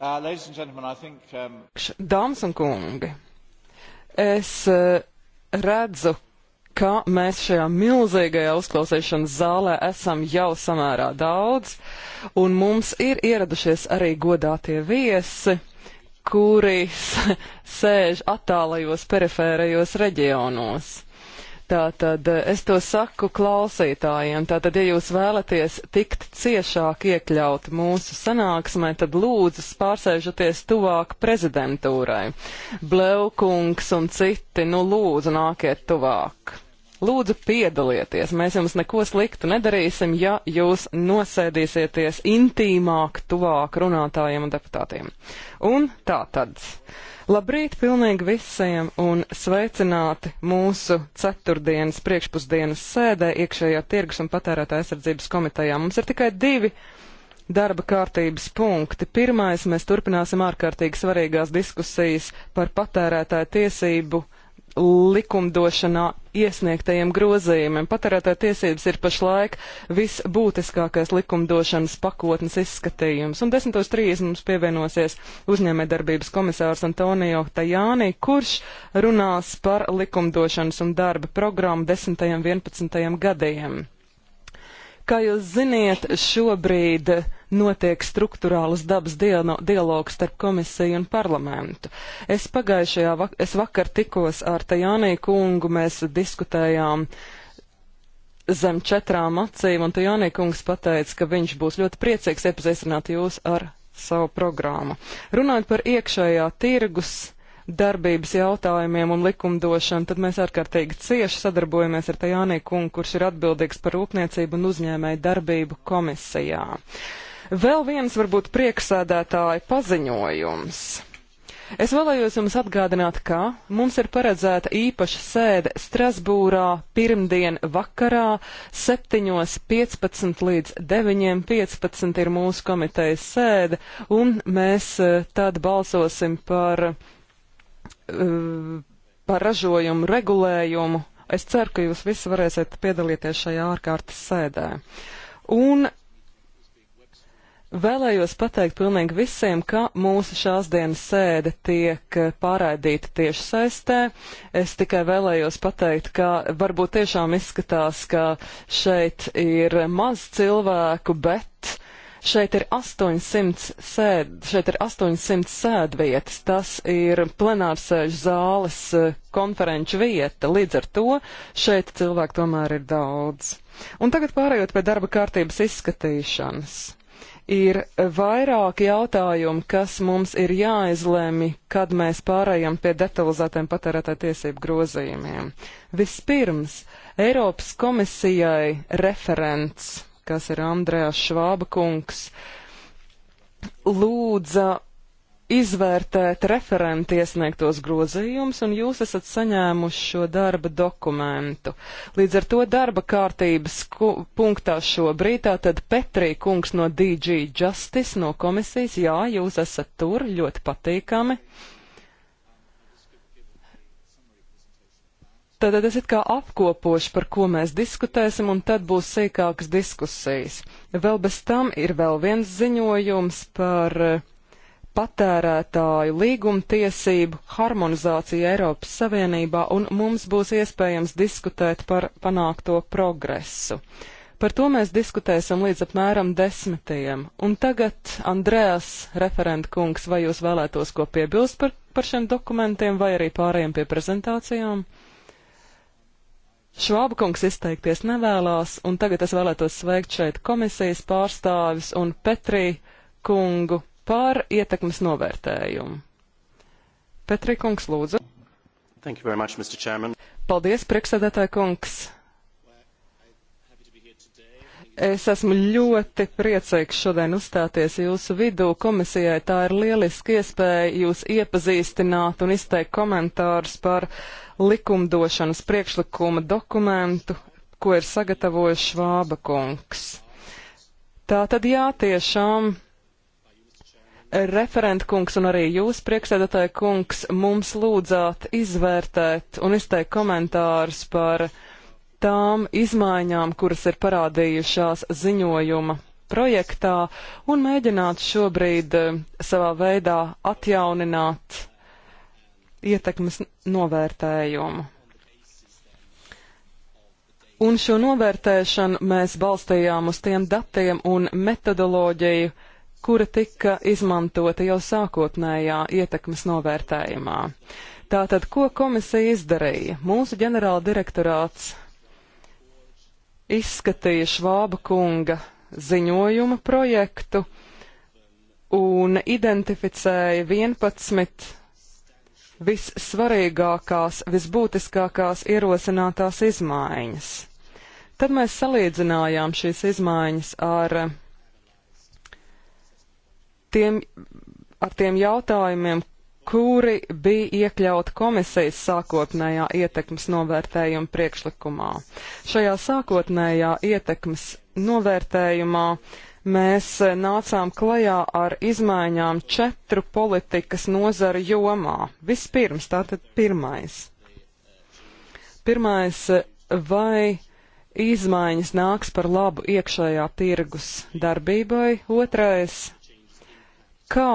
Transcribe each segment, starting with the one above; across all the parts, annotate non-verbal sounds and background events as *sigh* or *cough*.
Uh, think, um... Dāmas un kungi, es uh, redzu, ka mēs šajā milzīgajā uzklausīšanas zālē esam jau samērā daudz, un mums ir ieradušies arī godātie viesi, kuri *laughs* sēž attālajos perifērajos reģionos. Tātad eh, es to saku klausītājiem. Tātad, ja jūs vēlaties tikt ciešāk iekļaut mūsu sanāksmē, tad lūdzu pārsēžaties tuvāk prezidentūrai. Blevkungs un citi, nu lūdzu nākiet tuvāk. Lūdzu piedalieties, mēs jums neko sliktu nedarīsim, ja jūs nosēdīsieties intīmāk tuvāk runātājiem un deputātiem. Un tā tad. Labrīt pilnīgi visiem un sveicināti mūsu ceturtdienas priekšpusdienas sēdē iekšējā tirgus un patērētā aizsardzības komitejā. Mums ir tikai divi darba kārtības punkti. Pirmais, mēs turpināsim ārkārtīgi svarīgās diskusijas par patērētāju tiesību uh, likumdošanā iesniegtajiem grozījumiem. Patērētāja tiesības ir pašlaik visbūtiskākais likumdošanas pakotnes izskatījums. Un 10.30 mums pievienosies uzņēmējdarbības komisārs Antonio Tajāni, kurš runās par likumdošanas un darba programmu 10. un 11. gadiem. Kā jūs ziniet, šobrīd notiek struktūrāls dabas dialogs starp komisiju un parlamentu. Es pagājušajā vak es vakar tikos ar Tajānī kungu, mēs diskutējām zem četrām acīm, un Tajānī kungs pateica, ka viņš būs ļoti priecīgs iepazīstināt jūs ar savu programmu. Runājot par iekšējā tirgus darbības jautājumiem un likumdošanu, tad mēs ārkārtīgi cieši sadarbojamies ar Tajānī kungu, kurš ir atbildīgs par rūpniecību un uzņēmēju darbību komisijā. Vēl viens varbūt prieksēdētāja paziņojums. Es vēlējos jums atgādināt, ka mums ir paredzēta īpaša sēde Strasbūrā pirmdien vakarā 7.15 līdz 9.15 ir mūsu komitejas sēde, un mēs eh, tad balsosim par Eh, par ražojumu regulējumu. Es ceru, ka jūs visi varēsiet piedalīties šajā ārkārtas sēdē. Un vēlējos pateikt pilnīgi visiem, ka mūsu šās dienas sēde tiek pārraidīta tieši saistē. Es tikai vēlējos pateikt, ka varbūt tiešām izskatās, ka šeit ir maz cilvēku, bet uh, Šeit ir 800 sēd, šeit ir 800 sēdvietas, tas ir plenārsēžu zāles eh, konferenču vieta, līdz ar to šeit cilvēku tomēr ir daudz. Un tagad pārējot pie darba kārtības izskatīšanas ir vairāki jautājumi, kas mums ir jāizlēmi, kad mēs pārējām pie detalizētiem patērētāju tiesību grozījumiem. Vispirms, Eiropas komisijai referents kas ir Andrēs Švāba kungs, lūdza izvērtēt referenti iesniegtos grozījumus, un jūs esat saņēmuši šo darba dokumentu. Līdz ar to darba kārtības ku, punktā šobrīd tātad Petrī kungs no DG Justice no komisijas, jā, jūs esat tur, ļoti patīkami. Uh, Tātad es it kā apkopošu, par ko mēs diskutēsim, un tad būs sīkākas diskusijas. Vēl bez tam ir vēl viens ziņojums par eh, patērētāju līgumtiesību harmonizāciju Eiropas Savienībā, un mums būs iespējams diskutēt par panākto progresu. Par to mēs diskutēsim līdz apmēram desmitiem. Un tagad, Andrēs, referenta kungs, vai jūs vēlētos ko piebilst par, par šiem dokumentiem, vai arī pārējiem pie prezentācijām? Uh, Švābkungs izteikties nevēlās, un tagad es vēlētos sveikt šeit komisijas pārstāvis un Petrī kungu par ietekmes novērtējumu. Petrī kungs, lūdzu. Much, Paldies, priekšsēdētāja kungs. Es esmu ļoti priecīgs šodien uzstāties jūsu vidū. Komisijai tā ir lieliski iespēja jūs iepazīstināt un izteikt komentārus par likumdošanas priekšlikuma dokumentu, ko ir sagatavojis Švāba kungs. Tā tad jā, tiešām referenta kungs un arī jūs, priekšsēdētāja kungs, mums lūdzāt izvērtēt un izteikt komentārus par uh, tām izmaiņām, kuras ir parādījušās ziņojuma projektā, un mēģināt šobrīd eh, savā veidā atjaunināt ietekmes novērtējumu. Un šo novērtēšanu mēs balstījām uz tiem datiem un metodoloģiju, kura tika izmantota jau sākotnējā ietekmes novērtējumā. Tātad, ko komisija izdarīja? Mūsu ģenerāla direktorāts izskatīja Švāba kunga ziņojuma projektu un identificēja 11 vissvarīgākās, visbūtiskākās ierosinātās izmaiņas. Tad mēs salīdzinājām šīs izmaiņas ar tiem, ar tiem jautājumiem, kuri bija iekļauti komisijas sākotnējā ietekmes novērtējuma priekšlikumā. Šajā sākotnējā ietekmes novērtējumā mēs nācām klajā ar izmaiņām četru politikas nozara jomā. Vispirms, tātad pirmais. Pirmais, vai izmaiņas nāks par labu iekšējā tirgus darbībai? Otrais, kā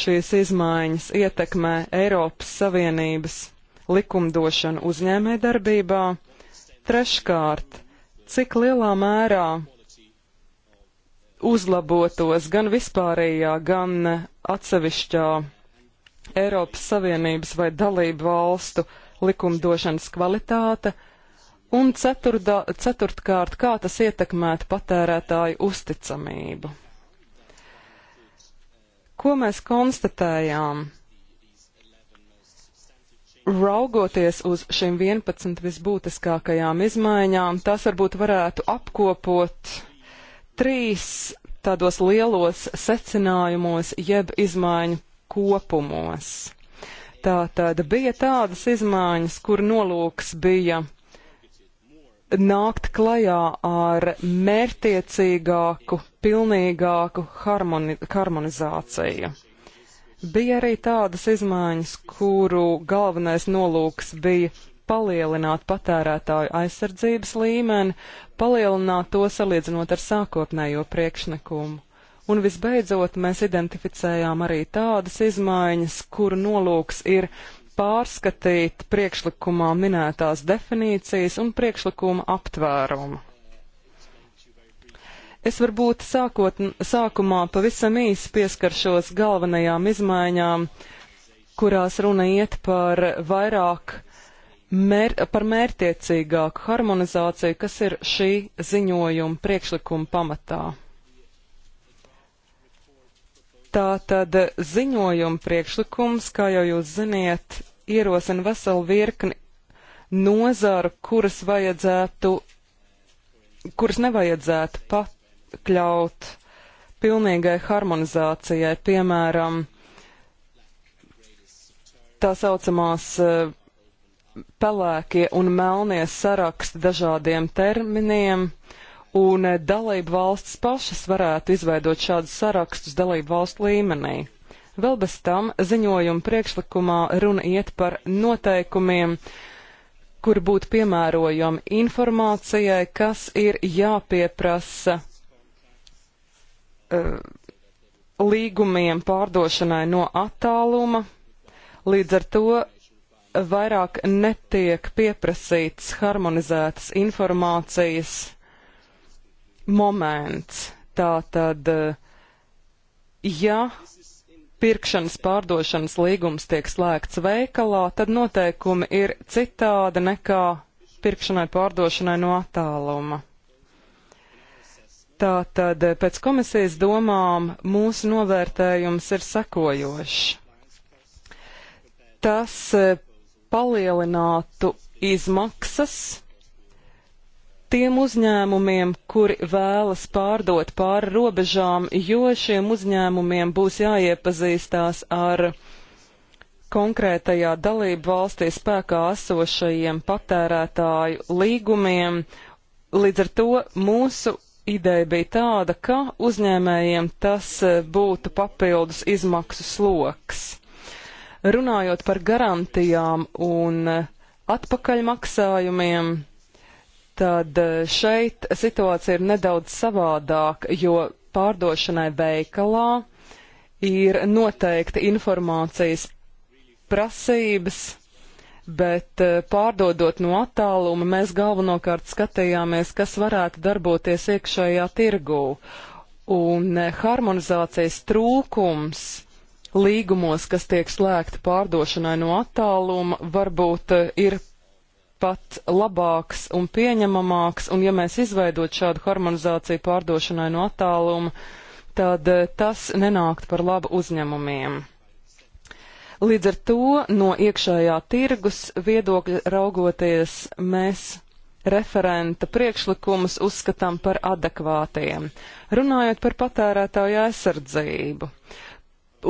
šīs izmaiņas ietekmē Eiropas Savienības likumdošanu uzņēmējdarbībā. Treškārt, cik lielā mērā uzlabotos gan vispārējā, gan atsevišķā Eiropas Savienības vai dalību valstu likumdošanas kvalitāte, un ceturdā, ceturtkārt, kā tas ietekmētu patērētāju uzticamību. Ko mēs konstatējām? Raugoties uz šīm 11 visbūtiskākajām izmaiņām, tās varbūt varētu apkopot trīs tādos lielos secinājumos jeb izmaiņu kopumos. Tātad bija tādas izmaiņas, kur nolūks bija nākt klajā ar mērtiecīgāku, pilnīgāku harmoni harmonizāciju. Bija arī tādas izmaiņas, kuru galvenais nolūks bija palielināt patērētāju aizsardzības līmeni, palielināt to salīdzinot ar sākotnējo priekšnekumu. Un visbeidzot, mēs identificējām arī tādas izmaiņas, kuru nolūks ir pārskatīt priekšlikumā minētās definīcijas un priekšlikuma aptvērumu. Es varbūt sākot, sākumā pavisam īsi pieskaršos galvenajām izmaiņām, kurās runa iet par vairāk mēr, par mērtiecīgāku harmonizāciju, kas ir šī ziņojuma priekšlikuma pamatā. Tātad ziņojuma priekšlikums, kā jau jūs ziniet, ierosina veselu virkni nozaru, kuras vajadzētu, kuras nevajadzētu pakļaut pilnīgai harmonizācijai, piemēram, tā saucamās eh, pelēkie un melnie saraksti dažādiem terminiem, un eh, dalību valsts pašas varētu izveidot šādus sarakstus dalību valstu līmenī. Vēl bez tam ziņojuma priekšlikumā runa iet par noteikumiem, kur būtu piemērojami informācijai, kas ir jāpieprasa uh, līgumiem pārdošanai no attāluma. Līdz ar to vairāk netiek pieprasīts harmonizētas informācijas moments. Tātad, eh, ja pirkšanas pārdošanas līgums tiek slēgts veikalā, tad noteikumi ir citādi nekā pirkšanai pārdošanai no attāluma. Tātad, eh, pēc komisijas domām, mūsu novērtējums ir sekojošs. Tas eh, palielinātu izmaksas tiem uzņēmumiem, kuri vēlas pārdot pāri robežām, jo šiem uzņēmumiem būs jāiepazīstās ar konkrētajā dalību valstī spēkā esošajiem patērētāju līgumiem. Līdz ar to mūsu ideja bija tāda, ka uzņēmējiem tas e, būtu papildus izmaksu sloks. Runājot par garantijām un e, atpakaļmaksājumiem, tad e, šeit situācija ir nedaudz savādāk, jo pārdošanai veikalā ir noteikti informācijas prasības, bet e, pārdodot no attāluma mēs galvenokārt skatījāmies, kas varētu darboties iekšējā tirgū. Un e, harmonizācijas trūkums līgumos, kas tiek slēgti pārdošanai no attāluma, varbūt ir pat labāks un pieņemamāks, un ja mēs izveidot šādu harmonizāciju pārdošanai no attāluma, tad eh, tas nenākt par labu uzņēmumiem. Līdz ar to no iekšējā tirgus viedokļa raugoties, mēs referenta priekšlikumus uzskatām par adekvātiem. Runājot par patērētāju aizsardzību,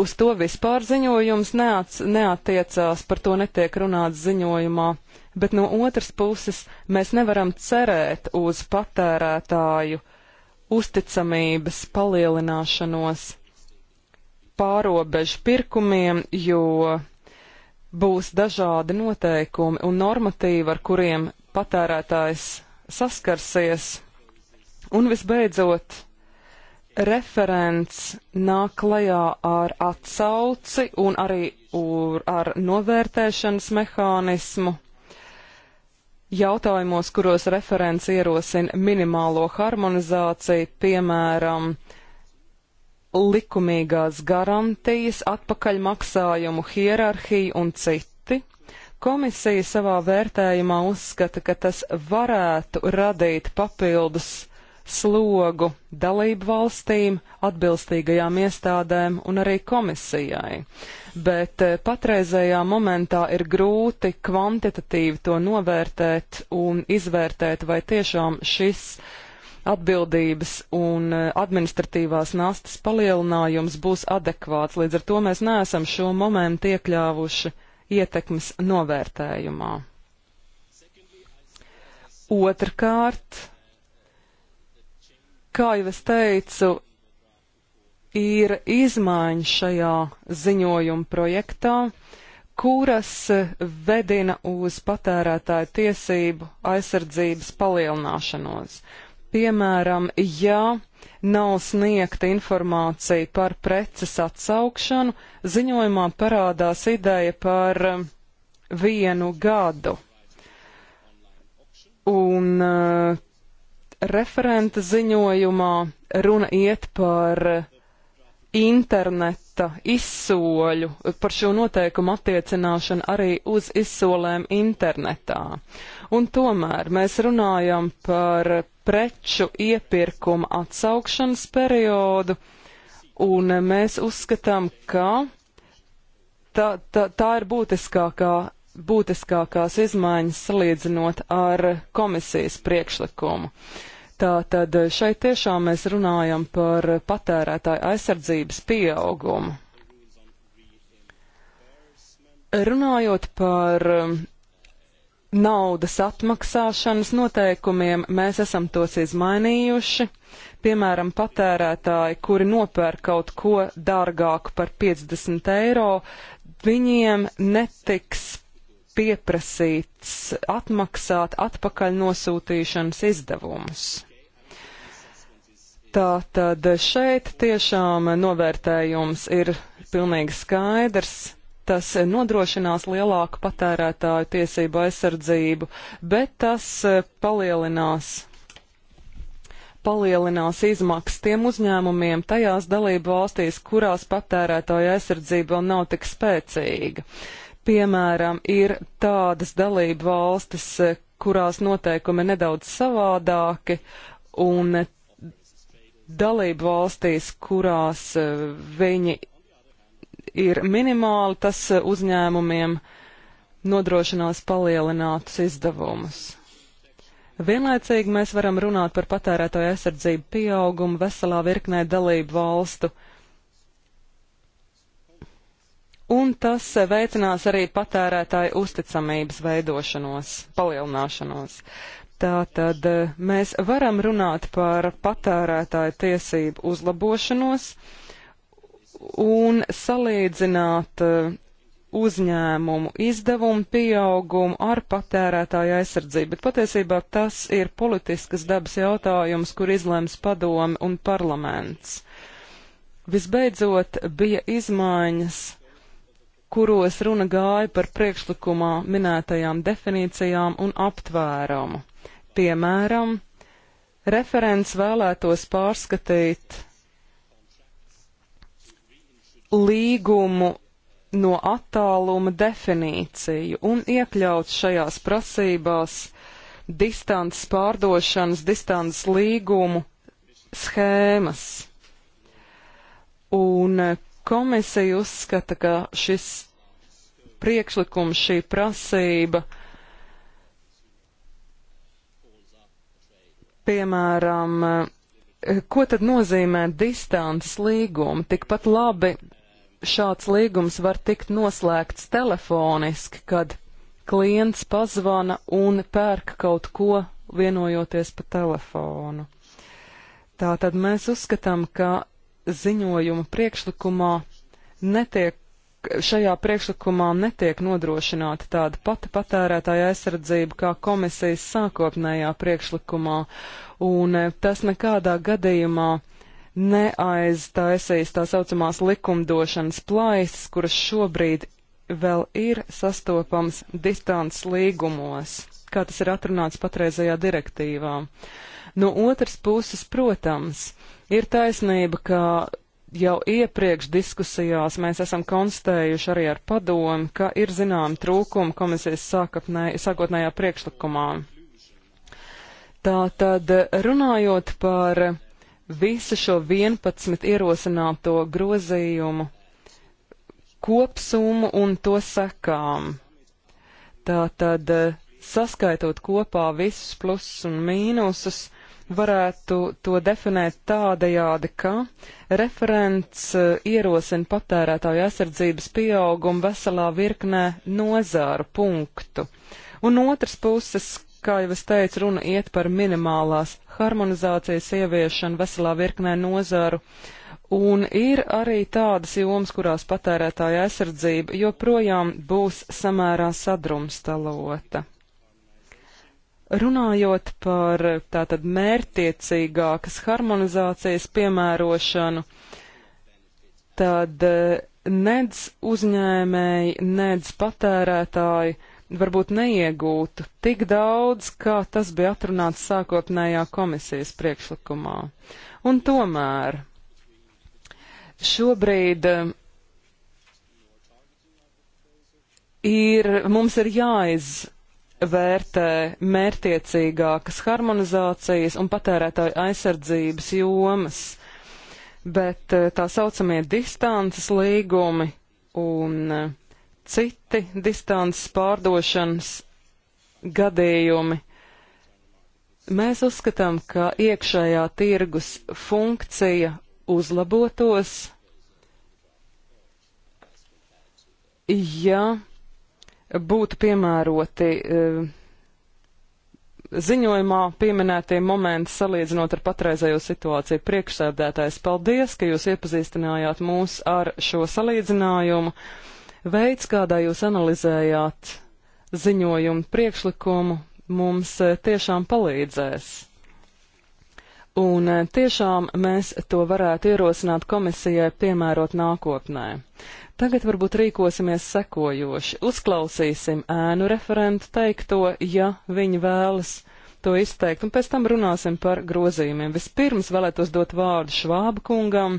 uz to vispār ziņojums neats, neatiecās, par to netiek runāts ziņojumā bet no otras puses mēs nevaram cerēt uz patērētāju uzticamības palielināšanos pārobežu pirkumiem, jo būs dažādi noteikumi un normatīvi, ar kuriem patērētājs saskarsies. Un visbeidzot, referents nāk klajā ar atsauci un arī ar novērtēšanas mehānismu jautājumos, kuros referents ierosina minimālo harmonizāciju, piemēram, likumīgās garantijas, atpakaļmaksājumu hierarhiju un citi. Komisija savā vērtējumā uzskata, ka tas varētu radīt papildus slogu dalību valstīm, atbilstīgajām iestādēm un arī komisijai. Bet eh, patreizējā momentā ir grūti kvantitatīvi to novērtēt un izvērtēt, vai tiešām šis atbildības un eh, administratīvās nastas palielinājums būs adekvāts. Līdz ar to mēs neesam šo momentu iekļāvuši ietekmes novērtējumā. Otrkārt, kā jau es teicu, ir izmaiņas šajā ziņojuma projektā, kuras vedina uz patērētāju tiesību aizsardzības palielināšanos. Piemēram, ja nav sniegta informācija par preces atsaukšanu, ziņojumā parādās ideja par vienu gadu. Un referenta ziņojumā runa iet par interneta izsoļu, par šo noteikumu attiecināšanu arī uz izsolēm internetā. Un tomēr mēs runājam par preču iepirkuma atsaukšanas periodu, un mēs uzskatām, ka tā, tā, tā ir būtiskākā būtiskākās izmaiņas salīdzinot ar komisijas priekšlikumu. Tātad šeit tiešām mēs runājam par patērētāju aizsardzības pieaugumu. Runājot par um, naudas atmaksāšanas noteikumiem mēs esam tos izmainījuši. Piemēram, patērētāji, kuri nopērk kaut ko dārgāku par 50 eiro, viņiem netiks pieprasīts atmaksāt atpakaļ nosūtīšanas izdevumus. Tātad šeit tiešām novērtējums ir pilnīgi skaidrs. Tas nodrošinās lielāku patērētāju tiesību aizsardzību, bet tas palielinās palielinās izmaksas tiem uzņēmumiem tajās dalību valstīs, kurās patērētāja aizsardzība vēl nav tik spēcīga. Piemēram, ir tādas dalību valstis, eh, kurās noteikumi ir nedaudz savādāki, un dalību valstīs, kurās eh, viņi ir minimāli, tas eh, uzņēmumiem nodrošinās palielinātus izdevumus. Vienlaicīgi mēs varam runāt par patērētāju aizsardzību pieaugumu veselā virknē dalību valstu un tas veicinās arī patērētāju uzticamības veidošanos, palielināšanos. Tātad eh, mēs varam runāt par patērētāju tiesību uzlabošanos un salīdzināt eh, uzņēmumu izdevumu pieaugumu ar patērētāju aizsardzību, bet patiesībā tas ir politiskas dabas jautājums, kur izlems padome un parlaments. Visbeidzot, bija izmaiņas kuros runa gāja par priekšlikumā minētajām definīcijām un aptvērumu. Piemēram, referents vēlētos pārskatīt līgumu no attāluma definīciju un iekļaut šajās prasībās distances pārdošanas, distances līgumu schēmas. Un Komisija uzskata, ka šis priekšlikums, šī prasība, piemēram, ko tad nozīmē distances līguma? Tikpat labi šāds līgums var tikt noslēgts telefoniski, kad klients pazvana un pērk kaut ko vienojoties pa telefonu. Tātad mēs uzskatām, ka ziņojuma priekšlikumā netiek, šajā priekšlikumā netiek nodrošināta tāda pati patērētāja aizsardzība kā komisijas sākotnējā priekšlikumā, un e, tas nekādā gadījumā neaiztaisīs tā saucamās likumdošanas plaisas, kuras šobrīd vēl ir sastopams distants līgumos, kā tas ir atrunāts patreizajā direktīvā. No otras puses, protams, Ir taisnība, ka jau iepriekš diskusijās mēs esam konstatējuši arī ar padomu, ka ir zinām trūkumi komisijas sākotnējā priekšlikumā. Tātad runājot par visu šo 11 ierosināto grozījumu kopsumu un to sekām. Tātad saskaitot kopā visus plusus un mīnusus, varētu to definēt tādajādi, ka referents eh, ierosina patērētāju aizsardzības pieaugumu veselā virknē nozāru punktu. Un otras puses, kā jau es teicu, runa iet par minimālās harmonizācijas ieviešanu veselā virknē nozaru. Un ir arī tādas jomas, kurās patērētāja aizsardzība joprojām būs samērā sadrumstalota. Runājot par tātad mērtiecīgākas harmonizācijas piemērošanu, tad eh, nedz uzņēmēji, nedz patērētāji varbūt neiegūtu tik daudz, kā tas bija atrunāts sākotnējā komisijas priekšlikumā. Un tomēr šobrīd eh, ir, mums ir jāiz vērtē mērtiecīgākas harmonizācijas un patērētāju aizsardzības jomas, bet eh, tā saucamie distances līgumi un eh, citi distances pārdošanas gadījumi. Mēs uzskatām, ka iekšējā tirgus funkcija uzlabotos, ja būtu piemēroti eh, ziņojumā pieminētie momenti salīdzinot ar patreizējo situāciju. Priekšsēdētājs, paldies, ka jūs iepazīstinājāt mūs ar šo salīdzinājumu. Veids, kādā jūs analizējāt ziņojumu priekšlikumu, mums eh, tiešām palīdzēs. Un eh, tiešām mēs to varētu ierosināt komisijai piemērot nākotnē. Tagad varbūt rīkosimies sekojoši. Uzklausīsim ēnu referentu teikto, ja viņi vēlas to izteikt, un pēc tam runāsim par grozījumiem. Vispirms vēlētos dot vārdu Švāba kungam,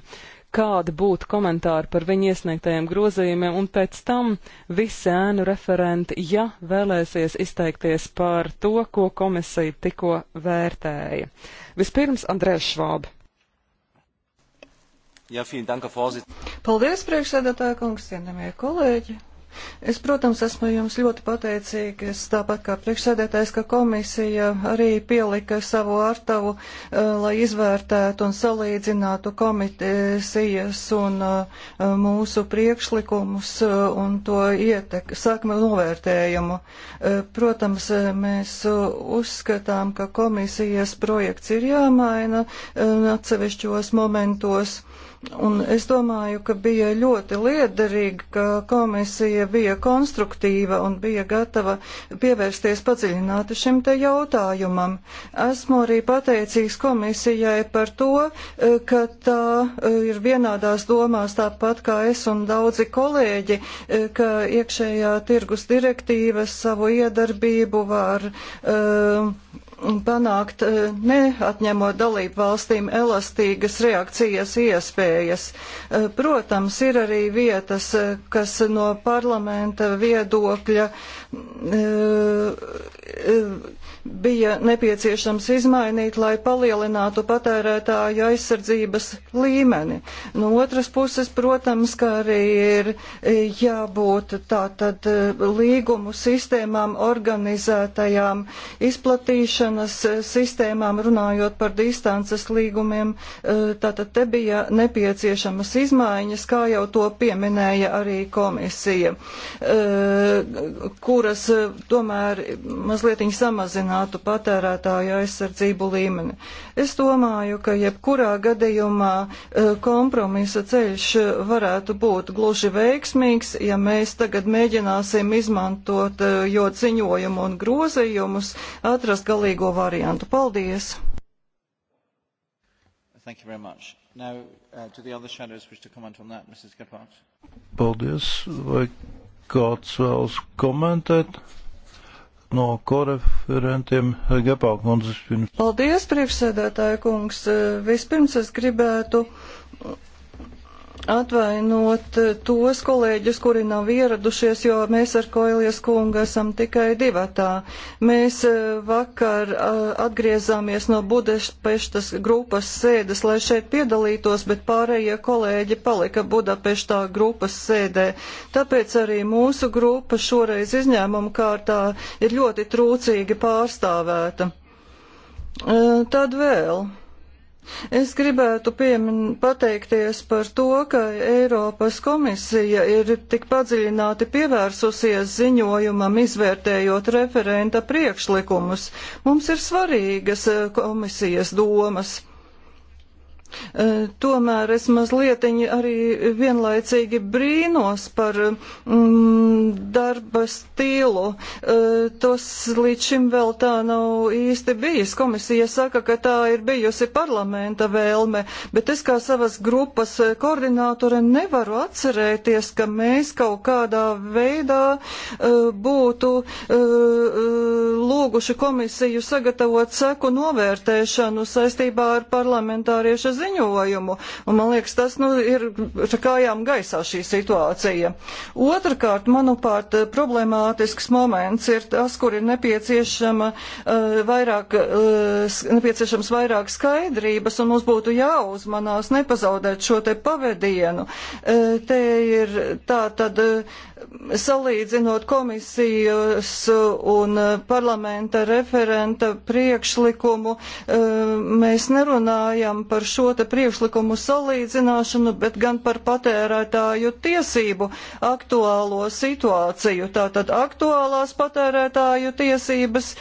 kāda būtu komentāri par viņu iesniegtajiem grozījumiem, un pēc tam visi ēnu referenti, ja vēlēsies izteikties par to, ko komisija tikko vērtēja. Vispirms Andrēs Švāb. Ja, danka, Paldies, priekšsēdētāja kungs, cienījamie kolēģi! Es, protams, esmu jums ļoti pateicīgs, tāpat kā priekšsēdētājs, ka komisija arī pielika savu artavu, eh, lai izvērtētu un salīdzinātu komisijas un eh, mūsu priekšlikumus eh, un to ietek, sakmu novērtējumu. Protams, mēs uzskatām, ka komisijas projekts ir jāmaina atsevišķos momentos. Un es domāju, ka bija ļoti liederīgi, ka komisija bija konstruktīva un bija gatava pievērsties padziļināti šim te jautājumam. Esmu arī pateicīgs komisijai par to, eh, ka tā eh, ir vienādās domās tāpat kā es un daudzi kolēģi, eh, ka iekšējā tirgus direktīvas savu iedarbību var. Uh, panākt, eh, neatņemot dalību valstīm elastīgas reakcijas iespējas. Eh, protams, ir arī vietas, eh, kas no parlamenta viedokļa bija nepieciešams izmainīt, lai palielinātu patērētāju aizsardzības līmeni. No otras puses, protams, ka arī ir jābūt tātad eh, līgumu sistēmām, organizētajām izplatīšanas eh, sistēmām, runājot par distances līgumiem. Eh, tātad te bija nepieciešamas izmaiņas, kā jau to pieminēja arī komisija, kuras tomēr mazliet samazina paaugstinātu patērētāju aizsardzību līmeni. Es domāju, ka jebkurā gadījumā e, kompromisa ceļš varētu būt gluži veiksmīgs, ja mēs tagad mēģināsim izmantot e, jo ziņojumu un grozījumus, atrast galīgo variantu. Paldies! Thank you very much. Now, uh, do the other shadows wish to comment on that, Mrs. Gephardt? Paldies. Vai kāds vēlas komentēt? no koreferentiem Gepau kundzes. Paldies, priekšsēdētāja kungs. Vispirms es gribētu atvainot eh, tos kolēģus, kuri nav ieradušies, jo mēs ar Koilies kungu esam tikai divatā. Mēs eh, vakar eh, atgriezāmies no Budapeštas grupas sēdes, lai šeit piedalītos, bet pārējie kolēģi palika Budapeštā grupas sēdē. Tāpēc arī mūsu grupa šoreiz izņēmuma kārtā ir ļoti trūcīgi pārstāvēta. Tad vēl. Es gribētu piemin, pateikties par to, ka Eiropas komisija ir tik padziļināti pievērsusies ziņojumam, izvērtējot referenta priekšlikumus. Mums ir svarīgas eh, komisijas domas. Tomēr es mazliet arī vienlaicīgi brīnos par mm, darba stilu. Tas līdz šim vēl tā nav īsti bijis. Komisija saka, ka tā ir bijusi parlamenta vēlme, bet es kā savas grupas koordinātore nevaru atcerēties, ka mēs kaut kādā veidā būtu lūguši komisiju sagatavot seku novērtēšanu saistībā ar parlamentāriešu ziņojumu. Un man liekas, tas nu, ir kājām gaisā šī situācija. Otrakārt, manuprāt, problemātisks moments ir tas, kur ir nepieciešama, uh, vairāk, uh, nepieciešams vairāk skaidrības, un mums būtu jāuzmanās nepazaudēt šo te pavadienu. Uh, te ir tā tad. Uh, salīdzinot komisijas un parlamenta referenta priekšlikumu, e, mēs nerunājam par šo te priekšlikumu salīdzināšanu, bet gan par patērētāju tiesību aktuālo situāciju. Tātad aktuālās patērētāju tiesības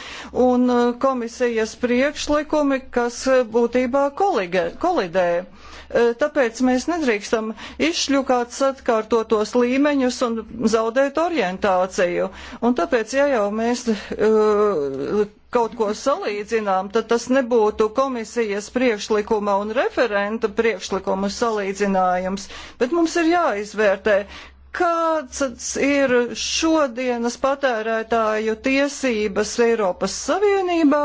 un e, komisijas priekšlikumi, kas būtībā koligē, kolidē. kolidē E, tāpēc mēs nedrīkstam izšļukāt atkārtotos līmeņus un zaudēt orientāciju. Un tāpēc, ja jau mēs e, kaut ko salīdzinām, tad tas nebūtu komisijas priekšlikuma un referenta priekšlikuma salīdzinājums, bet mums ir jāizvērtē, kāds ir šodienas patērētāju tiesības Eiropas Savienībā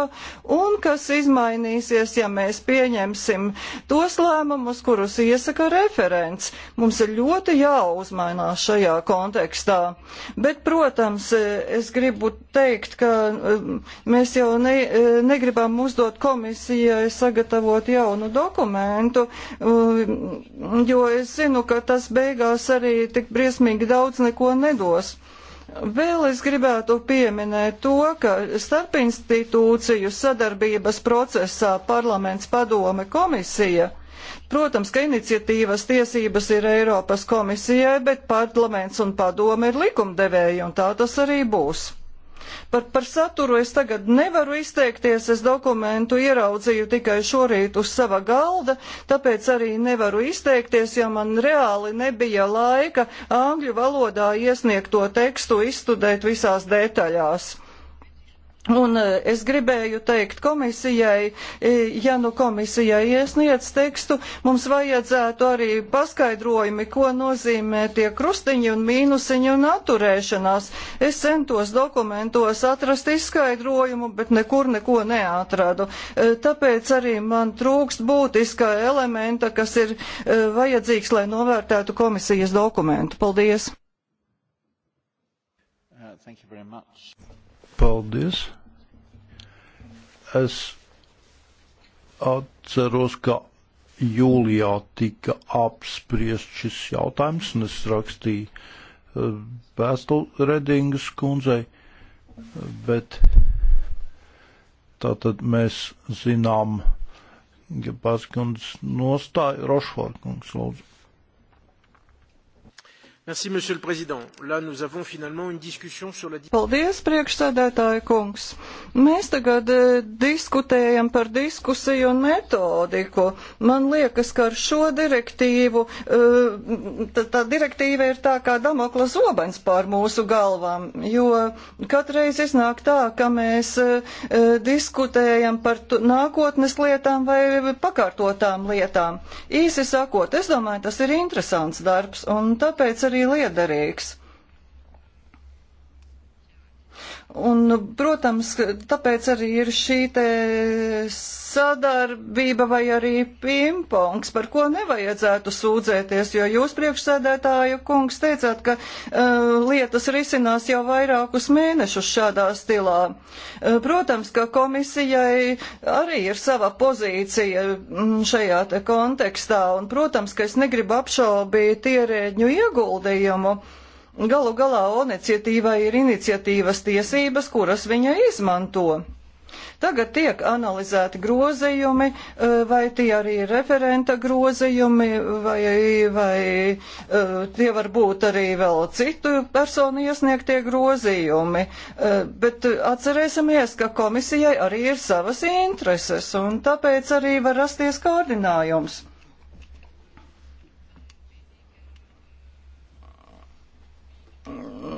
un kas izmainīsies, ja mēs pieņemsim tos lēmumus, kurus iesaka referents. Mums ir ļoti jāuzmainās šajā kontekstā. Bet, protams, es gribu teikt, ka um, mēs jau ne, um, negribam uzdot komisijai sagatavot jaunu dokumentu, um, jo es zinu, ka tas beigās arī tik briesmīgi briesmīgi daudz neko nedos. Vēl es gribētu pieminēt to, ka starpinstitūciju sadarbības procesā parlaments padome komisija. Protams, ka iniciatīvas tiesības ir Eiropas komisijai, bet parlaments un padome ir likumdevēji, un tā tas arī būs. Par, par saturu es tagad nevaru izteikties, es dokumentu ieraudzīju tikai šorīt uz sava galda, tāpēc arī nevaru izteikties, ja man reāli nebija laika angļu valodā iesniegto tekstu izstudēt visās detaļās. Un e, es gribēju teikt komisijai, e, ja nu komisijai iesniedz tekstu, mums vajadzētu arī paskaidrojumi, ko nozīmē tie krustiņi un mīnusiņi un atturēšanās. Es centos dokumentos atrast izskaidrojumu, bet nekur neko neatradu. E, tāpēc arī man trūkst būtiskā elementa, kas ir vajadzīgs, lai novērtētu komisijas dokumentu. Paldies! Uh, Paldies. Es atceros, ka jūlijā tika apspriest šis jautājums, un es rakstīju eh, vēstuli Redingas kundzei, bet tātad mēs zinām, ja pats kundz nostāja Rošvārkungs, lūdzu. Merci, Monsieur le Président. Là, nous avons finalement une discussion sur la... Paldies, priekšsēdētāja kungs. Mēs tagad e, diskutējam par diskusiju un metodiku. Man liekas, ka ar šo direktīvu, e, tā, tā direktīva ir tā kā damokla zobens pār mūsu galvām, jo katreiz iznāk tā, ka mēs e, e diskutējam par tu, nākotnes lietām vai pakārtotām lietām. Īsi sakot, es domāju, tas ir interesants darbs, un tāpēc arī arī liederīgs. Un, protams, tāpēc arī ir šī te sadarbība vai arī pingpongs, par ko nevajadzētu sūdzēties, jo jūs priekšsēdētāju kungs teicāt, ka uh, lietas risinās jau vairākus mēnešus šādā stilā. Uh, protams, ka komisijai arī ir sava pozīcija mm, šajā te kontekstā, un, protams, ka es negribu apšaubīt ierēģņu ieguldījumu. Uh, Galu galā oneciatīvai ir iniciatīvas tiesības, kuras viņa izmanto. Tagad tiek analizēti grozījumi, e, vai tie arī ir referenta grozījumi, vai, vai e, tie var būt arī vēl citu personu iesniegtie grozījumi. E, bet atcerēsimies, ka komisijai arī ir savas intereses, un tāpēc arī var rasties kārdinājums.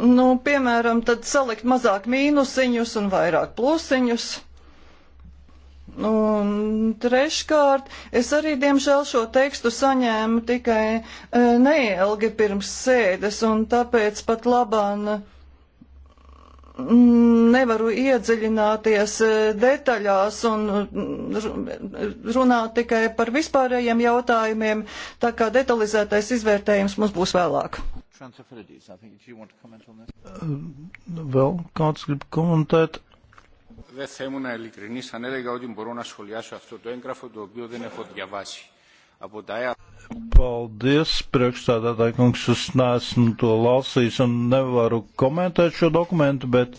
nu, piemēram, tad salikt mazāk mīnusiņus un vairāk plusiņus. Nu, un treškārt, es arī, diemžēl, šo tekstu saņēmu tikai e, neilgi pirms sēdes, un tāpēc pat labāk mm, nevaru iedziļināties e, detaļās un runāt tikai par vispārējiem jautājumiem, tā kā detalizētais izvērtējums mums būs vēlāk transferabilities. I think, do you want to comment on this? Vēl uh, kāds grib komentēt? Δεν θα ήμουν ειλικρινής αν έλεγα ότι μπορώ να σχολιάσω αυτό το έγγραφο το οποίο δεν έχω διαβάσει. Από τα... Paldies, priekšstādātāji kungs, es neesmu to lasījis un nevaru komentēt šo dokumentu, bet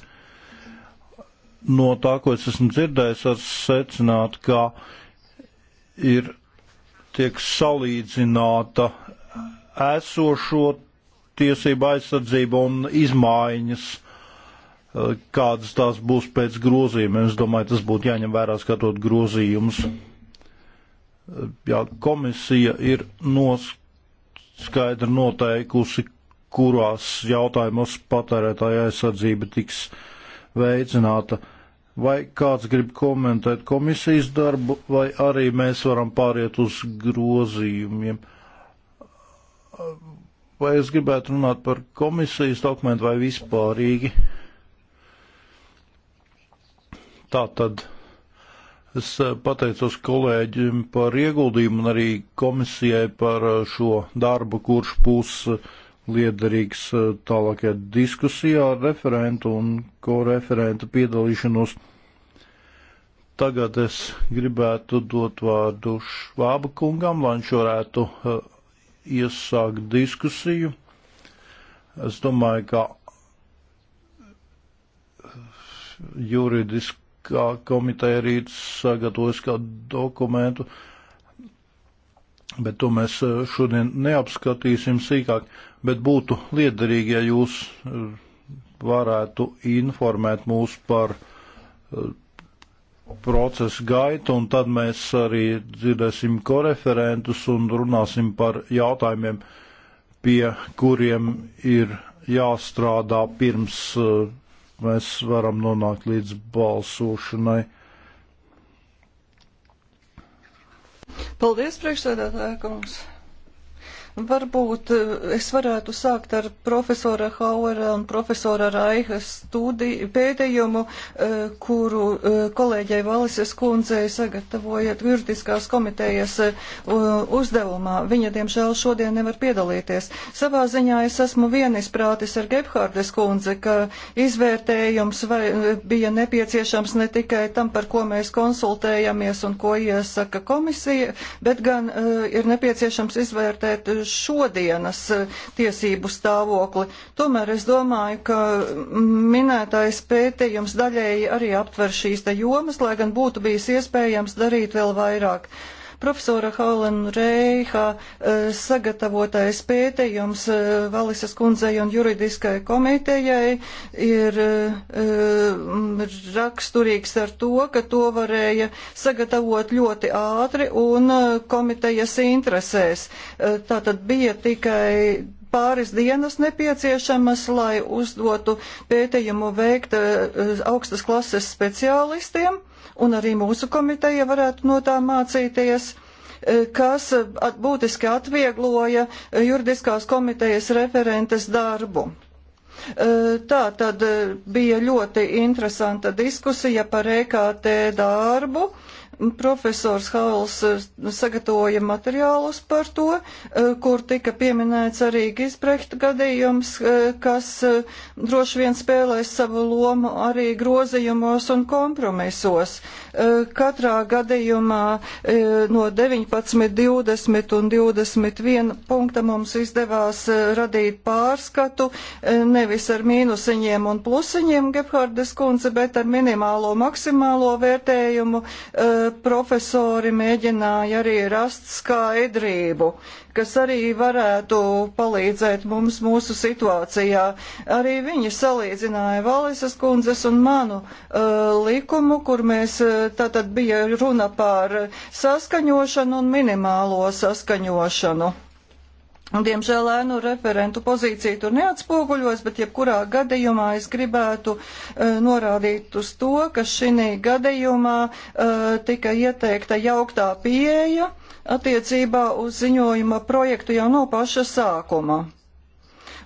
no tā, ko es esmu dzirdējis, var secināt, ka ir tiek salīdzināta esošo tiesība aizsardzība un izmaiņas, eh, kādas tās būs pēc grozījumiem. Es domāju, tas būtu jāņem vērā skatot grozījumus. Eh, jā, komisija ir noskaidri noteikusi, kurās jautājumos patērētāja aizsardzība tiks veicināta. Vai kāds grib komentēt komisijas darbu, vai arī mēs varam pāriet uz grozījumiem? Vai es gribētu runāt par komisijas dokumentu vai vispārīgi? Tā tad es eh, pateicos kolēģim par ieguldījumu un arī komisijai par eh, šo darbu, kurš būs eh, liederīgs tālākajā diskusijā ar referentu un koreferentu piedalīšanos. Tagad es gribētu dot vārdu Švāba kungam, lai viņš varētu iesākt diskusiju. Es domāju, ka juridiskā komiteja arī sagatavojas kādu dokumentu, bet to mēs eh, šodien neapskatīsim sīkāk, bet būtu liederīgi, ja jūs eh, varētu informēt mūs par eh, procesa gaitu, un tad mēs arī dzirdēsim koreferentus un runāsim par jautājumiem, pie kuriem ir jāstrādā pirms uh, mēs varam nonākt līdz balsošanai. Paldies, priekšsēdētāja kungs! Varbūt eh, es varētu sākt ar profesora Hauera un profesora Raiha studiju pētījumu, eh, kuru eh, kolēģei Valises kundzei sagatavojat juridiskās komitejas uzdevumā. Viņa, diemžēl, šodien nevar piedalīties. Savā ziņā es esmu vienisprātis ar Gebhārdes kundzi, ka izvērtējums vai, bija nepieciešams ne tikai tam, par ko mēs konsultējamies un ko iesaka komisija, bet gan ir nepieciešams izvērtēt šodienas eh, tiesību stāvokli. Tomēr es domāju, ka minētais pētījums daļēji arī aptver šīs te jomas, lai gan būtu bijis iespējams darīt vēl vairāk. Uh, Profesora Haulena Reiha eh, sagatavotais pētījums eh, Valisas kundzei un juridiskai komitejai ir eh, raksturīgs ar to, ka to varēja sagatavot ļoti ātri un komitejas interesēs. Tātad bija tikai pāris dienas nepieciešamas, lai uzdotu pētījumu veikt augstas klases speciālistiem un arī mūsu komiteja varētu no tā mācīties e, kas e, būtiski atviegloja e, juridiskās komitejas referentes darbu. Tā tad bija ļoti interesanta diskusija par EKT darbu. Profesors Hauls eh, sagatavoja materiālus par to, eh, kur tika pieminēts arī Gizbrehta gadījums, eh, kas droši vien spēlēs savu lomu arī grozījumos un kompromisos. Katrā gadījumā no 19, 20 un 21 punkta mums izdevās radīt pārskatu nevis ar mīnusiņiem un plusiņiem, Gebhardes kundze, bet ar minimālo maksimālo vērtējumu profesori mēģināja arī rast skaidrību, kas arī varētu palīdzēt mums mūsu situācijā. Arī viņi salīdzināja Valisas kundzes un manu uh, likumu, kur mēs uh, tātad bija runa par saskaņošanu un minimālo saskaņošanu. Diemžēl ēnu referentu pozīcija tur neatspoguļos, bet jebkurā gadījumā es gribētu uh, norādīt uz to, ka šī gadījumā uh, tika ieteikta jauktā pieeja attiecībā uz ziņojuma projektu jau no paša sākuma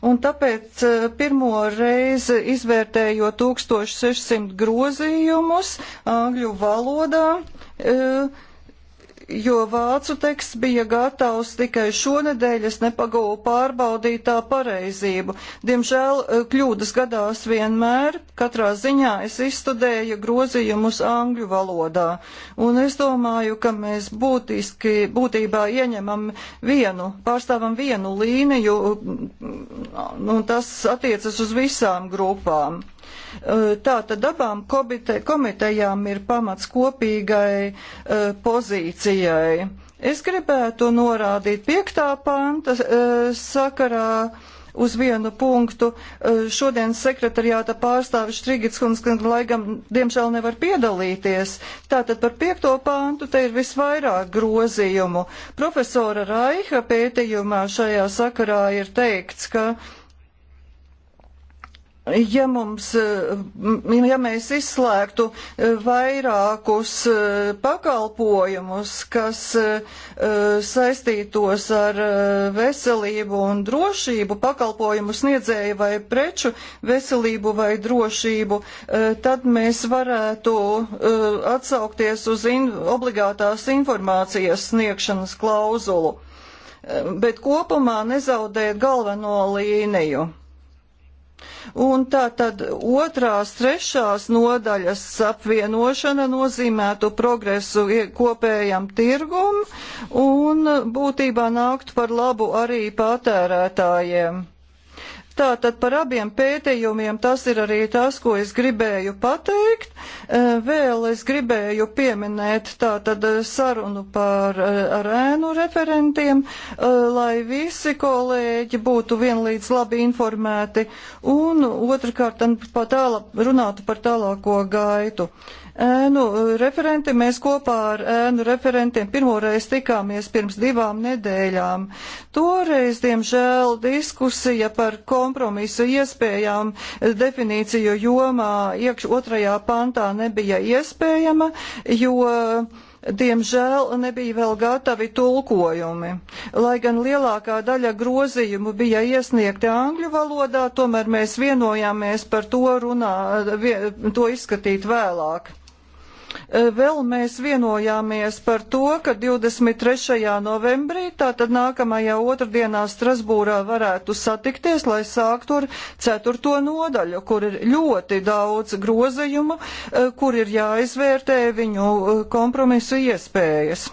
un tāpēc e, pirmo reizi izvērtējot 1600 grozījumus angļu valodā, jo vācu teksts bija gatavs tikai šonedēļ, es nepagūvu pārbaudīt tā pareizību. Diemžēl e, kļūdas gadās vienmēr, katrā ziņā es izstudēju grozījumus angļu valodā, un es domāju, ka mēs būtiski, būtībā ieņemam vienu, pārstāvam vienu līniju, un tas attiecas uz visām grupām. Tātad abām komitejām ir pamats kopīgai pozīcijai. Es gribētu norādīt piektā panta sakarā uz vienu punktu. Šodien sekretariāta pārstāvis Štrigits Huns, gan laikam, diemžēl nevar piedalīties. Tātad par piekto pāntu te ir visvairāk grozījumu. Profesora Raiha pētījumā šajā sakarā ir teikts, ka uh, ja, mums, ja mēs izslēgtu e, vairākus e, pakalpojumus, kas e, saistītos ar veselību un drošību, pakalpojumu sniedzēju vai preču veselību vai drošību, tad mēs varētu atsaukties uz in obligātās informācijas sniegšanas klauzulu. Bet kopumā nezaudēt galveno līniju Un tā tad otrās, trešās nodaļas apvienošana nozīmētu progresu kopējam tirgum un būtībā nāktu par labu arī patērētājiem. Tātad par abiem pētījumiem tas ir arī tas, ko es gribēju pateikt. Eh, vēl es gribēju pieminēt tātad eh, sarunu par eh, ar ēnu referentiem, lai visi kolēģi būtu vienlīdz labi informēti un otrkārt pa tāla, runātu par tālāko gaitu. Ēnu referenti, mēs kopā ar ēnu referentiem pirmoreiz tikāmies pirms divām nedēļām. Toreiz, diemžēl, diskusija par kolēģi kompromisu iespējām definīciju jomā iekš otrajā pantā nebija iespējama, jo diemžēl nebija vēl gatavi tulkojumi. Lai gan lielākā daļa grozījumu bija iesniegti angļu valodā, tomēr mēs vienojāmies par to runā, to izskatīt vēlāk. Eh, vēl mēs vienojāmies par to, ka 23. novembrī, tātad nākamajā otrdienā Strasbūrā varētu satikties, lai sāktu ar ceturto nodaļu, kur ir ļoti daudz grozījumu, eh, kur ir jāizvērtē viņu eh, kompromisu iespējas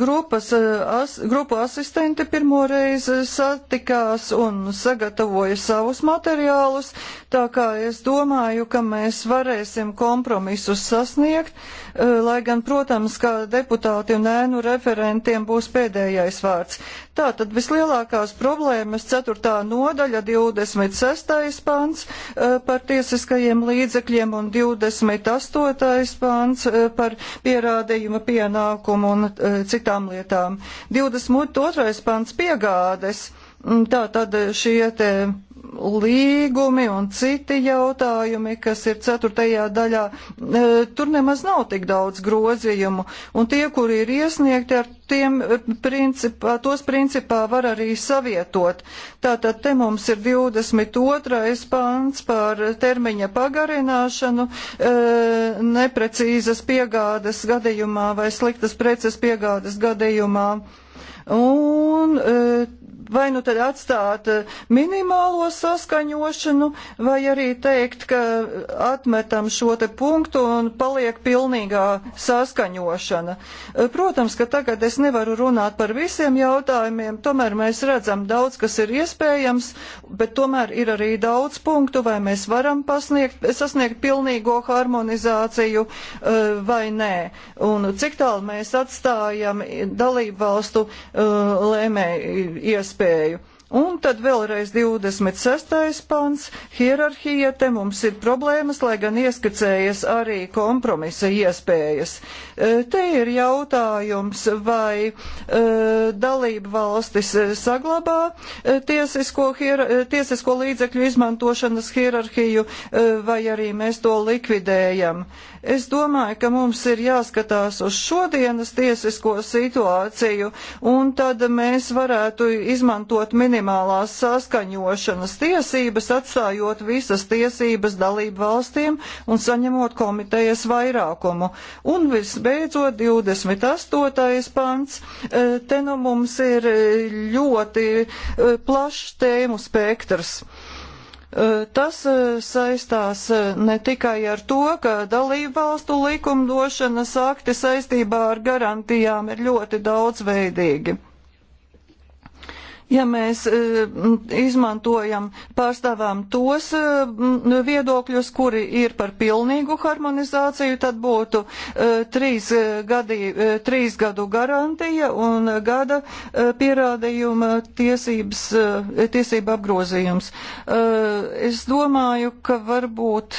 grupas, as, grupu asistenti pirmoreiz satikās un sagatavoja savus materiālus, Tā kā es domāju, ka mēs varēsim kompromisus sasniegt, eh, lai gan, protams, kā deputāti un ēnu referentiem būs pēdējais vārds. Tātad vislielākās problēmas 4. nodaļa 26. pants eh, par tiesiskajiem līdzekļiem un 28. pants eh, par pierādījuma pienākumu un citām lietām. 22. pants piegādes. Mm, Tātad šie te līgumi un citi jautājumi, kas ir ceturtajā daļā, e, tur nemaz nav tik daudz grozījumu. Un tie, kuri ir iesniegti, ar tiem e, principā, tos principā var arī savietot. Tātad te mums ir 22. pants par termiņa pagarināšanu e, neprecīzas piegādes gadījumā vai sliktas preces piegādes gadījumā. Un vai nu tad atstāt eh, minimālo saskaņošanu, vai arī teikt, ka atmetam šo te punktu un paliek pilnīgā saskaņošana. Eh, protams, ka tagad es nevaru runāt par visiem jautājumiem, tomēr mēs redzam daudz, kas ir iespējams, bet tomēr ir arī daudz punktu, vai mēs varam pasniegt, sasniegt pilnīgo harmonizāciju eh, vai nē. Un cik tālu mēs atstājam dalību valstu lēmēju iespēju iespēju. Un tad vēlreiz 26. pants - hierarhija, te mums ir problēmas, lai gan ieskicējas arī kompromisa iespējas. E, te ir jautājums, vai e, dalība valstis e, saglabā tiesisko, hier, tiesisko līdzekļu izmantošanas hierarhiju, vai arī mēs to likvidējam. Es domāju, ka mums ir jāskatās uz šodienas tiesisko situāciju, un tad mēs varētu izmantot minimālās saskaņošanas tiesības, atstājot visas tiesības dalību valstīm un saņemot komitejas vairākumu. Un visbeidzot, 28. pants. E, te nu mums ir ļoti e, plašs tēmu spektrs. Tas saistās ne tikai ar to, ka dalībvalstu likumdošanas akti saistībā ar garantijām ir ļoti daudzveidīgi ja mēs e, izmantojam, pārstāvām tos e, viedokļus, kuri ir par pilnīgu harmonizāciju, tad būtu e, trīs, gadī, trīs gadu garantija un gada pierādījuma tiesības, tiesība apgrozījums. Es domāju, ka varbūt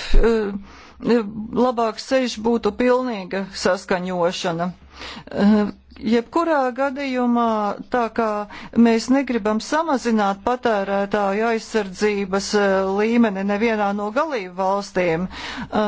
labāk ceļš būtu pilnīga saskaņošana. Jebkurā gadījumā, tā kā mēs negribam samazināt patērētāju aizsardzības e, līmeni nevienā no galību valstīm, e,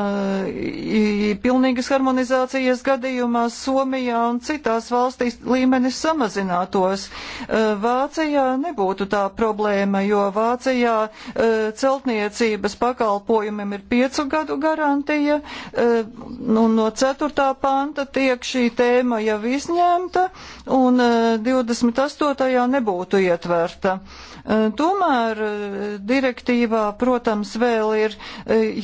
pilnīgas harmonizācijas gadījumā Somijā un citās valstīs līmenis samazinātos. E, Vācijā nebūtu tā problēma, jo Vācijā celtniecības pakalpojumiem ir piecu gadu garantija, un no ceturtā panta tiek šī tēma jau izņemta pieņemta un 28. Eh, nebūtu ietverta. Tomēr direktīvā, protams, vēl ir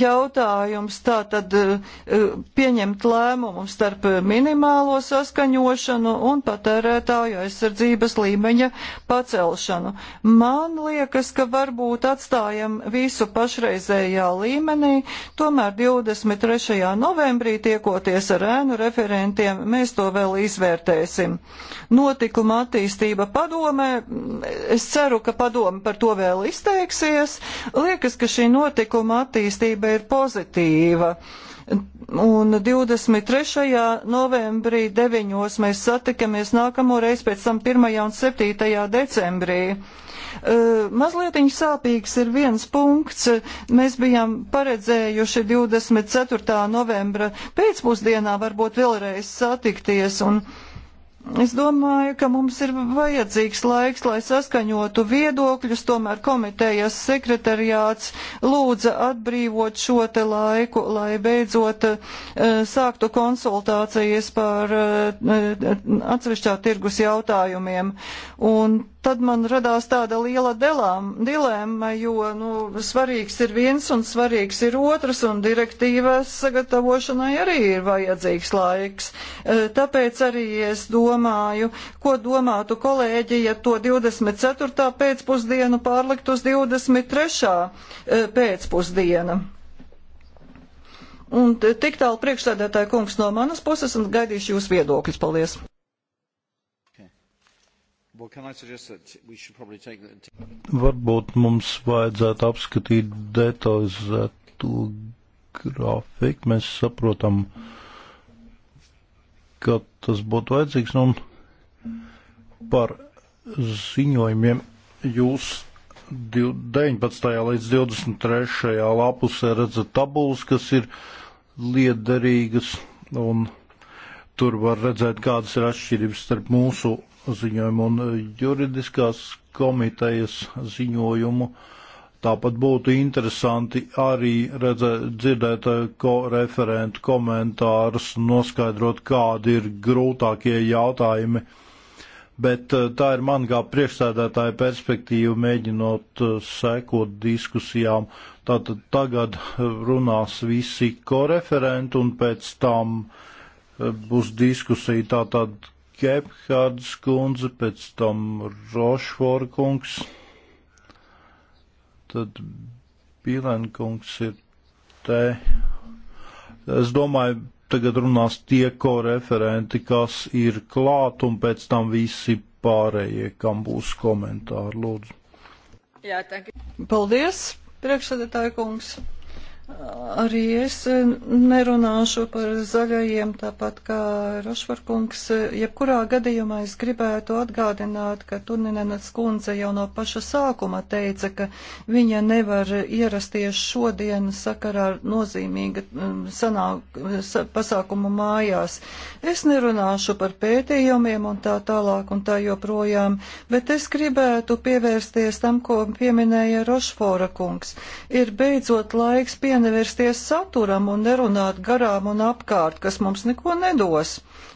jautājums tā tad pieņemt lēmumu starp minimālo saskaņošanu un patērētāju aizsardzības līmeņa pacelšanu. Man liekas, ka varbūt atstājam visu pašreizējā līmenī, tomēr 23. novembrī tiekoties ar ēnu referentiem, mēs to vēl izvērtēsim. Notikuma attīstība padomē, es ceru, ka padomē padoma par to vēl izteiksies. Liekas, ka šī notikuma attīstība ir pozitīva. Un 23. novembrī 9. mēs satikamies nākamo reizi pēc tam 1. un 7. decembrī. Uh, e, mazliet sāpīgs ir viens punkts. Mēs bijām paredzējuši 24. novembra pēcpusdienā varbūt vēlreiz satikties. Un, uh, Es domāju, ka mums ir vajadzīgs laiks, lai saskaņotu viedokļus, tomēr komitejas sekretariāts lūdza atbrīvot šo te laiku, lai beidzot uh, sāktu konsultācijas par uh, atsevišķā tirgus jautājumiem. Un tad man radās tāda liela delām, dilēma, jo nu, svarīgs ir viens un svarīgs ir otrs, un direktīvas sagatavošanai arī ir vajadzīgs laiks. Eh, tāpēc arī es domāju, domāju, ko domātu kolēģi, ja to 24. pēcpusdienu pārlikt uz 23. E, pēcpusdienu. Un tik tālu priekšsēdētāja kungs no manas puses un gaidīšu jūs viedokļus. Paldies! Okay. Well, that... Varbūt mums vajadzētu apskatīt detalizētu grafiku. Mēs saprotam, uh, ka tas būtu vajadzīgs. Nu, un par ziņojumiem jūs 19. līdz 23. lapusē redzat tabulas, kas ir liederīgas, un tur var redzēt, kādas ir atšķirības starp mūsu ziņojumu un juridiskās komitejas ziņojumu. Uh, Tāpat būtu interesanti arī redzēt, dzirdēt eh, ko referentu komentārus, noskaidrot, kādi ir grūtākie jautājumi. Bet eh, tā ir man kā priekšsēdētāja perspektīva, mēģinot eh, sekot diskusijām. Tātad tagad runās visi koreferenti un pēc tam būs diskusija tātad Gebhards kundze, pēc tam Rošfor kungs tad Bīlenkungs ir te. Es domāju, tagad runās tie koreferenti, kas ir klāt, un pēc tam visi pārējie, kam būs komentāri, lūdzu. Jā, tā. Paldies, priekšsēdētāja kungs. Arī es e, nerunāšu par zaļajiem, tāpat kā Rošvarkungs. E, jebkurā gadījumā es gribētu atgādināt, ka Turninenes kundze jau no paša sākuma teica, ka viņa nevar ierasties šodien sakarā ar nozīmīga sanāk, pasākumu mājās. Es nerunāšu par pētījumiem un tā tālāk un tā joprojām, bet es gribētu pievērsties tam, ko pieminēja Rošfora kungs. Ir beidzot laiks pienākt pienevērsties saturam un nerunāt garām un apkārt, kas mums neko nedos.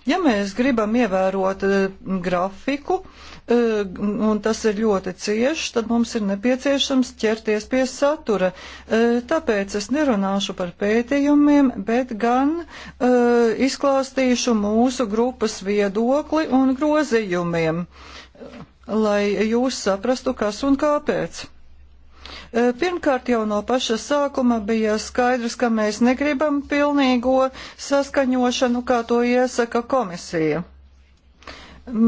Ja mēs gribam ievērot uh, grafiku, uh, un tas ir ļoti cieši, tad mums ir nepieciešams ķerties pie satura. Uh, tāpēc es nerunāšu par pētījumiem, bet gan izklāstīšu mūsu grupas viedokli un grozījumiem, lai jūs saprastu, kas un kāpēc. E, pirmkārt, jau no paša sākuma bija skaidrs, ka mēs negribam pilnīgo saskaņošanu, kā to iesaka komisija.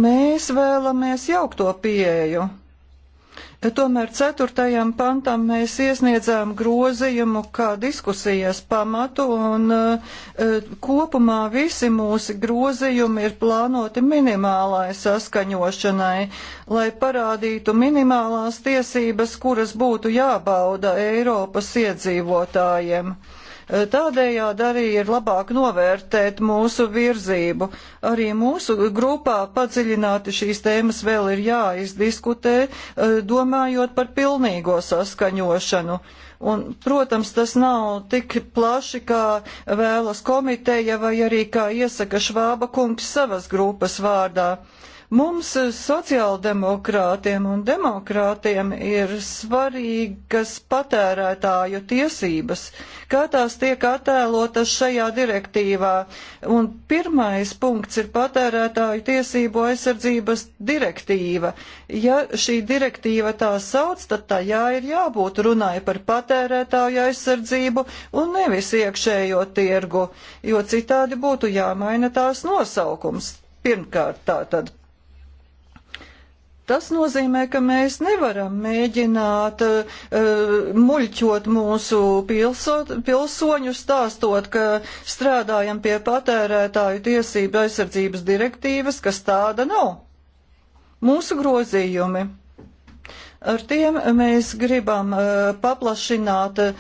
Mēs vēlamies jaukto pieeju Tomēr ceturtajam pantam mēs iesniedzām grozījumu kā diskusijas pamatu, un uh, kopumā visi mūsu grozījumi ir plānoti minimālai saskaņošanai, lai parādītu minimālās tiesības, kuras būtu jābauda Eiropas iedzīvotājiem. Eh, tādējādi arī ir labāk novērtēt mūsu virzību. Arī mūsu grupā padziļināti šīs tēmas vēl ir jāizdiskutē, eh, domājot par pilnīgo saskaņošanu. Un, protams, tas nav tik plaši, kā vēlas komiteja vai arī kā iesaka Švāba kungs savas grupas vārdā. Uh, Mums, eh, sociāldemokrātiem un demokrātiem, ir svarīgas patērētāju tiesības, kā tās tiek attēlotas šajā direktīvā. Un pirmais punkts ir patērētāju tiesību aizsardzības direktīva. Ja šī direktīva tā sauc, tad tajā ir jābūt runai par patērētāju aizsardzību un nevis iekšējo tirgu, jo citādi būtu jāmaina tās nosaukums pirmkārt tā tad Tas nozīmē, ka mēs nevaram mēģināt uh, muļķot mūsu pilsot, pilsoņu stāstot, ka strādājam pie patērētāju tiesību aizsardzības direktīvas, kas tāda nav. Mūsu grozījumi Ar tiem mēs gribam eh, paplašināt eh,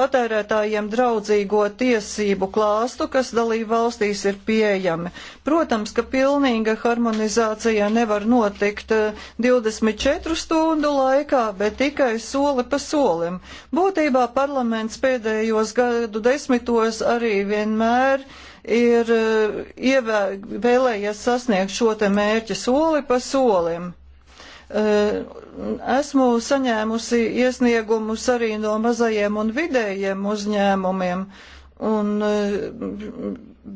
patērētājiem draudzīgo tiesību klāstu, kas dalību valstīs ir pieejami. Protams, ka pilnīga harmonizācija nevar notikt 24 eh, stundu laikā, bet tikai soli pa solim. Būtībā parlaments pēdējos gadu desmitos arī vienmēr ir ievē, vēlējies sasniegt šo te mērķi soli pa solim. Eh, esmu saņēmusi iesniegumus arī no mazajiem un vidējiem uzņēmumiem. Un eh,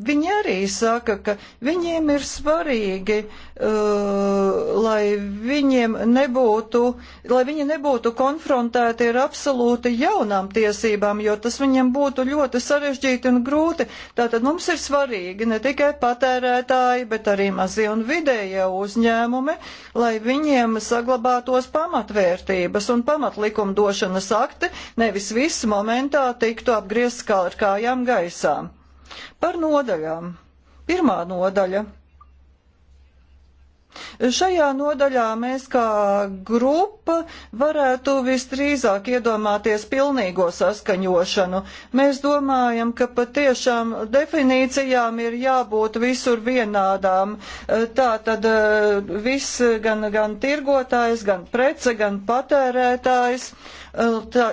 Viņi arī saka, ka viņiem ir svarīgi, uh, lai viņiem nebūtu, lai viņi nebūtu konfrontēti ar absolūti jaunām tiesībām, jo tas viņiem būtu ļoti sarežģīti un grūti. Tātad mums ir svarīgi ne tikai patērētāji, bet arī mazie un vidējie uzņēmumi, lai viņiem saglabātos pamatvērtības un pamatlikumdošanas akti, nevis viss momentā tiktu apgriezt kā ar kājām gaisām. Par nodaļām. Pirmā nodaļa. Šajā nodaļā mēs kā grupa varētu visdrīzāk iedomāties pilnīgo saskaņošanu. Mēs domājam, ka patiešām definīcijām ir jābūt visur vienādām. Tā tad eh, viss gan, gan tirgotājs, gan prece, gan patērētājs. Eh, tā,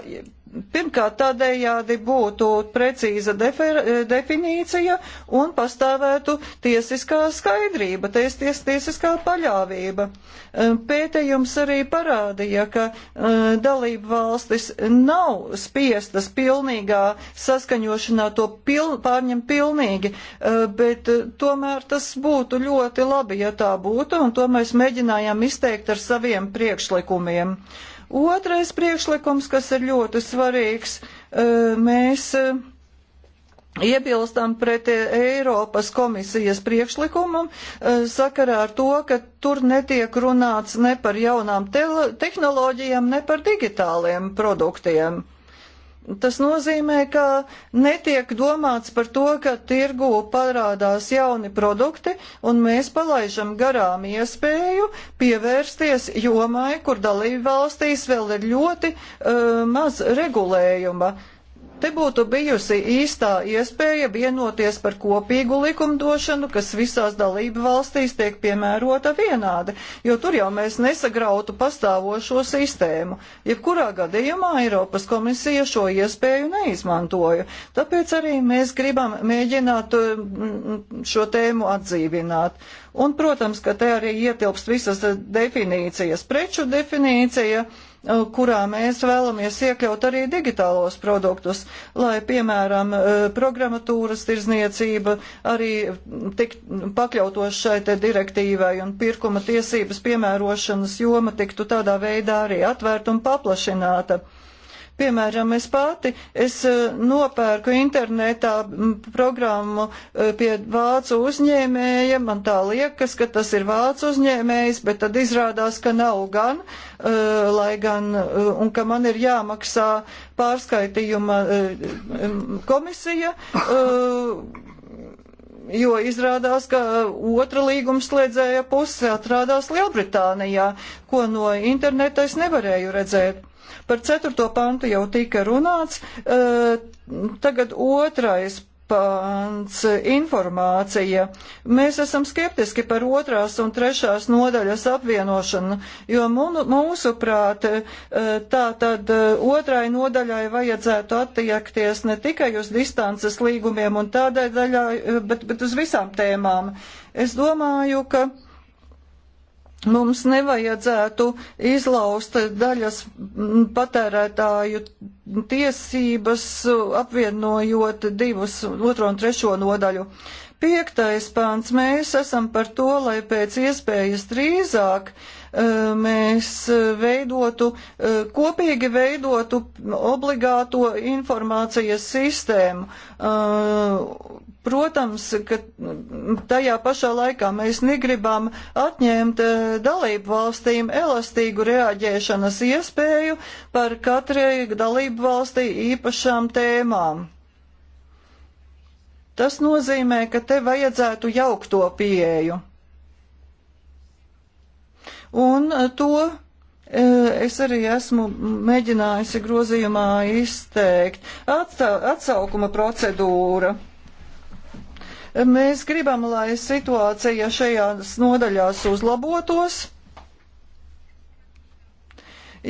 Pirmkārt, tādējādi būtu precīza defer, eh, definīcija un pastāvētu tiesiskā skaidrība, ties, ties, tiesiskā paļāvība. Eh, pētījums arī parādīja, ka eh, dalību valstis nav spiestas pilnīgā saskaņošanā to pil, pārņemt pilnīgi, bet tomēr tas būtu ļoti labi, ja tā būtu, un to mēs mēģinājām izteikt ar saviem priekšlikumiem. Uh, Otrais priekšlikums, kas ir ļoti svarīgs, e, mēs e, iebilstam pret e, Eiropas komisijas priekšlikumam sakarā ar to, ka tur netiek runāts ne par jaunām tehnoloģijām, ne par digitāliem produktiem. Tas nozīmē, ka netiek domāts par to, ka tirgū parādās jauni produkti, un mēs palaižam garām iespēju pievērsties jomai, kur dalību valstīs vēl ir ļoti uh, maz regulējuma. Uh, Te būtu bijusi īstā iespēja vienoties par kopīgu likumdošanu, kas visās dalību valstīs tiek piemērota vienādi, jo tur jau mēs nesagrautu pastāvošo sistēmu. Jebkurā gadījumā Eiropas komisija šo iespēju neizmantoja, tāpēc arī mēs gribam mēģināt mm, šo tēmu atdzīvināt. Un, protams, ka te arī ietilpst visas definīcijas, preču definīcija, uh, Eh, kurā mēs vēlamies iekļaut arī digitālos produktus, lai, piemēram, eh, programmatūras tirzniecība arī tik pakļautos šai te direktīvai un pirkuma tiesības piemērošanas joma tiktu tādā veidā arī atvērta un paplašināta. Piemēram, es pati, es eh, nopērku internetā programmu eh, pie vācu uzņēmēja, man tā liekas, ka tas ir vācu uzņēmējs, bet tad izrādās, ka nav gan, eh, lai gan, un ka man ir jāmaksā pārskaitījuma komisija jo izrādās, ka otra līgumslēdzēja puse atrādās Lielbritānijā, ko no interneta es nevarēju redzēt. Par ceturto pantu jau tika runāts. Eh, tagad otrais pants informācija. Mēs esam skeptiski par otrās un trešās nodaļas apvienošanu, jo mūsuprāt eh, tā tad eh, otrai nodaļai vajadzētu attiekties ne tikai uz distances līgumiem un tādai daļai, bet, bet uz visām tēmām. Es domāju, ka Mums nevajadzētu izlaust daļas patērētāju tiesības, apvienojot divus, otro un trešo nodaļu. Piektais pāns mēs esam par to, lai pēc iespējas drīzāk eh, mēs veidotu, eh, kopīgi veidotu obligāto informācijas sistēmu, eh, Protams, ka mm, tajā pašā laikā mēs negribam atņemt eh, dalību valstīm elastīgu reaģēšanas iespēju par katrai dalību valstī īpašām tēmām. Tas nozīmē, ka te vajadzētu jaukto pieeju. Un eh, to eh, es arī esmu mēģinājusi grozījumā izteikt. Atsa atsaukuma procedūra. Mēs gribam, lai situācija šajās nodaļās uzlabotos.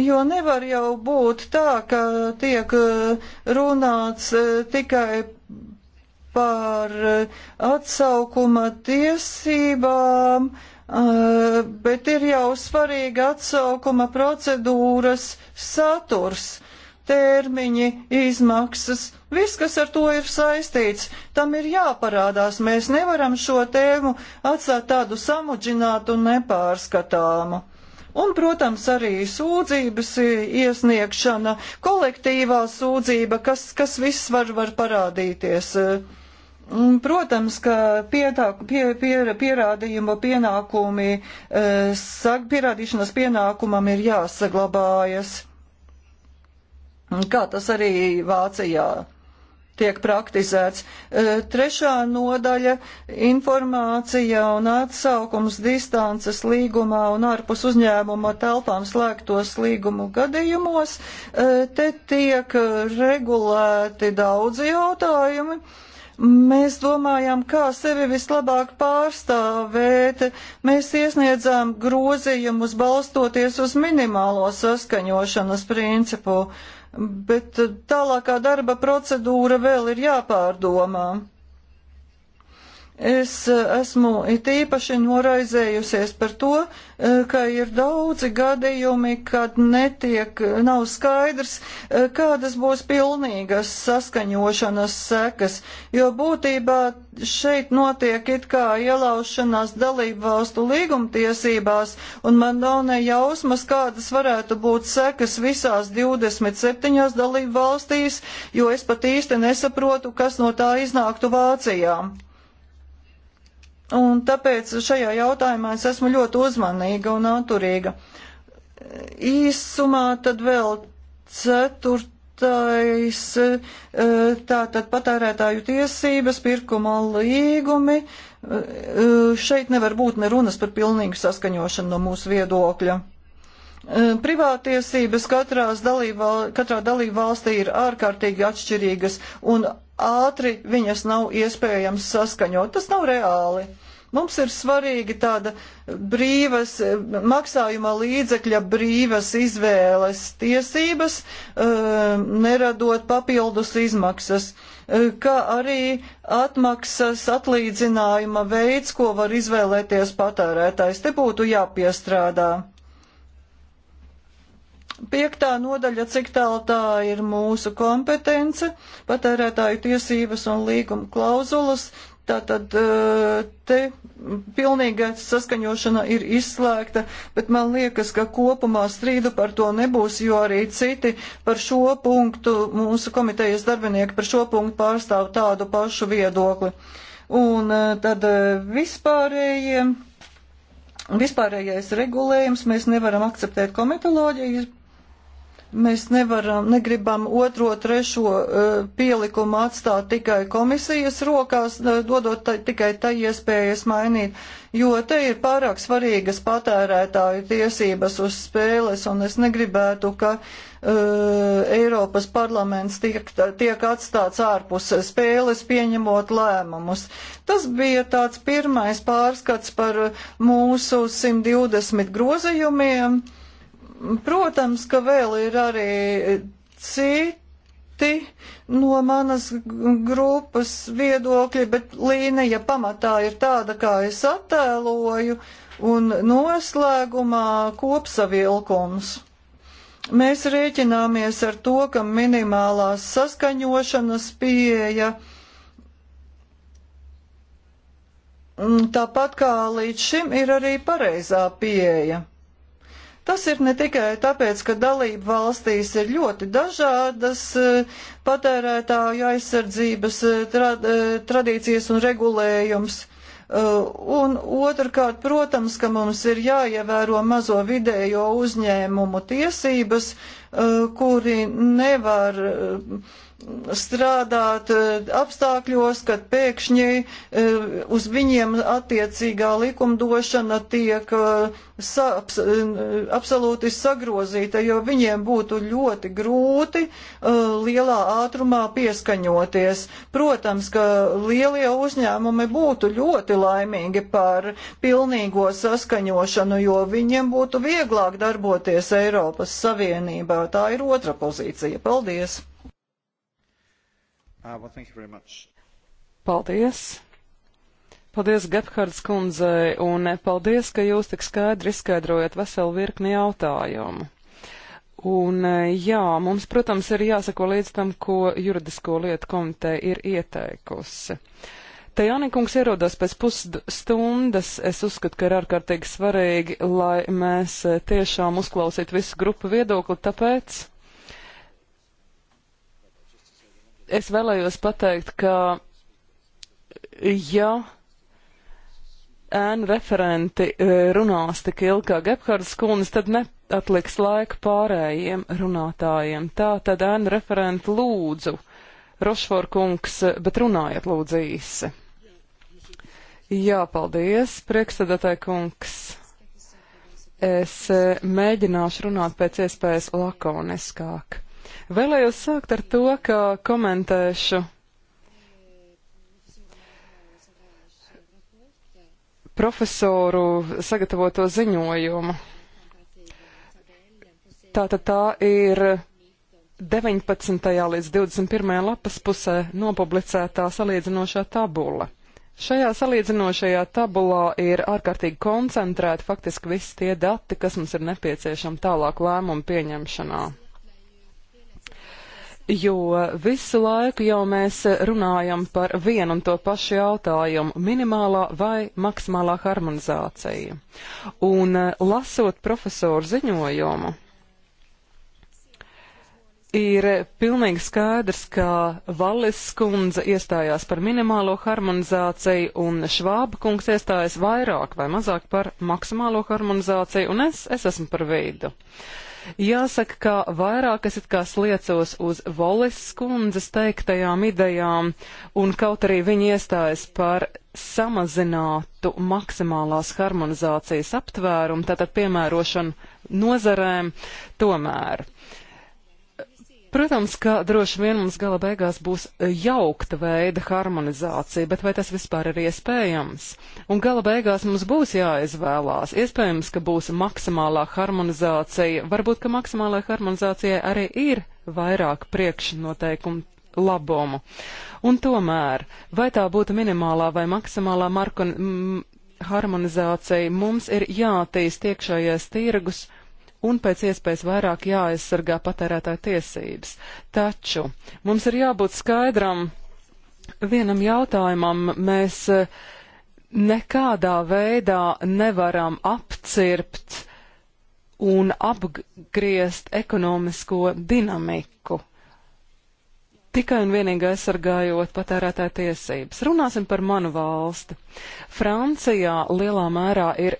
Jo nevar jau būt tā, ka tiek uh, runāts uh, tikai par uh, atsaukuma tiesībām, bet ir jau svarīga atsaukuma procedūras saturs, termiņi, izmaksas Viss, kas ar to ir saistīts, tam ir jāparādās. Mēs nevaram šo tēmu atstāt tādu samudžinātu un nepārskatāmu. Un, protams, arī sūdzības iesniegšana, kolektīvā sūdzība, kas, kas viss var, var parādīties. Protams, ka pietā, pie, pie, pierādījuma pienākumi, e, sak, pierādīšanas pienākumam ir jāsaglabājas kā tas arī Vācijā tiek praktizēts. Trešā nodaļa - informācija un atsaukums distances līgumā un ārpus uzņēmuma telpām slēgtos līgumu gadījumos. Te tiek regulēti daudzi jautājumi. Mēs domājām, kā sevi vislabāk pārstāvēt. Mēs iesniedzām grozījumus balstoties uz minimālo saskaņošanas principu. Uh, bet eh, tālākā darba procedūra vēl ir jāpārdomā. Es eh, esmu it īpaši noraizējusies par to, eh, ka ir daudzi gadījumi, kad netiek, nav skaidrs, eh, kādas būs pilnīgas saskaņošanas sekas, jo būtībā šeit notiek it kā ielaušanās dalību valstu līgumtiesībās, un man nav ne jausmas, kādas varētu būt sekas visās 27 dalību valstīs, jo es pat īsti nesaprotu, kas no tā iznāktu Vācijā. Un tāpēc šajā jautājumā es esmu ļoti uzmanīga un atturīga. Īsumā tad vēl ceturtais, e, tātad patērētāju tiesības, pirkuma līgumi. E, šeit nevar būt nerunas par pilnīgu saskaņošanu no mūsu viedokļa. E, privātiesības dalība, katrā dalību valstī ir ārkārtīgi atšķirīgas un ātri viņas nav iespējams saskaņot. Tas nav reāli. Mums ir svarīgi tāda brīvas, maksājuma līdzekļa brīvas izvēles tiesības, eh, neradot papildus izmaksas, eh, kā arī atmaksas atlīdzinājuma veids, ko var izvēlēties patērētājs. Te būtu jāpiestrādā. Piektā nodaļa, cik tālu tā ir mūsu kompetence, patērētāju tiesības un līguma klauzulas, tātad eh, te pilnīga saskaņošana ir izslēgta, bet man liekas, ka kopumā strīdu par to nebūs, jo arī citi par šo punktu, mūsu komitejas darbinieki par šo punktu pārstāv tādu pašu viedokli. Un eh, tad eh, vispārējiem. Vispārējais regulējums mēs nevaram akceptēt komitoloģijas Mēs nevaram, negribam otro, trešo uh, pielikumu atstāt tikai komisijas rokās, dodot tā, tikai tai iespējas mainīt, jo te ir pārāk svarīgas patērētāju tiesības uz spēles, un es negribētu, ka uh, Eiropas parlaments tiek, tiek atstāts ārpus spēles, pieņemot lēmumus. Tas bija tāds pirmais pārskats par mūsu 120 grozījumiem. Protams, ka vēl ir arī citi no manas grupas viedokļi, bet līnija pamatā ir tāda, kā es attēloju, un noslēgumā kopsavilkums. Mēs rēķināmies ar to, ka minimālās saskaņošanas pieeja tāpat kā līdz šim ir arī pareizā pieeja. Tas ir ne tikai tāpēc, ka dalību valstīs ir ļoti dažādas eh, patērētāju aizsardzības eh, tra eh, tradīcijas un regulējums. Un otrkārt, protams, ka mums ir jāievēro mazo vidējo uzņēmumu tiesības, kuri nevar strādāt e, apstākļos, kad pēkšņi e, uz viņiem attiecīgā likumdošana tiek e, sa aps absolūti sagrozīta, jo viņiem būtu ļoti grūti lielā ātrumā pieskaņoties. Protams, ka lielie uzņēmumi būtu ļoti laimīgi par pilnīgo saskaņošanu, jo viņiem būtu vieglāk darboties Eiropas Savienībā. Tā ir otra pozīcija. Paldies! Uh, well, thank you very much. Paldies! Paldies Gephards kundzei un paldies, ka jūs tik skaidri izskaidrojat veselu virkni jautājumu. Un eh, jā, mums, protams, ir jāsako līdz tam, ko juridisko lietu komiteja ir ieteikusi. Te Jānikungs ierodas pēc pusstundas. Es uzskatu, ka ir ārkārtīgi svarīgi, lai mēs eh, tiešām uzklausītu visu grupu viedokli, tāpēc es vēlējos pateikt, ka ja ēnu referenti e, runās tik ilgi kā Gebhardas kundze, tad neatliks laika pārējiem runātājiem. Tā tad ēnu referenti lūdzu, Rošfor kungs, bet runājiet lūdzu īsi. Jā, paldies, priekšsēdētāji kungs. Es e, mēģināšu runāt pēc iespējas lakoniskāk. Vēlējos sākt ar to, ka komentēšu profesoru sagatavoto ziņojumu. Tātad tā ir 19. līdz 21. lapas pusē nopublicētā salīdzinošā tabula. Šajā salīdzinošajā tabulā ir ārkārtīgi koncentrēti faktiski visi tie dati, kas mums ir nepieciešami tālāk lēmumu pieņemšanā jo visu laiku jau mēs runājam par vienu un to pašu jautājumu - minimālā vai maksimālā harmonizācija. Un eh, lasot profesoru ziņojumu, ir pilnīgi skaidrs, ka Vallis skundze iestājās par minimālo harmonizāciju un Švāba kungs iestājas vairāk vai mazāk par maksimālo harmonizāciju, un es, es esmu par vīdu. Uh, Jāsaka, ka vairāk es it kā sliecos uz Volis skundzes teiktajām idejām, un kaut arī viņa iestājas par samazinātu maksimālās harmonizācijas aptvērumu, tātad piemērošanu nozarēm, tomēr. Uh, Protams, ka droši vien mums gala beigās būs jaukta veida harmonizācija, bet vai tas vispār ir iespējams? Un gala beigās mums būs jāizvēlās. Iespējams, ka būs maksimālā harmonizācija. Varbūt, ka maksimālai harmonizācijai arī ir vairāk priekšnoteikumu labumu. Un tomēr, vai tā būtu minimālā vai maksimālā markon, m, harmonizācija, mums ir jātīst iekšējais tirgus un pēc iespējas vairāk jāaizsargā patērētāja tiesības. Taču mums ir jābūt skaidram vienam jautājumam. Mēs eh, nekādā veidā nevaram apcirpt un apgriezt ekonomisko dinamiku tikai un vienīgi aizsargājot patērētāja tiesības. Runāsim par manu valsti. Francijā lielā mērā ir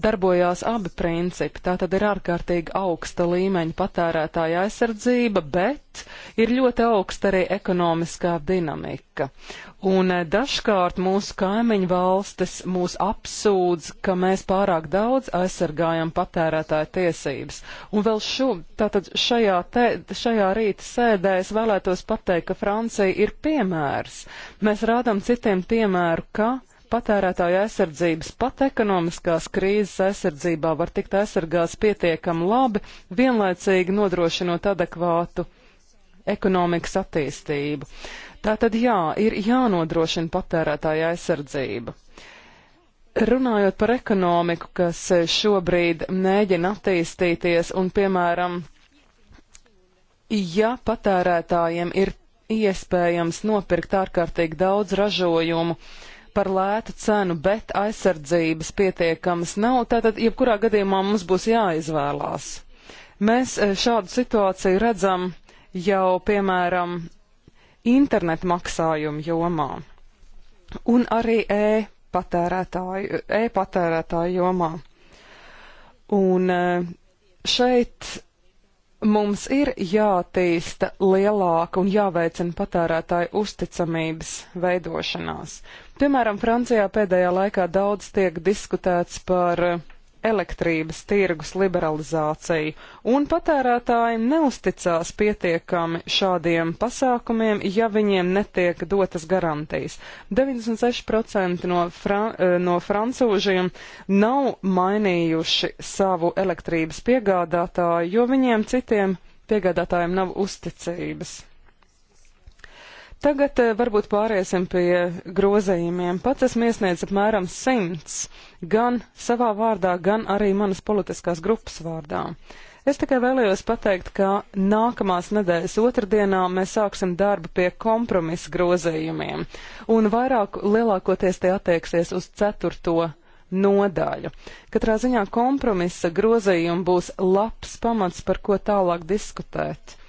darbojās abi principi. Tā tad ir ārkārtīgi augsta līmeņa patērētāja aizsardzība, bet ir ļoti augsta arī ekonomiskā dinamika. Un eh, dažkārt mūsu kaimiņu valstis mūs apsūdz, ka mēs pārāk daudz aizsargājam patērētāja tiesības. Un vēl šo, tātad šajā, te, šajā rīta sēdē es vēlētos pateikt, ka Francija ir piemērs. Mēs rādām citiem piemēru, ka patērētāja aizsardzības pat ekonomiskās krīzes aizsardzībā var tikt aizsargāts pietiekami labi, vienlaicīgi nodrošinot adekvātu ekonomikas attīstību. Tātad jā, ir jānodrošina patērētāja aizsardzība. Runājot par ekonomiku, kas šobrīd mēģina attīstīties un, piemēram, ja patērētājiem ir iespējams nopirkt ārkārtīgi daudz ražojumu, uh, par lētu cenu, bet aizsardzības pietiekamas nav, tātad jebkurā gadījumā mums būs jāizvēlās. Mēs eh, šādu situāciju redzam jau, piemēram, internetu maksājumu jomā un arī e-patērētāju e, -patērētāju, e jomā. Un eh, šeit mums ir jātīsta lielāka un jāveicina patērētāju uzticamības veidošanās. Piemēram, Francijā pēdējā laikā daudz tiek diskutēts par eh, elektrības tirgus liberalizāciju, un patērētājiem neusticās pietiekami šādiem pasākumiem, ja viņiem netiek dotas garantijas. 96% no, fran eh, no francūžiem nav mainījuši savu elektrības piegādātāju, jo viņiem citiem piegādātājiem nav uzticības. Tagad eh, varbūt pāriesim pie grozējumiem. Pats esmu iesniedzis apmēram simts, gan savā vārdā, gan arī manas politiskās grupas vārdā. Es tikai vēlējos pateikt, ka nākamās nedēļas otrdienā mēs sāksim darbu pie kompromisa grozējumiem, un vairāk lielākoties tie attieksies uz ceturto nodaļu. Katrā ziņā kompromisa grozējumi būs labs pamats, par ko tālāk diskutēt.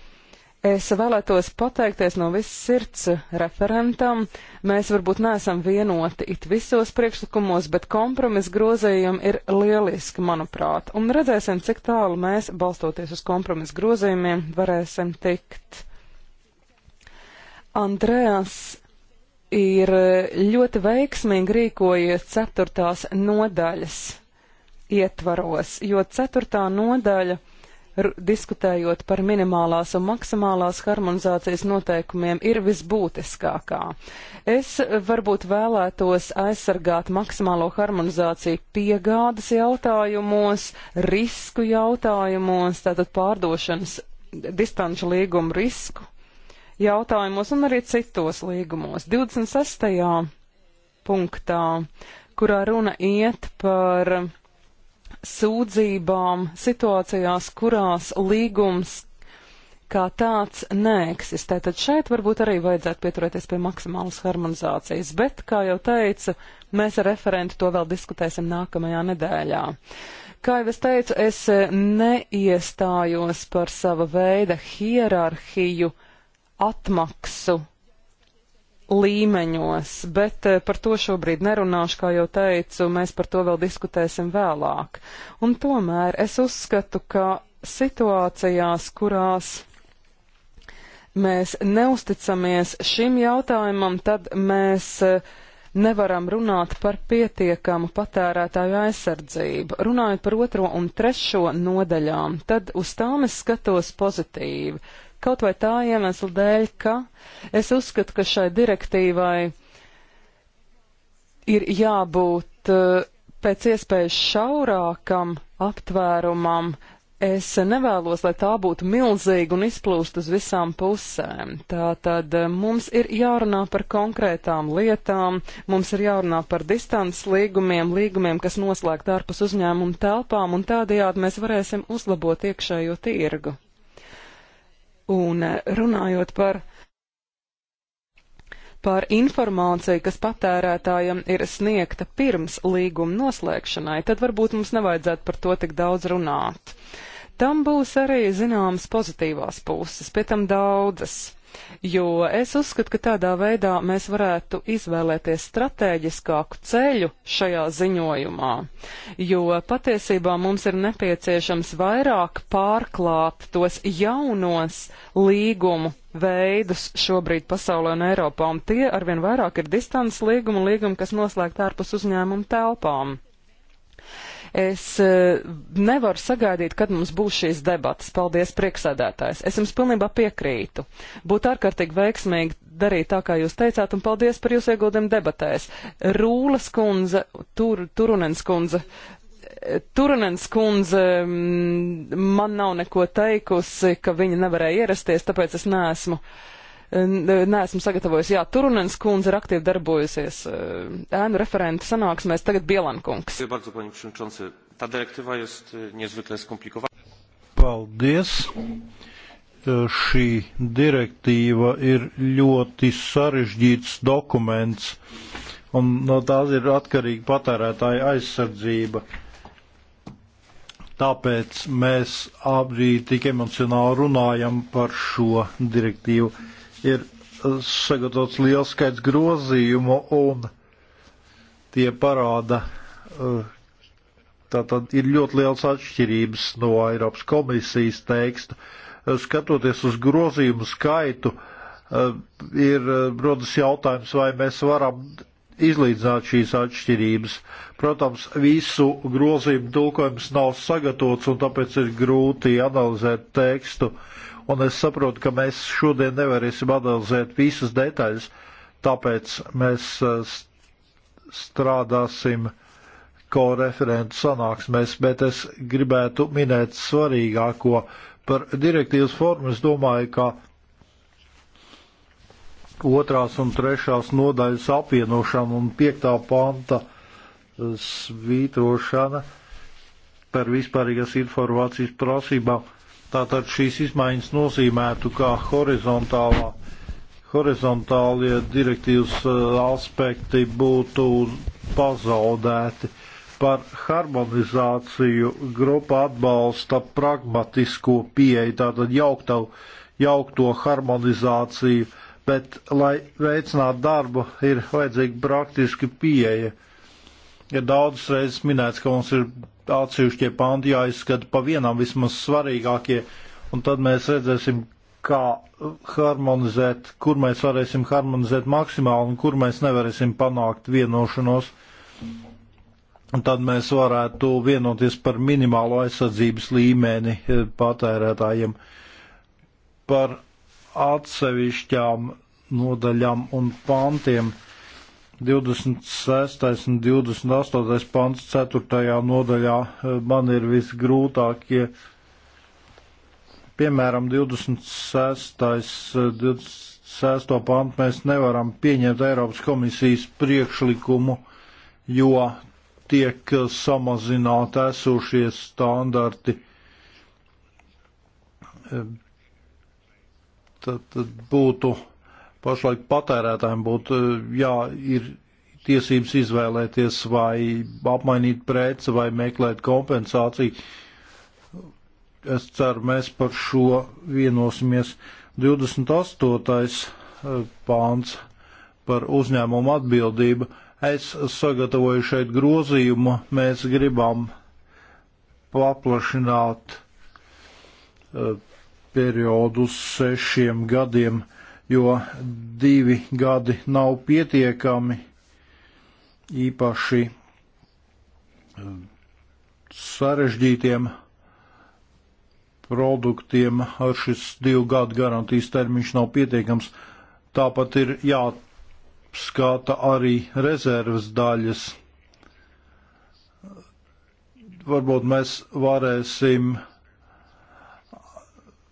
Es vēlētos pateikties no viss sirds referentam. Mēs varbūt neesam vienoti it visos priekšlikumos, bet kompromis grozējumi ir lieliski, manuprāt. Un redzēsim, cik tālu mēs, balstoties uz kompromis grozējumiem, varēsim tikt. Andrejas ir ļoti veiksmīgi rīkojies ceturtās nodaļas ietvaros, jo ceturtā nodaļa diskutējot par minimālās un maksimālās harmonizācijas noteikumiem, ir visbūtiskākā. Es eh, varbūt vēlētos aizsargāt maksimālo harmonizāciju piegādes jautājumos, risku jautājumos, tātad pārdošanas distanču līgumu risku jautājumos un arī citos līgumos. 26. punktā, kurā runa iet par sūdzībām situācijās, kurās līgums kā tāds neeksistē. Tad šeit varbūt arī vajadzētu pieturēties pie maksimālas harmonizācijas, bet, kā jau teicu, mēs ar referentu to vēl diskutēsim nākamajā nedēļā. Kā jau es teicu, es neiestājos par sava veida hierarhiju atmaksu līmeņos, bet eh, par to šobrīd nerunāšu, kā jau teicu, mēs par to vēl diskutēsim vēlāk. Un tomēr es uzskatu, ka situācijās, kurās mēs neusticamies šim jautājumam, tad mēs eh, nevaram runāt par pietiekamu patērētāju aizsardzību. Runājot par otro un trešo nodaļām, tad uz tām es skatos pozitīvi. Kaut vai tā iemesla dēļ, ka es uzskatu, ka šai direktīvai ir jābūt eh, pēc iespējas šaurākam aptvērumam. Es nevēlos, lai tā būtu milzīga un izplūst uz visām pusēm. Tātad eh, mums ir jārunā par konkrētām lietām, mums ir jārunā par distances līgumiem, līgumiem, kas noslēgt ārpus uzņēmumu telpām, un tādējādi mēs varēsim uzlabot iekšējo tirgu. Un eh, runājot par, par informāciju, kas patērētājam ir sniegta pirms līguma noslēgšanai, tad varbūt mums nevajadzētu par to tik daudz runāt. Tam būs arī zināmas pozitīvās puses, pie tam daudzas jo es uzskatu, ka tādā veidā mēs varētu izvēlēties strateģiskāku ceļu šajā ziņojumā, jo patiesībā mums ir nepieciešams vairāk pārklāt tos jaunos līgumu veidus šobrīd pasaulē un Eiropā, un tie arvien vairāk ir distants līguma, līguma, kas noslēgta ārpus uzņēmuma telpām. Es e, nevaru sagaidīt, kad mums būs šīs debatas. Paldies, prieksēdētājs. Es jums pilnībā piekrītu. Būtu ārkārtīgi veiksmīgi darīt tā, kā jūs teicāt, un paldies par jūsu ieguldījumu debatēs. Rūlas kundze, tur, Turunens kundze, e, Turunens kundze mm, man nav neko teikusi, ka viņa nevarēja ierasties, tāpēc es neesmu E, neesmu sagatavojis. Jā, Turunens kundze ir aktīvi darbojusies e, ēnu referentu sanāksmēs, tagad Bielankungs. E, Paldies! Šī direktīva ir ļoti sarežģīts dokuments, un no tās ir atkarīga patērētāja aizsardzība. Tāpēc mēs abi tik emocionāli runājam par šo direktīvu. Uh, ir sagatavots liels skaits grozījumu un tie parāda, eh, tātad ir ļoti liels atšķirības no Eiropas komisijas teksta. Skatoties uz grozījumu skaitu, eh, ir eh, rodas jautājums, vai mēs varam izlīdzināt šīs atšķirības. Protams, visu grozījumu tulkojums nav sagatavots un tāpēc ir grūti analizēt tekstu. Uh, un es saprotu, ka mēs šodien nevarēsim analizēt visas detaļas, tāpēc mēs eh, strādāsim koreferentu sanāksmēs, bet es gribētu minēt svarīgāko par direktīvas formu. Es domāju, ka otrās un trešās nodaļas apvienošana un piektā panta eh, svītrošana par vispārīgas informācijas prasībām Tātad šīs izmaiņas nozīmētu, kā horizontālā, horizontālie direktīvas uh, aspekti būtu pazaudēti. Par harmonizāciju grupa atbalsta pragmatisko pieeju, tātad jauktavu, jaukto harmonizāciju, bet, lai veicinātu darbu, ir vajadzīga praktiska pieeja. Uh, Ir daudzas reizes minēts, ka mums ir atsevišķie panti jāizskata pa vienam vismaz svarīgākie, un tad mēs redzēsim, kā harmonizēt, kur mēs varēsim harmonizēt maksimāli un kur mēs nevarēsim panākt vienošanos. Un tad mēs varētu vienoties par minimālo aizsardzības līmeni eh, patērētājiem, par atsevišķām nodaļām un pantiem. 26. un 28. pants 4. nodaļā eh, man ir visgrūtākie. Piemēram, 26. 26. Eh, pantu mēs nevaram pieņemt Eiropas komisijas priekšlikumu, jo tiek eh, samazināti esošie standarti. Tad, tad būtu pašlaik patērētājiem būtu, eh, jā, ir tiesības izvēlēties vai apmainīt preci vai meklēt kompensāciju. Es ceru, mēs par šo vienosimies. 28. Eh, pāns par uzņēmumu atbildību. Es sagatavoju šeit grozījumu. Mēs gribam paplašināt eh, periodu uz sešiem gadiem jo divi gadi nav pietiekami īpaši eh, sarežģītiem produktiem ar šis divu gadu garantijas termiņš nav pietiekams. Tāpat ir jāskata arī rezerves daļas. Varbūt mēs varēsim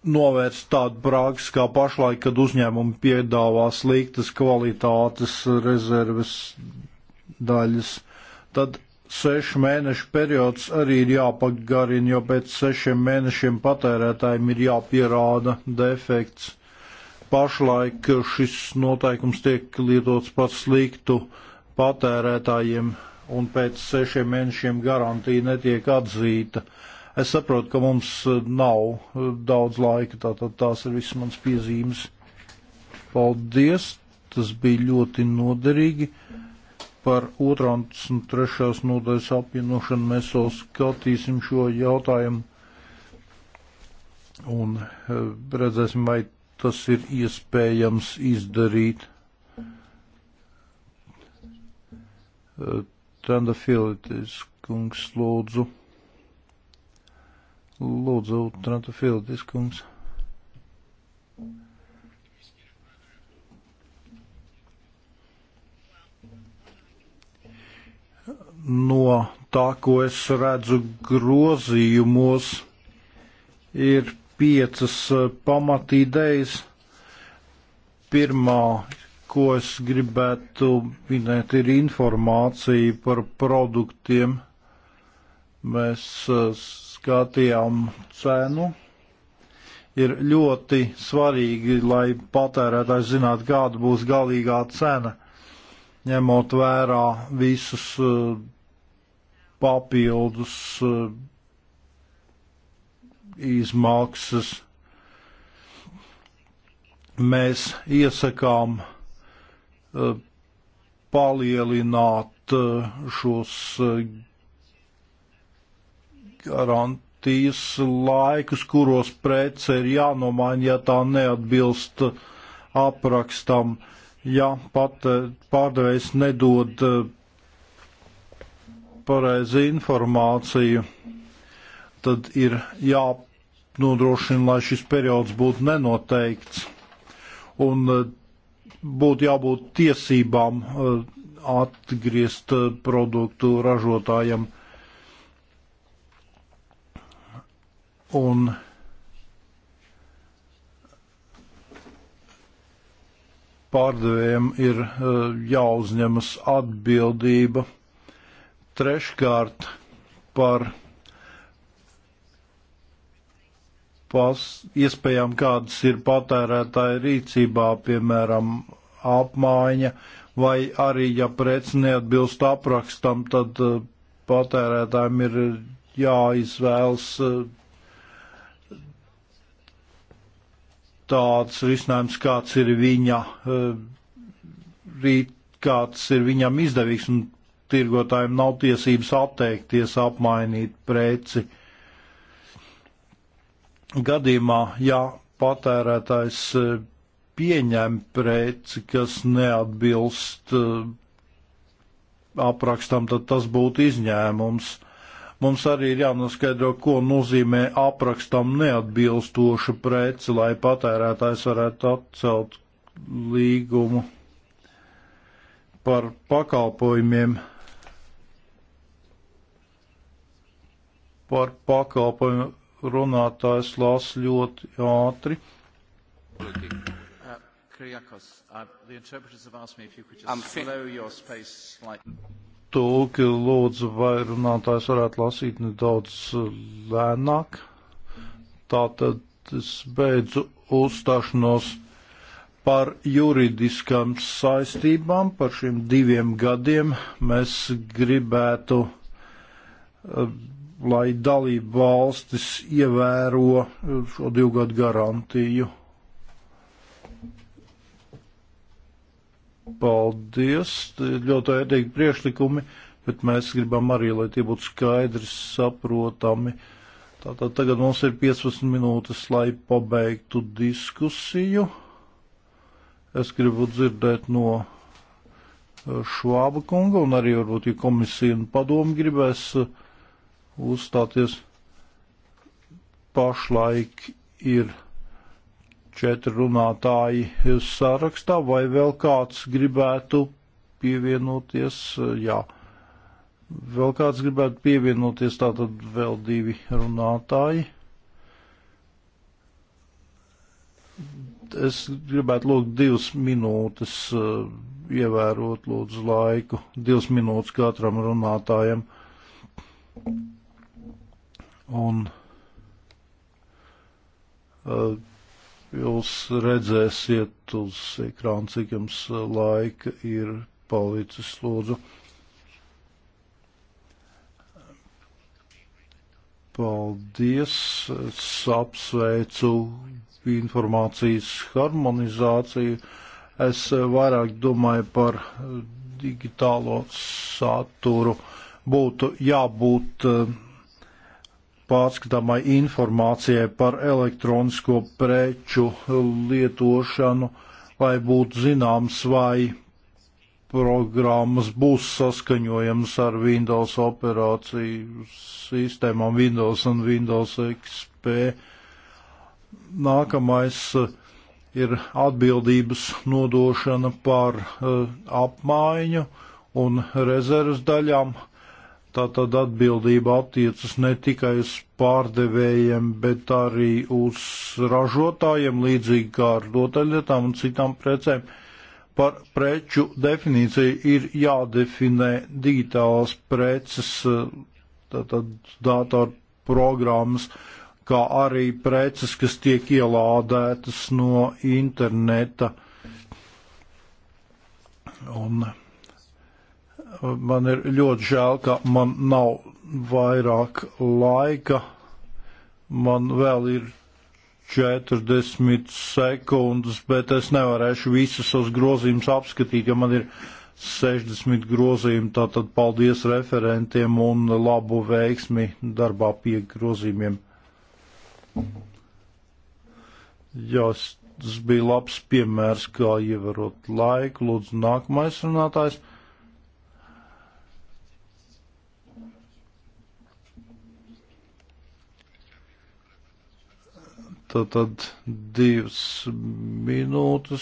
novērst tādu prāks kā pašlaik, kad uzņēmumi piedāvā sliktas kvalitātes rezerves daļas. Tad sešu mēnešu periods arī ir jāpagarina, jo pēc sešiem mēnešiem patērētājiem ir jāpierāda defekts. Pašlaik šis noteikums tiek lietots par sliktu patērētājiem, un pēc sešiem mēnešiem garantija netiek atzīta. Uh, Es saprotu, ka mums eh, nav eh, daudz laika, tātad tās ir visas manas piezīmes. Paldies, tas bija ļoti noderīgi. Par 2. un 3. nodaļas apvienošanu mēs vēl skatīsim šo jautājumu un eh, redzēsim, vai tas ir iespējams izdarīt. Tanda Filitis kungs lūdzu. Lūdzu, Trantu Fildis kungs. No tā, ko es redzu grozījumos, ir piecas eh, pamatīdejas. Pirmā, ko es gribētu minēt, ir informācija par produktiem. Mēs eh, skatījām cenu. Ir ļoti svarīgi, lai patērētājs zinātu, kāda būs galīgā cena, ņemot vērā visus eh, papildus eh, izmaksas. Mēs iesakām eh, palielināt šos garantijas laikus, kuros prece ir jānomaina, ja tā neatbilst aprakstam, ja pat eh, pārdevējs nedod eh, pareizi informāciju, tad ir jānodrošina, lai šis periods būtu nenoteikts un eh, būtu jābūt tiesībām atgriezt produktu ražotājiem. Un pārdevējiem ir e, jāuzņemas atbildība treškārt par pas, iespējām, kādas ir patērētāja rīcībā, piemēram, apmaiņa, vai arī, ja preci neatbilst aprakstam, tad e, patērētājiem ir jāizvēlas e, tāds risinājums, kāds ir viņa, eh, kāds ir viņam izdevīgs, un tirgotājiem nav tiesības atteikties apmainīt preci. Gadījumā, ja patērētājs eh, pieņem preci, kas neatbilst eh, aprakstam, tad tas būtu izņēmums. Uh, Mums arī ir jānoskaidro, ko nozīmē aprakstam neatbilstoša prece, lai patērētājs varētu atcelt līgumu par pakalpojumiem. Par pakalpojumu runātājs lās ļoti ātri. Uh, Kriakos, uh, the interpreters have asked me if you could just slow your space slightly tūki lūdzu, vai runātājs varētu lasīt nedaudz uh, lēnāk. Tātad es beidzu uzstāšanos par juridiskām saistībām, par šiem diviem gadiem. Mēs gribētu, uh, lai dalība valstis ievēro uh, šo divu gadu garantiju. Paldies, ļoti ērtīgi priekšlikumi, bet mēs gribam arī, lai tie būtu skaidri saprotami. Tātad tagad mums ir 15 minūtes, lai pabeigtu diskusiju. Es gribu dzirdēt no eh, Švāba kunga un arī varbūt, ja komisija un padomu gribēs eh, uzstāties pašlaik ir četri runātāji sarakstā, vai vēl kāds gribētu pievienoties, jā, vēl kāds gribētu pievienoties, tātad vēl divi runātāji. Es gribētu lūgt divas minūtes, eh, ievērot lūdzu laiku, divas minūtes katram runātājam. Un uh, Jūs redzēsiet uz ekrāna, cik jums laika ir palicis, lūdzu. Paldies, es apsveicu informācijas harmonizāciju. Es vairāk domāju par digitālo saturu. Būtu jābūt uh, pārskatāmai informācijai par elektronisko preču lietošanu, lai būtu zināms, vai programmas būs saskaņojams ar Windows operāciju sistēmām Windows un Windows XP. Nākamais eh, ir atbildības nodošana par eh, apmaiņu un rezerves daļām Tātad atbildība attiecas ne tikai uz pārdevējiem, bet arī uz ražotājiem, līdzīgi kā ar rotaļlietām un citām precēm. Par preču definīciju ir jādefinē digitālās preces, tātad datorprogrammas, kā arī preces, kas tiek ielādētas no interneta. Un Man ir ļoti žēl, ka man nav vairāk laika. Man vēl ir 40 sekundes, bet es nevarēšu visus savus grozījumus apskatīt, jo man ir 60 grozījumi. Tātad paldies referentiem un labu veiksmi darbā pie grozījumiem. Jā, tas bija labs piemērs, kā ievarot laiku. Lūdzu, nākamais runātājs. Tātad divas minūtes.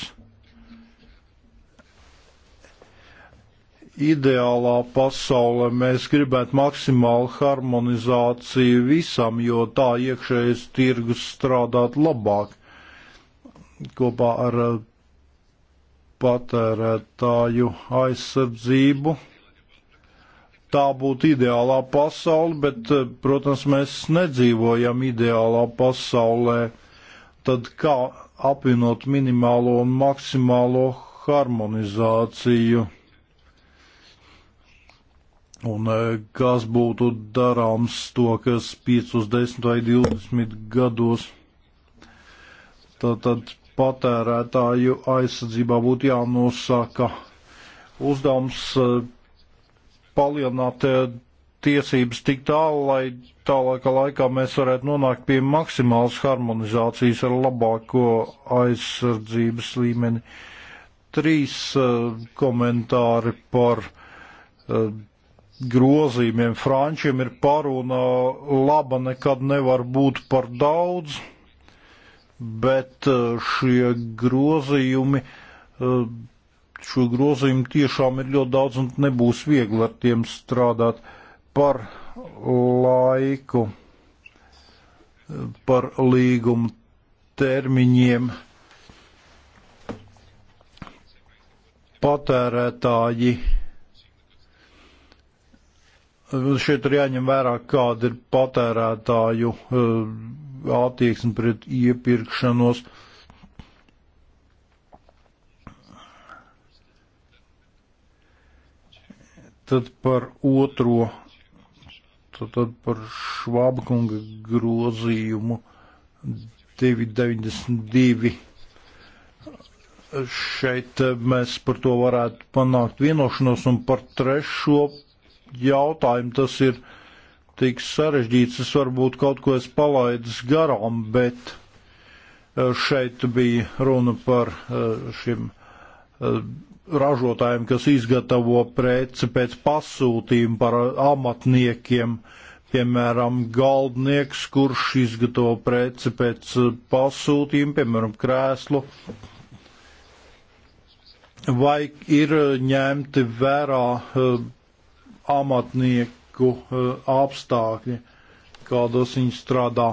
Ideālā pasaulē mēs gribētu maksimālu harmonizāciju visam, jo tā iekšējais tirgus strādāt labāk kopā ar patērētāju aizsardzību tā būtu ideālā pasaule, bet, eh, protams, mēs nedzīvojam ideālā pasaulē. Tad kā apvienot minimālo un maksimālo harmonizāciju? Un eh, kas būtu darāms to, kas 5, 10 vai 20 gados? Tātad patērētāju aizsardzībā būtu jānosaka uzdevums eh, palielināt eh, tiesības tik tālu, lai tālākā laikā mēs varētu nonākt pie maksimālas harmonizācijas ar labāko aizsardzības līmeni. Trīs uh, komentāri par uh, grozījumiem. Frančiem ir parunā laba nekad nevar būt par daudz, bet uh, šie grozījumi uh, šo grozījumu tiešām ir ļoti daudz un nebūs viegli ar tiem strādāt par laiku, par līgumu termiņiem. Patērētāji šeit ir jāņem vērā, kāda ir patērētāju eh, attieksme pret iepirkšanos. Uh, Tad par otro, tad, tad par Švābkunga grozījumu 992. Šeit eh, mēs par to varētu panākt vienošanos un par trešo jautājumu tas ir tik sarežģīts, es varbūt kaut ko es palaidis garām, bet eh, šeit bija runa par eh, šiem ražotājiem, kas izgatavo preci pēc pasūtījuma par amatniekiem. Piemēram, galdnieks, kurš izgatavo preci pēc pasūtījuma, piemēram, krēslu. Vai ir ņemti vērā eh, amatnieku eh, apstākļi, kādos viņi strādā?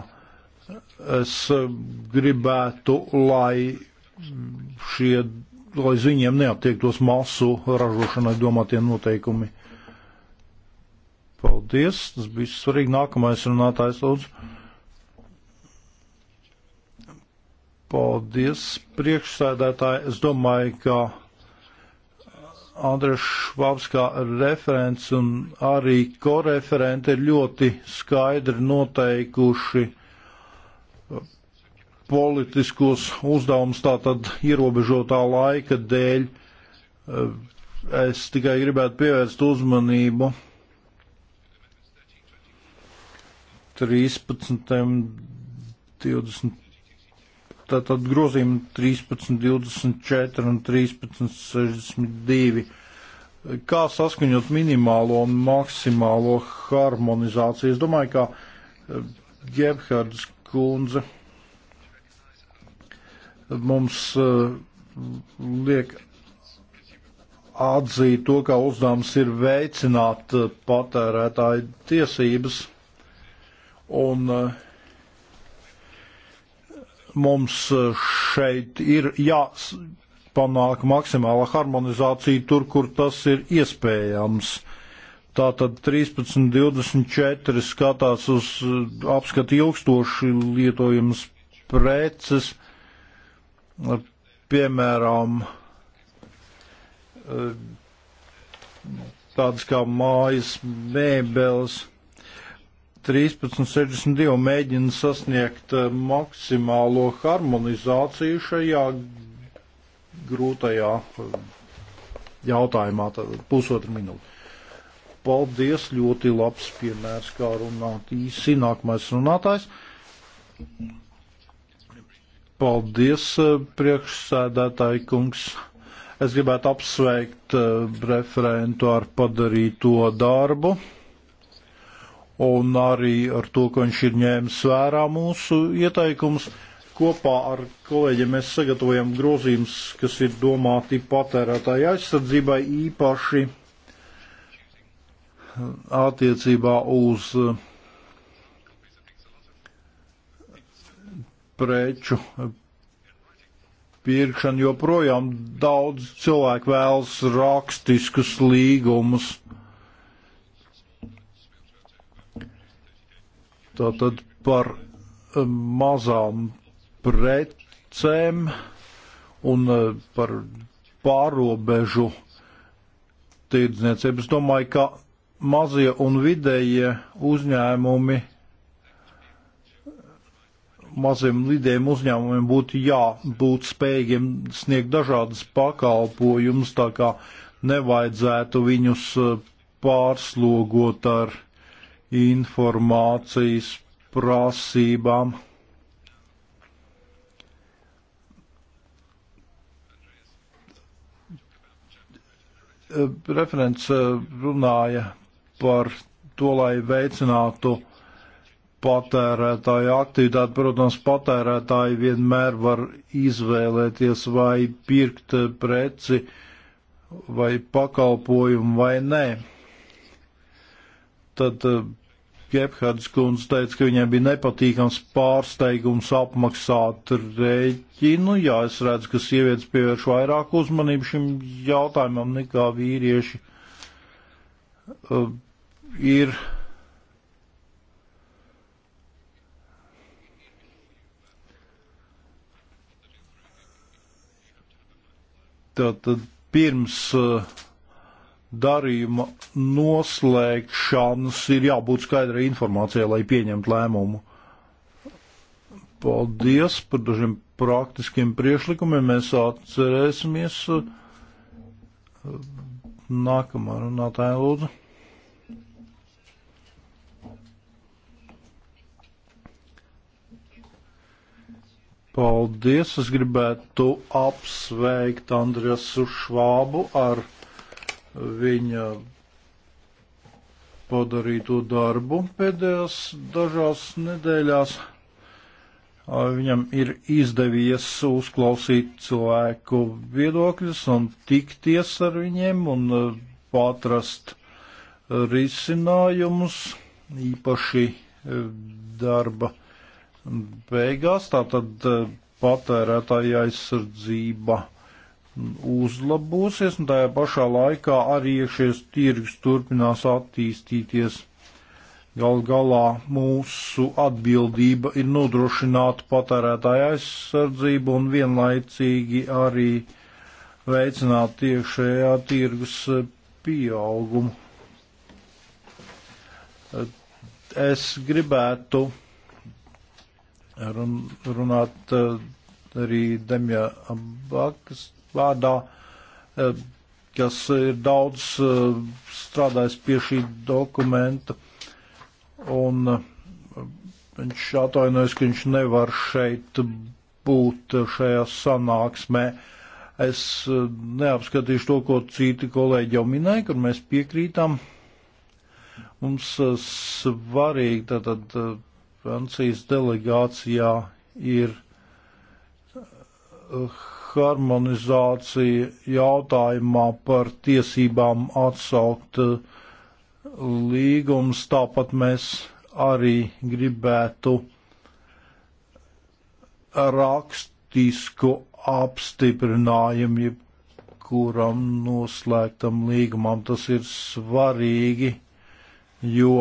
Es gribētu, lai šie lai uz viņiem neatiektos masu ražošanai domātie noteikumi. Paldies, tas bija svarīgi. Nākamais runātājs lūdzu. Paldies, priekšsēdētāji. Es domāju, ka Andrēs Švabs kā referents un arī koreferenti ir ļoti skaidri noteikuši politiskos uzdevumus tātad ierobežotā laika dēļ. Eh, es tikai gribētu pievērst uzmanību 13, 20, tātad grozījumi 13, 24 un 13, 62. Kā saskaņot minimālo un maksimālo harmonizāciju? Es domāju, ka eh, Gebhards kundze mums eh, liek atzīt to, ka uzdevums ir veicināt eh, patērētāju tiesības, un eh, mums šeit ir jāpanāk maksimāla harmonizācija tur, kur tas ir iespējams. Tātad 13.24 skatās uz apskatu ilgstoši lietojumas preces Nu, piemēram, eh, tādas kā mājas mēbeles. 1362 mēģina sasniegt eh, maksimālo harmonizāciju šajā grūtajā eh, jautājumā, tad pusotru minūti. Paldies, ļoti labs piemērs, kā runāt īsi nākamais runātājs. Mm -hmm. Paldies, eh, priekšsēdētāji kungs. Es gribētu apsveikt eh, referentu ar padarīto darbu un arī ar to, ka viņš ir ņēmis vērā mūsu ieteikumus. Kopā ar kolēģiem mēs sagatavojam grozījumus, kas ir domāti patērētāju aizsardzībai īpaši attiecībā uz uh, preču pirkšanu, joprojām daudz cilvēku vēlas rakstiskus līgumus. Tātad par eh, mazām precēm un eh, par pārobežu tirdzniecību. Es domāju, ka mazie un vidējie uzņēmumi maziem lidiem uzņēmumiem būtu jābūt spējīgiem sniegt dažādas pakalpojumus, tā kā nevajadzētu viņus eh, pārslogot ar informācijas prasībām. Eh, referents eh, runāja par to, lai veicinātu uh, patērētāju aktivitāti. Protams, patērētāji vienmēr var izvēlēties vai pirkt preci vai pakalpojumu vai nē. Tad eh, Gebhards kundze teica, ka viņai bija nepatīkams pārsteigums apmaksāt rēķinu. Nu jā, es redzu, ka sievietes pievērš vairāk uzmanību šim jautājumam nekā vīrieši. Uh, ir Tātad pirms eh, darījuma noslēgšanas ir jābūt skaidrai informācijai, lai pieņemtu lēmumu. Paldies par dažiem praktiskiem priešlikumiem. Mēs atcerēsimies. Eh, nākamā runātāja lūdzu. Paldies! Es gribētu apsveikt Andriesu Švābu ar viņa padarīto darbu pēdējās dažās nedēļās. Viņam ir izdevies uzklausīt cilvēku viedokļus un tikties ar viņiem un patrast risinājumus īpaši darba beigās. Tātad eh, patērētāja aizsardzība uzlabosies, un tajā pašā laikā arī iekšies tirgus turpinās attīstīties. Gal galā mūsu atbildība ir nodrošināt patērētāju aizsardzību un vienlaicīgi arī veicināt iekšējā tirgus eh, pieaugumu. Eh, es gribētu run, runāt eh, arī Demja Abakas vārdā, eh, kas ir daudz eh, strādājis pie šī dokumenta. Un viņš atvainojas, ka viņš nevar šeit būt šajā sanāksmē. Es neapskatīšu to, ko citi kolēģi jau minēja, kur mēs piekrītam. Mums svarīgi tātad Francijas delegācijā ir eh, harmonizācija jautājumā par tiesībām atsaukt eh, līgums, tāpat mēs arī gribētu rakstisku apstiprinājumu jebkuram noslēgtam līgumam. Tas ir svarīgi, jo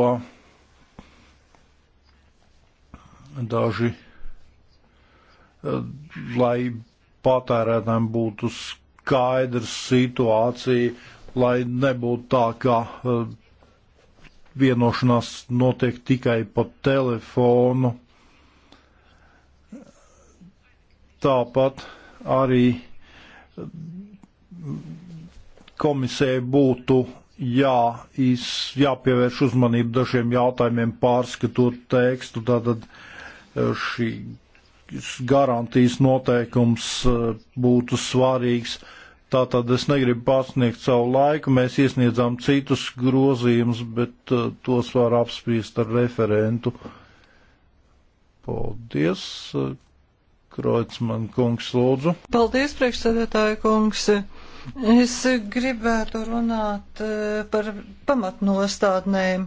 daži, eh, lai patērētājiem būtu skaidrs situācija, lai nebūtu tā, ka eh, vienošanās notiek tikai pa telefonu. Tāpat arī eh, komisē būtu jā, iz, jāpievērš uzmanību dažiem jautājumiem, pārskatot tekstu, tātad uh, šīs garantijas noteikums e, būtu svarīgs. Tātad es negribu pārsniegt savu laiku, mēs iesniedzām citus grozījumus, bet uh, tos var apspriest ar referentu. Paldies, e, Kroicman kungs, lūdzu. Paldies, priekšsēdētāja kungs. Uh, Es gribētu runāt eh, par pamatnostādnēm.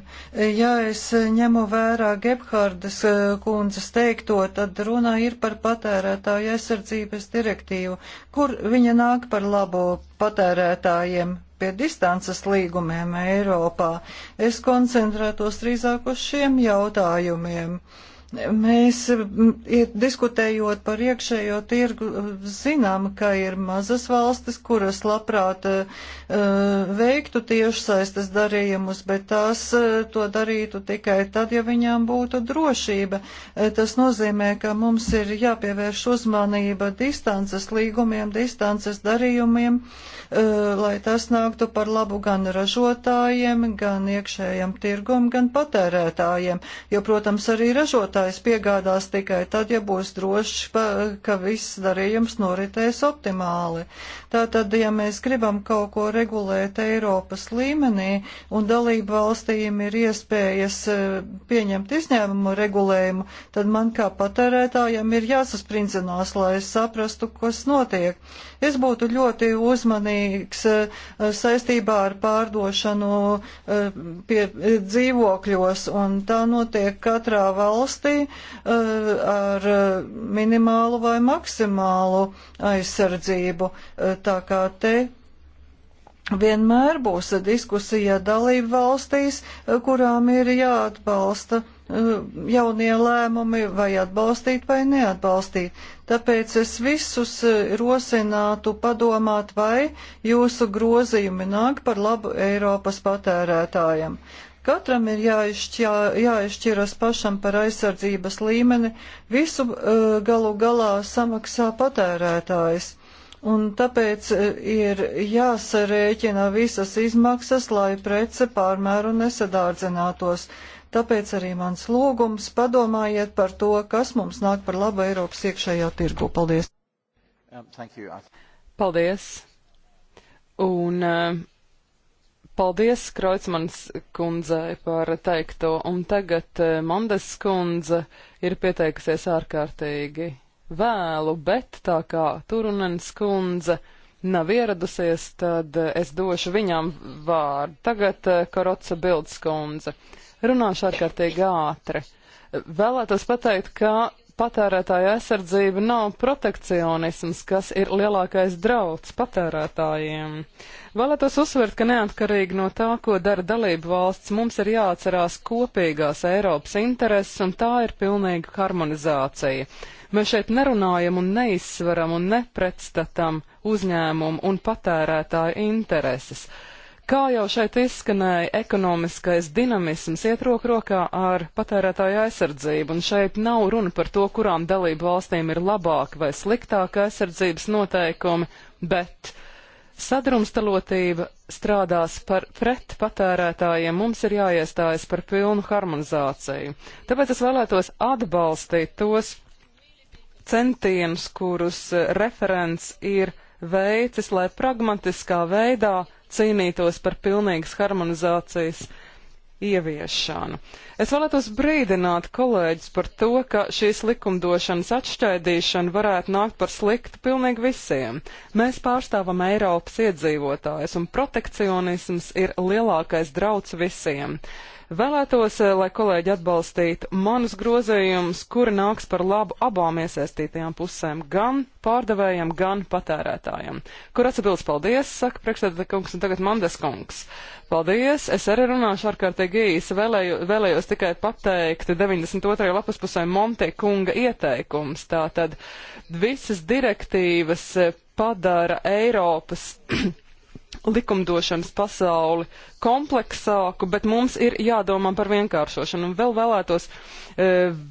Ja es ņemu vērā Gebhardas eh, kundzes teikto, tad runa ir par patērētāju aizsardzības direktīvu, kur viņa nāk par labo patērētājiem pie distances līgumiem Eiropā. Es koncentrētos drīzāk uz šiem jautājumiem. Uh, Mēs diskutējot par iekšējo tirgu, zinām, ka ir mazas valstis, kuras labprāt e, veiktu tiešsaistes darījumus, bet tās e, to darītu tikai tad, ja viņām būtu drošība. E, tas nozīmē, ka mums ir jāpievērš uzmanība distances līgumiem, distances darījumiem, lai tas nāktu par labu gan ražotājiem, gan iekšējiem tirgum, gan patērētājiem, jo, protams, arī ražotājiem ražotājs piegādās tikai tad, ja būs drošs, ka viss darījums noritēs optimāli. Tātad, ja mēs gribam kaut ko regulēt Eiropas līmenī un dalību valstīm ir iespējas e, pieņemt izņēmumu regulējumu, tad man kā patērētājam ir jāsasprinzinās, lai es saprastu, kas notiek. Es būtu ļoti uzmanīgs e, saistībā ar pārdošanu e, pie dzīvokļos, un tā notiek katrā valstī valstī eh, ar eh, minimālu vai maksimālu aizsardzību. Eh, tā kā te vienmēr būs diskusija dalību valstīs, kurām ir jāatbalsta jaunie lēmumi vai atbalstīt vai neatbalstīt. Tāpēc es visus rosinātu padomāt, vai jūsu grozījumi nāk par labu Eiropas patērētājiem. Katram ir jāizšķirā, jāizšķiras pašam par aizsardzības līmeni, visu e, galu galā samaksā patērētājs. Un tāpēc e, ir jāsarēķina visas izmaksas, lai prece pārmēru nesadārdzinātos. Tāpēc arī mans lūgums padomājiet par to, kas mums nāk par labu Eiropas iekšējā tirgu. Paldies! Um, Paldies! Un uh, Paldies Kreutzmanis kundzei par teikto, un tagad eh, Mandes kundze ir pieteikusies ārkārtīgi vēlu, bet tā kā Turunens kundze nav ieradusies, tad eh, es došu viņām vārdu. Tagad eh, Karoca Bildes kundze. Runāšu ārkārtīgi ātri vēlētos pateikt, ka patērētāja aizsardzība nav protekcionisms, kas ir lielākais drauds patērētājiem. Vēlētos uzsvert, ka neatkarīgi no tā, ko dara dalību valsts, mums ir jāatcerās kopīgās Eiropas intereses, un tā ir pilnīga harmonizācija. Mēs šeit nerunājam un neizsveram un nepretstatam uzņēmumu un patērētāju intereses. Kā jau šeit izskanēja, ekonomiskais dinamisms iet roku rokā ar patērētāju aizsardzību, un šeit nav runa par to, kurām dalību valstīm ir labāka vai sliktāka aizsardzības noteikumi, bet sadrumstalotība strādās par pret patērētājiem, mums ir jāiestājas par pilnu harmonizāciju. Tāpēc es vēlētos atbalstīt tos centienus, kurus referents ir veicis, lai pragmatiskā veidā cīnītos par pilnīgas harmonizācijas ieviešanu. Es vēlētos brīdināt kolēģis par to, ka šīs likumdošanas atšķaidīšana varētu nākt par sliktu pilnīgi visiem. Mēs pārstāvam Eiropas iedzīvotājus, un protekcionisms ir lielākais drauds visiem. Uh, Vēlētos, eh, lai kolēģi atbalstītu manus grozījumus, kuri nāks par labu abām iesaistītajām pusēm, gan pārdevējiem, gan patērētājiem. Kur atsabildes paldies, saka priekšstādāta kungs un tagad Mandes kungs. Paldies, es arī runāšu ārkārtīgi īsi, Vēlēju, vēlējos tikai pateikt 92. lapas pusē Monte kunga ieteikums. Tātad visas direktīvas eh, padara Eiropas likumdošanas pasauli kompleksāku, bet mums ir jādomā par vienkāršošanu. Un vēl vēlētos e,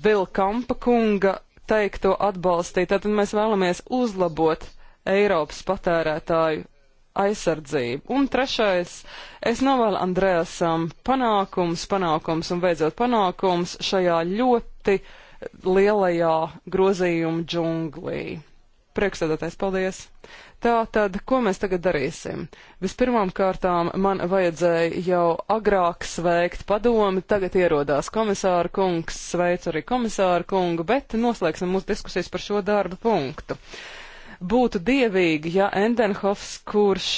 vēl Kampa kunga teikto atbalstīt. Tad mēs vēlamies uzlabot Eiropas patērētāju aizsardzību. Un trešais, es novēlu Andrēsam panākums, panākums un beidzot panākums šajā ļoti lielajā grozījuma džunglī. Priekšsēdētājs, paldies! Tā tad, ko mēs tagad darīsim? Vispirmām kārtām man vajadzēja jau agrāk sveikt padomi, tagad ierodās komisāra kungs, sveicu arī komisāra kungu, bet noslēgsim mūsu diskusijas par šo darba punktu. Būtu dievīgi, ja Endenhofs, kurš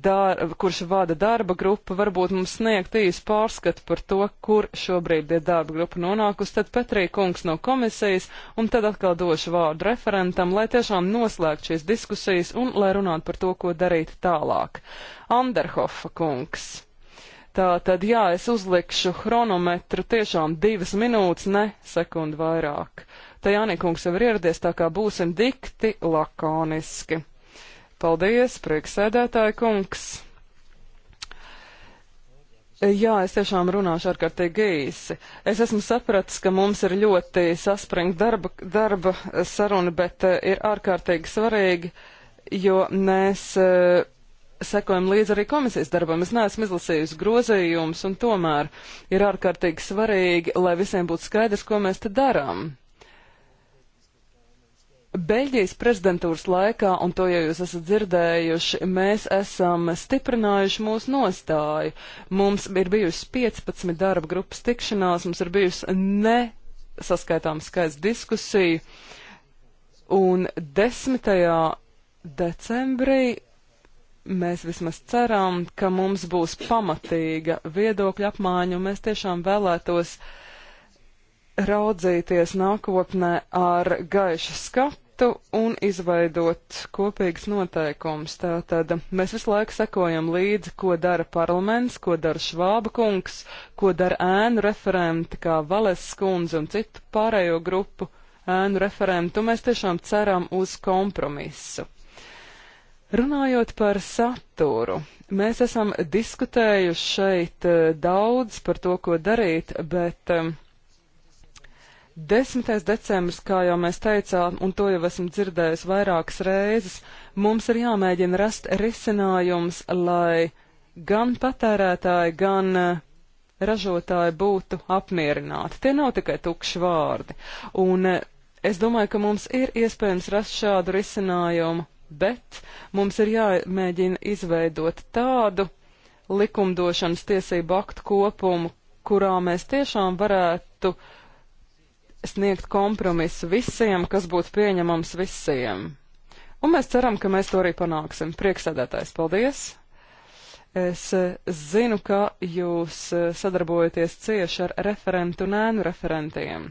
dar, kurš vada darba grupu, varbūt mums sniegt īsu pārskatu par to, kur šobrīd ir darba grupa nonākusi, tad Petrī kungs no komisijas, un tad atkal došu vārdu referentam, lai tiešām noslēgt šīs diskusijas un lai runātu par to, ko darīt tālāk. Anderhofa kungs. Tā tad jā, es uzlikšu chronometru tiešām divas minūtes, ne sekundu vairāk. Tā Jānīkungs jau ir ieradies, tā kā būsim dikti lakoniski. Paldies, prieksēdētāja kungs! Jā, es tiešām runāšu ārkārtīgi īsi. Es esmu sapratis, ka mums ir ļoti saspringta darba, darba saruna, bet eh, ir ārkārtīgi svarīgi, jo mēs uh, sekojam līdzi arī komisijas darbam. Es neesmu izlasījusi grozījumus, un tomēr ir ārkārtīgi svarīgi, lai visiem būtu skaidrs, ko mēs te darām. Beļģijas prezidentūras laikā, un to jau jūs esat dzirdējuši, mēs esam stiprinājuši mūsu nostāju. Mums ir bijusi 15 darba grupas tikšanās, mums ir bijusi nesaskaitāms skaits diskusiju, un 10. decembrī mēs vismaz ceram, ka mums būs pamatīga viedokļa apmaiņa, un mēs tiešām vēlētos raudzīties nākotnē ar gaišu skatu lietu un izveidot kopīgas noteikumus. Tātad mēs visu laiku sekojam līdzi, ko dara parlaments, ko dara Švāba kungs, ko dara ēnu referenti, kā Vales skundze un citu pārējo grupu ēnu referenti, un mēs tiešām ceram uz kompromisu. Runājot par saturu, mēs esam diskutējuši šeit eh, daudz par to, ko darīt, bet um, 10. decembris, kā jau mēs teicām, un to jau esmu dzirdējusi vairākas reizes, mums ir jāmēģina rast risinājums, lai gan patērētāji, gan eh, ražotāji būtu apmierināti. Tie nav tikai tukši vārdi. Un eh, es domāju, ka mums ir iespējams rast šādu risinājumu, bet mums ir jāmēģina izveidot tādu likumdošanas tiesību aktu kopumu, kurā mēs tiešām varētu uh, sniegt kompromisu visiem, kas būtu pieņemams visiem. Un mēs ceram, ka mēs to arī panāksim. Prieksēdētājs, paldies! Es eh, zinu, ka jūs eh, sadarbojaties cieši ar referentu un ēnu referentiem.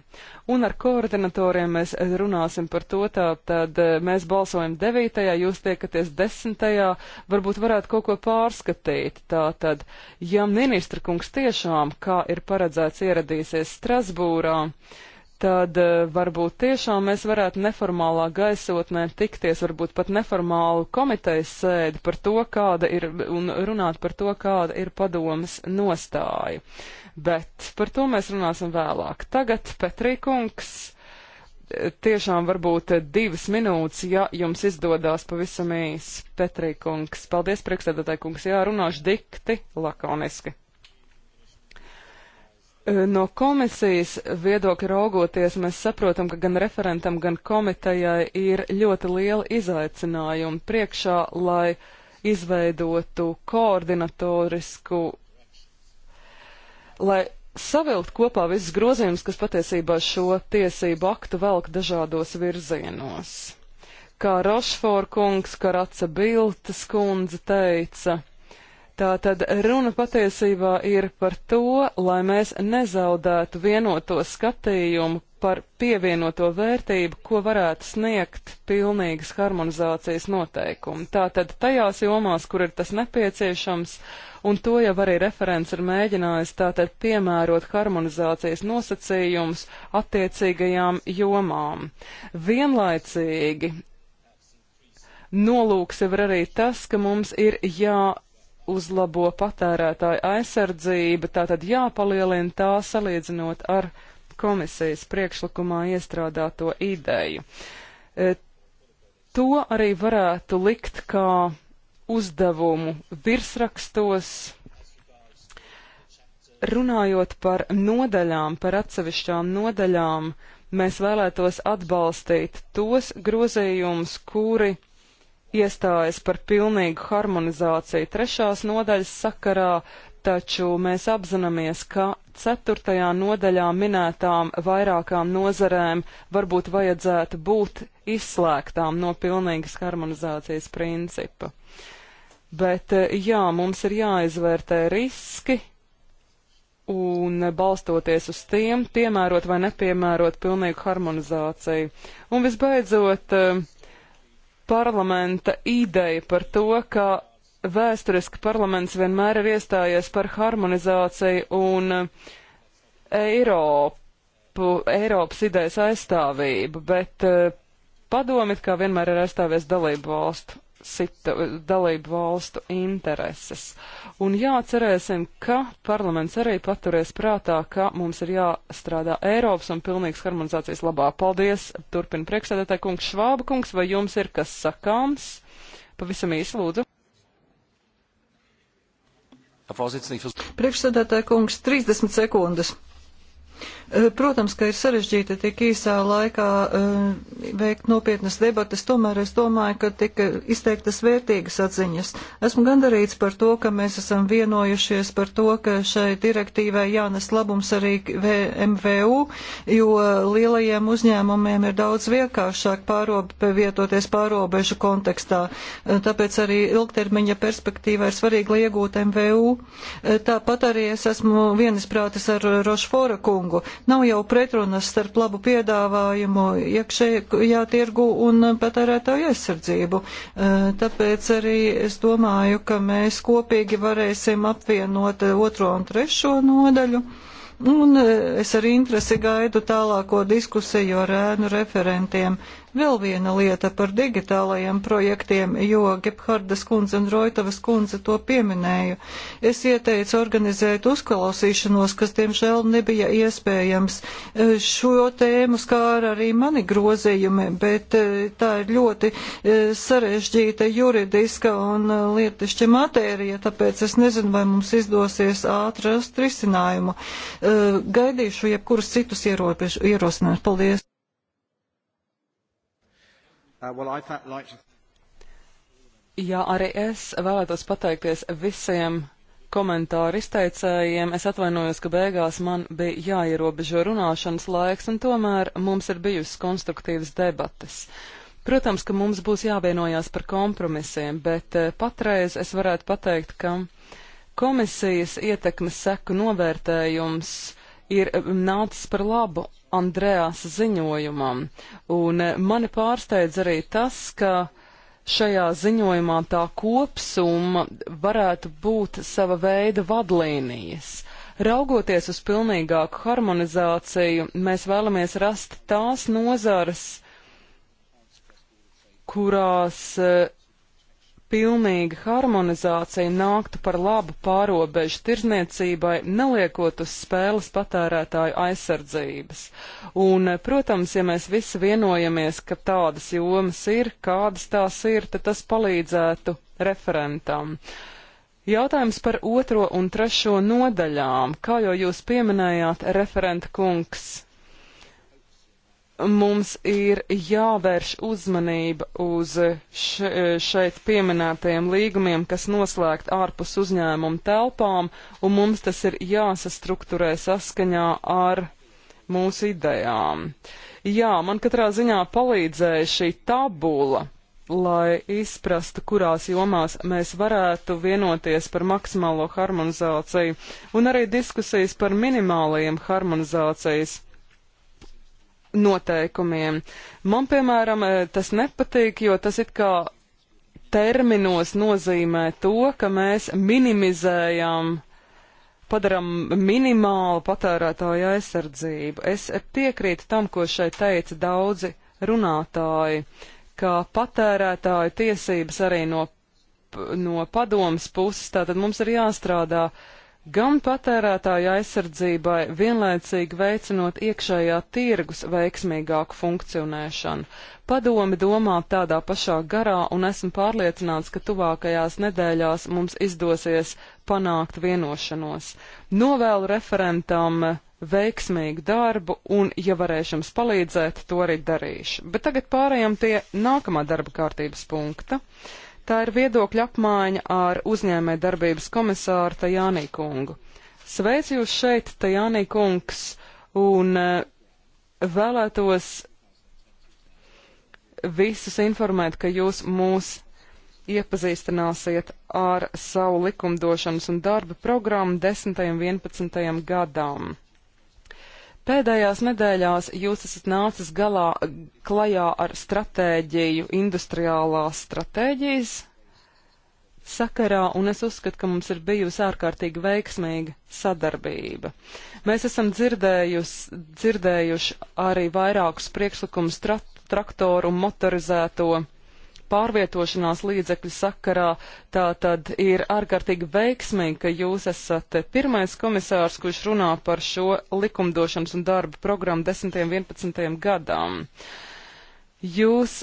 Un ar koordinatoriem mēs eh, runāsim par to, tā tad mēs balsojam 9. jūs tiekaties 10. varbūt varētu kaut ko pārskatīt. Tā tad, ja ministra kungs tiešām, kā ir paredzēts, ieradīsies Strasbūrā, uh, tad eh, varbūt tiešām mēs varētu neformālā gaisotnē tikties, varbūt pat neformālu komitejas sēdi par to, kāda ir, un runāt par to, kāda ir padomas nostāja. Bet par to mēs runāsim vēlāk. Tagad Petrīkungs. Eh, tiešām varbūt divas minūtes, ja jums izdodās pavisam īsi. Petrīkungs, paldies priekšstādātāji kungs, jā, runāšu dikti lakoniski. Eh, no komisijas viedokļa raugoties, mēs saprotam, ka gan referentam, gan komitejai ir ļoti liela izaicinājuma priekšā, lai izveidotu koordinatorisku, lai savilkt kopā visas grozījumus, kas patiesībā šo tiesību aktu velk dažādos virzienos. Kā Rošfor kungs, kā Raca Biltas kundze teica, Tātad runa patiesībā ir par to, lai mēs nezaudētu vienoto skatījumu par pievienoto vērtību, ko varētu sniegt pilnīgas harmonizācijas noteikumi. Tātad tajās jomās, kur ir tas nepieciešams, un to jau arī referents ir mēģinājis, tātad piemērot harmonizācijas nosacījumus attiecīgajām jomām. Vienlaicīgi nolūks jau ir arī tas, ka mums ir jā jāuzlabo patērētāja aizsardzība, tātad jāpalielina tā salīdzinot ar komisijas priekšlikumā iestrādāto ideju. E, to arī varētu likt kā uzdevumu virsrakstos, runājot par nodaļām, par atsevišķām nodaļām, mēs vēlētos atbalstīt tos grozījumus, kuri iestājas par pilnīgu harmonizāciju trešās nodaļas sakarā, taču mēs apzināmies, ka ceturtajā nodaļā minētām vairākām nozarēm varbūt vajadzētu būt izslēgtām no pilnīgas harmonizācijas principa. Bet eh, jā, mums ir jāizvērtē riski un balstoties uz tiem, piemērot vai nepiemērot pilnīgu harmonizāciju. Un visbeidzot, uh, parlamenta ideja par to, ka vēsturiski parlaments vienmēr ir iestājies par harmonizāciju un eh, Eiropu, Eiropas idejas aizstāvību, bet eh, padomi kā vienmēr ir aizstāvies dalību valstu cita dalību valstu intereses. Un jācerēsim, ka parlaments arī paturēs prātā, ka mums ir jāstrādā Eiropas un pilnīgas harmonizācijas labā. Paldies, turpina priekšstādātāja kungs Švāba kungs, vai jums ir kas sakāms? Pavisam īsi lūdzu. Priekšsēdētāja kungs, 30 sekundes. Eh, protams, ka ir sarežģīti tik īsā laikā eh, veikt nopietnas debatas, tomēr es domāju, ka tika izteiktas vērtīgas atziņas. Esmu gandarīts par to, ka mēs esam vienojušies par to, ka šai direktīvai jānes labums arī MVU, jo lielajiem uzņēmumiem ir daudz vienkāršāk pārobe, vietoties pārobežu kontekstā. Eh, tāpēc arī ilgtermiņa perspektīvā ir svarīgi iegūt MVU. Tāpat arī es esmu vienisprātis ar Rošfora kungu. Nav jau pretrunas starp labu piedāvājumu iekšējā tirgu un patērētāju aizsardzību. Eh, tāpēc arī es domāju, ka mēs kopīgi varēsim apvienot otro un trešo nodaļu. Un eh, es ar interesi gaidu tālāko diskusiju ar ēnu referentiem. Vēl viena lieta par digitālajiem projektiem, jo Gebhardas kundze un Roitavas kundze to pieminēja. Es ieteicu organizēt uzklausīšanos, kas diemžēl nebija iespējams. E, šo tēmu skāra arī mani grozījumi, bet e, tā ir ļoti e, sarežģīta juridiska un lietišķa matērija, tāpēc es nezinu, vai mums izdosies ātrast risinājumu. Gaidīšu jebkurus citus ierosinājumus. Paldies! Uh, well, I'd like to... Jā, arī es vēlētos pateikties visiem komentāru izteicējiem. Es atvainojos, ka beigās man bija jāierobežo runāšanas laiks, un tomēr mums ir bijusi konstruktīvas debatas. Protams, ka mums būs jāvienojās par kompromisiem, bet eh, patreiz es varētu pateikt, ka komisijas ietekmes seku novērtējums uh, ir eh, nācis par labu Andrēsa ziņojumam. Un eh, mani pārsteidz arī tas, ka šajā ziņojumā tā kopsumma varētu būt sava veida vadlīnijas. Raugoties uz pilnīgāku harmonizāciju, mēs vēlamies rast tās nozares, kurās uh, pilnīga harmonizācija nāktu par labu pārobežu tirzniecībai, neliekot uz spēles patērētāju aizsardzības. Un, protams, ja mēs visi vienojamies, ka tādas jomas ir, kādas tās ir, tad tas palīdzētu referentam. Jautājums par otro un trešo nodaļām, kā jau jūs pieminējāt, referenta kungs mums ir jāvērš uzmanība uz šeit pieminētajiem līgumiem, kas noslēgt ārpus uzņēmumu telpām, un mums tas ir jāsastruktūrē saskaņā ar mūsu idejām. Jā, man katrā ziņā palīdzēja šī tabula, lai izprastu, kurās jomās mēs varētu vienoties par maksimālo harmonizāciju, un arī diskusijas par minimālajiem harmonizācijas noteikumiem. Man, piemēram, e, tas nepatīk, jo tas it kā terminos nozīmē to, ka mēs minimizējam, padaram minimālu patērētāju aizsardzību. Es piekrītu tam, ko šeit teica daudzi runātāji, ka patērētāju tiesības arī no, no padomas puses, tātad mums ir jāstrādā uh, gan patērētāju aizsardzībai, vienlaicīgi veicinot iekšējā tirgus veiksmīgāku funkcionēšanu. Padomi domā tādā pašā garā un esmu pārliecināts, ka tuvākajās nedēļās mums izdosies panākt vienošanos. Novēlu referentam veiksmīgu darbu un, ja varēšu jums palīdzēt, to arī darīšu. Bet tagad pārējām pie nākamā darba kārtības punkta. Uh, Tā ir viedokļa apmaiņa ar uzņēmē darbības komisāru Tajānī kungu. Sveicu jūs šeit, Tajānī kungs, un eh, vēlētos visus informēt, ka jūs mūs iepazīstināsiet ar savu likumdošanas un darba programmu 10. un 11. gadam. Pēdējās nedēļās jūs esat nācis galā klajā ar stratēģiju, industriālās stratēģijas sakarā, un es uzskatu, ka mums ir bijusi ārkārtīgi veiksmīga sadarbība. Mēs esam dzirdējuši arī vairākus priekšlikumus traktoru un motorizēto pārvietošanās līdzekļu sakarā. Tā tad ir ārkārtīgi veiksmīgi, ka jūs esat pirmais komisārs, kurš runā par šo likumdošanas un darba programmu 10. un 11. gadām. Jūs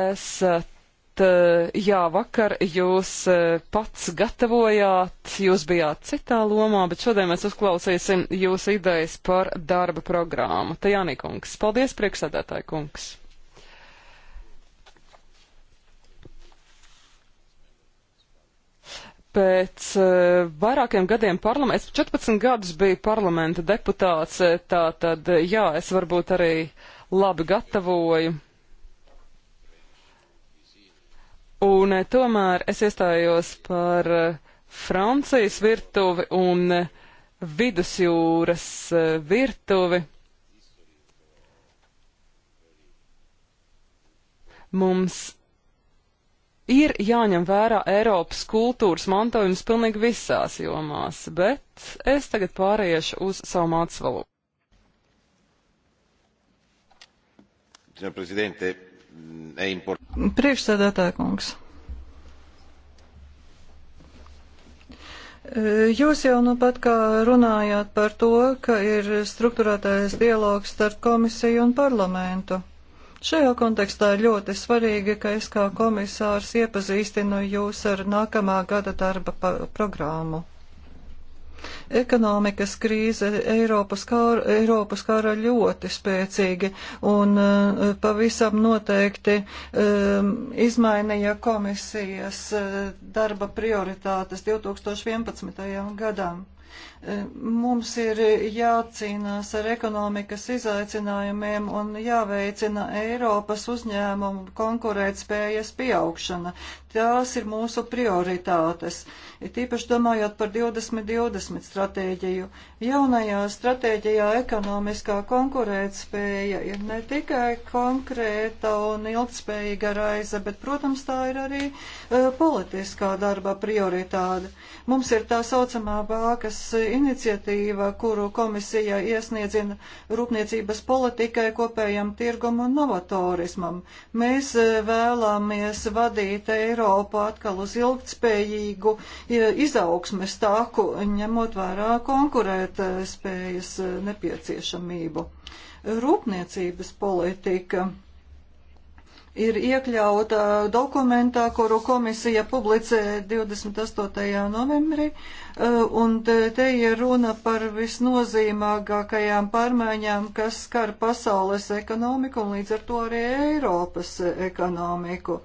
esat eh, jā, vakar jūs eh, pats gatavojāt, jūs bijāt citā lomā, bet šodien mēs uzklausīsim jūsu idejas par darba programmu. Tajānī kungs, paldies priekšsēdētāji kungs. pēc uh, vairākiem gadiem parlaments, 14 gadus biju parlamenta deputāts, eh, tā tad, eh, jā, es varbūt arī labi gatavoju. Un uh, tomēr es iestājos par uh, Francijas virtuvi un vidusjūras virtuvi. Mums ir jāņem vērā Eiropas kultūras mantojums pilnīgi visās jomās, bet es tagad pāriešu uz savu mācu valodu. Mm, Priekšsēdētāja kungs. E, jūs jau nu pat kā runājāt par to, ka ir struktūrētais dialogs starp komisiju un parlamentu. Šajā kontekstā ļoti svarīgi, ka es kā komisārs iepazīstinu jūs ar nākamā gada darba programmu. Ekonomikas krīze Eiropas kara, Eiropas kara ļoti spēcīgi un uh, pavisam noteikti um, izmainīja komisijas uh, darba prioritātes 2011. gadam. Mums ir jācīnās ar ekonomikas izaicinājumiem un jāveicina Eiropas uzņēmumu konkurētspējas pieaugšana. Tās ir mūsu prioritātes, it īpaši domājot par 2020 stratēģiju. Jaunajā stratēģijā ekonomiskā konkurētspēja ir ne tikai konkrēta un ilgspējīga raiza, bet, protams, tā ir arī uh, politiskā darba prioritāte. Mums ir tā saucamā bākas iniciatīva, kuru komisija iesniedzina rūpniecības politikai, kopējam tirgum un novatorismam. Mēs e, vēlamies vadīt Eiropu atkal uz ilgtspējīgu e, izaugsmes tāku, ņemot vērā konkurēt e, spējas nepieciešamību. Rūpniecības politika ir iekļauta dokumentā, kuru komisija publicēja 28. novembrī, eh, un te ir runa par visnozīmīgākajām pārmaiņām, kas skar pasaules ekonomiku un līdz ar to arī Eiropas ekonomiku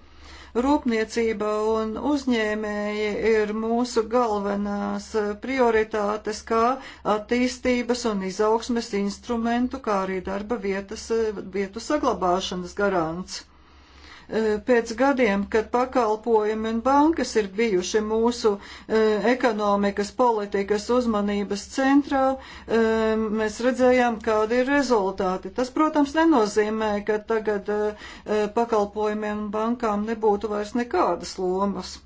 rūpniecība un uzņēmēji ir mūsu galvenās prioritātes kā attīstības un izaugsmes instrumentu, kā arī darba vietas, vietu saglabāšanas garants. Pēc gadiem, kad pakalpojumi un bankas ir bijuši mūsu e, ekonomikas politikas uzmanības centrā, e, mēs redzējām, kādi ir rezultāti. Tas, protams, nenozīmē, ka tagad e, pakalpojumiem un bankām nebūtu vairs nekādas lomas.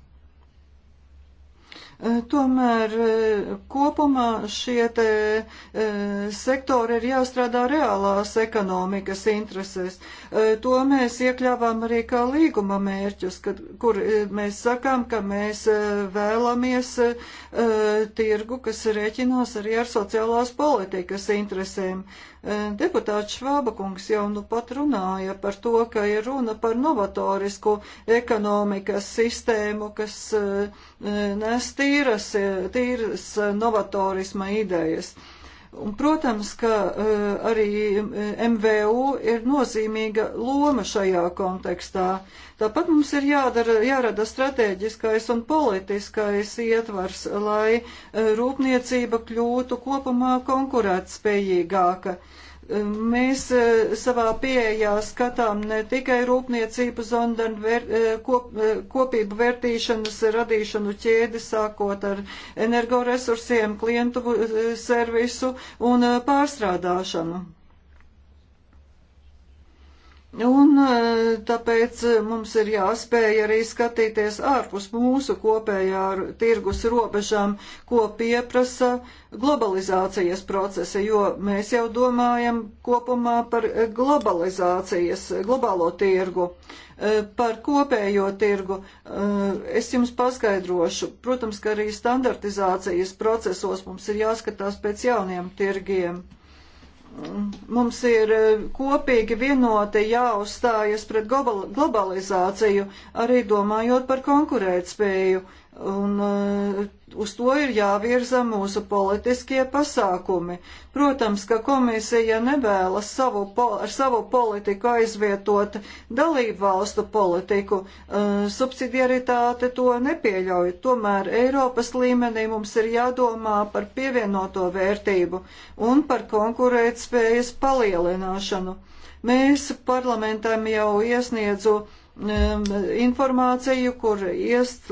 Tomēr kopumā šie te sektori ir jāstrādā reālās ekonomikas interesēs. To mēs iekļāvām arī kā līguma mērķus, kad, kur mēs sakām, ka mēs vēlamies tirgu, kas rēķinās arī ar sociālās politikas interesēm. Deputāts Švābakungs jau nu pat runāja par to, ka ir runa par novatorisku ekonomikas sistēmu, kas nes tīras, tīras novatorisma idejas. Un, protams, ka eh, arī eh, MVU ir nozīmīga loma šajā kontekstā. Tāpat mums ir jādara, jārada strateģiskais un politiskais ietvars, lai eh, rūpniecība kļūtu kopumā konkurētspējīgāka. Mēs e, savā pieejā skatām ne tikai rūpniecību zondanu vēr, e, kop, e, kopību vērtīšanas radīšanu ķēdi, sākot ar energoresursiem, klientu servisu un pārstrādāšanu. Un eh, tāpēc eh, mums ir jāspēj arī skatīties ārpus mūsu kopējā tirgus robežām, ko pieprasa globalizācijas procesi, jo mēs jau domājam kopumā par eh, globalizācijas, globālo tirgu, par kopējo tirgu. Es jums paskaidrošu. Protams, ka arī standartizācijas procesos mums ir jāskatās pēc jauniem tirgiem mums ir e, kopīgi vienoti jāuzstājas pret globalizāciju, arī domājot par konkurētspēju. Un uh, uz to ir jāvirza mūsu politiskie pasākumi. Protams, ka komisija nevēlas savu, ar savu politiku aizvietot dalību valstu politiku. Uh, subsidiaritāte to nepieļauj. Tomēr Eiropas līmenī mums ir jādomā par pievienoto vērtību un par konkurētspējas palielināšanu. Mēs parlamentam jau iesniedzu Um, informāciju, kur iest,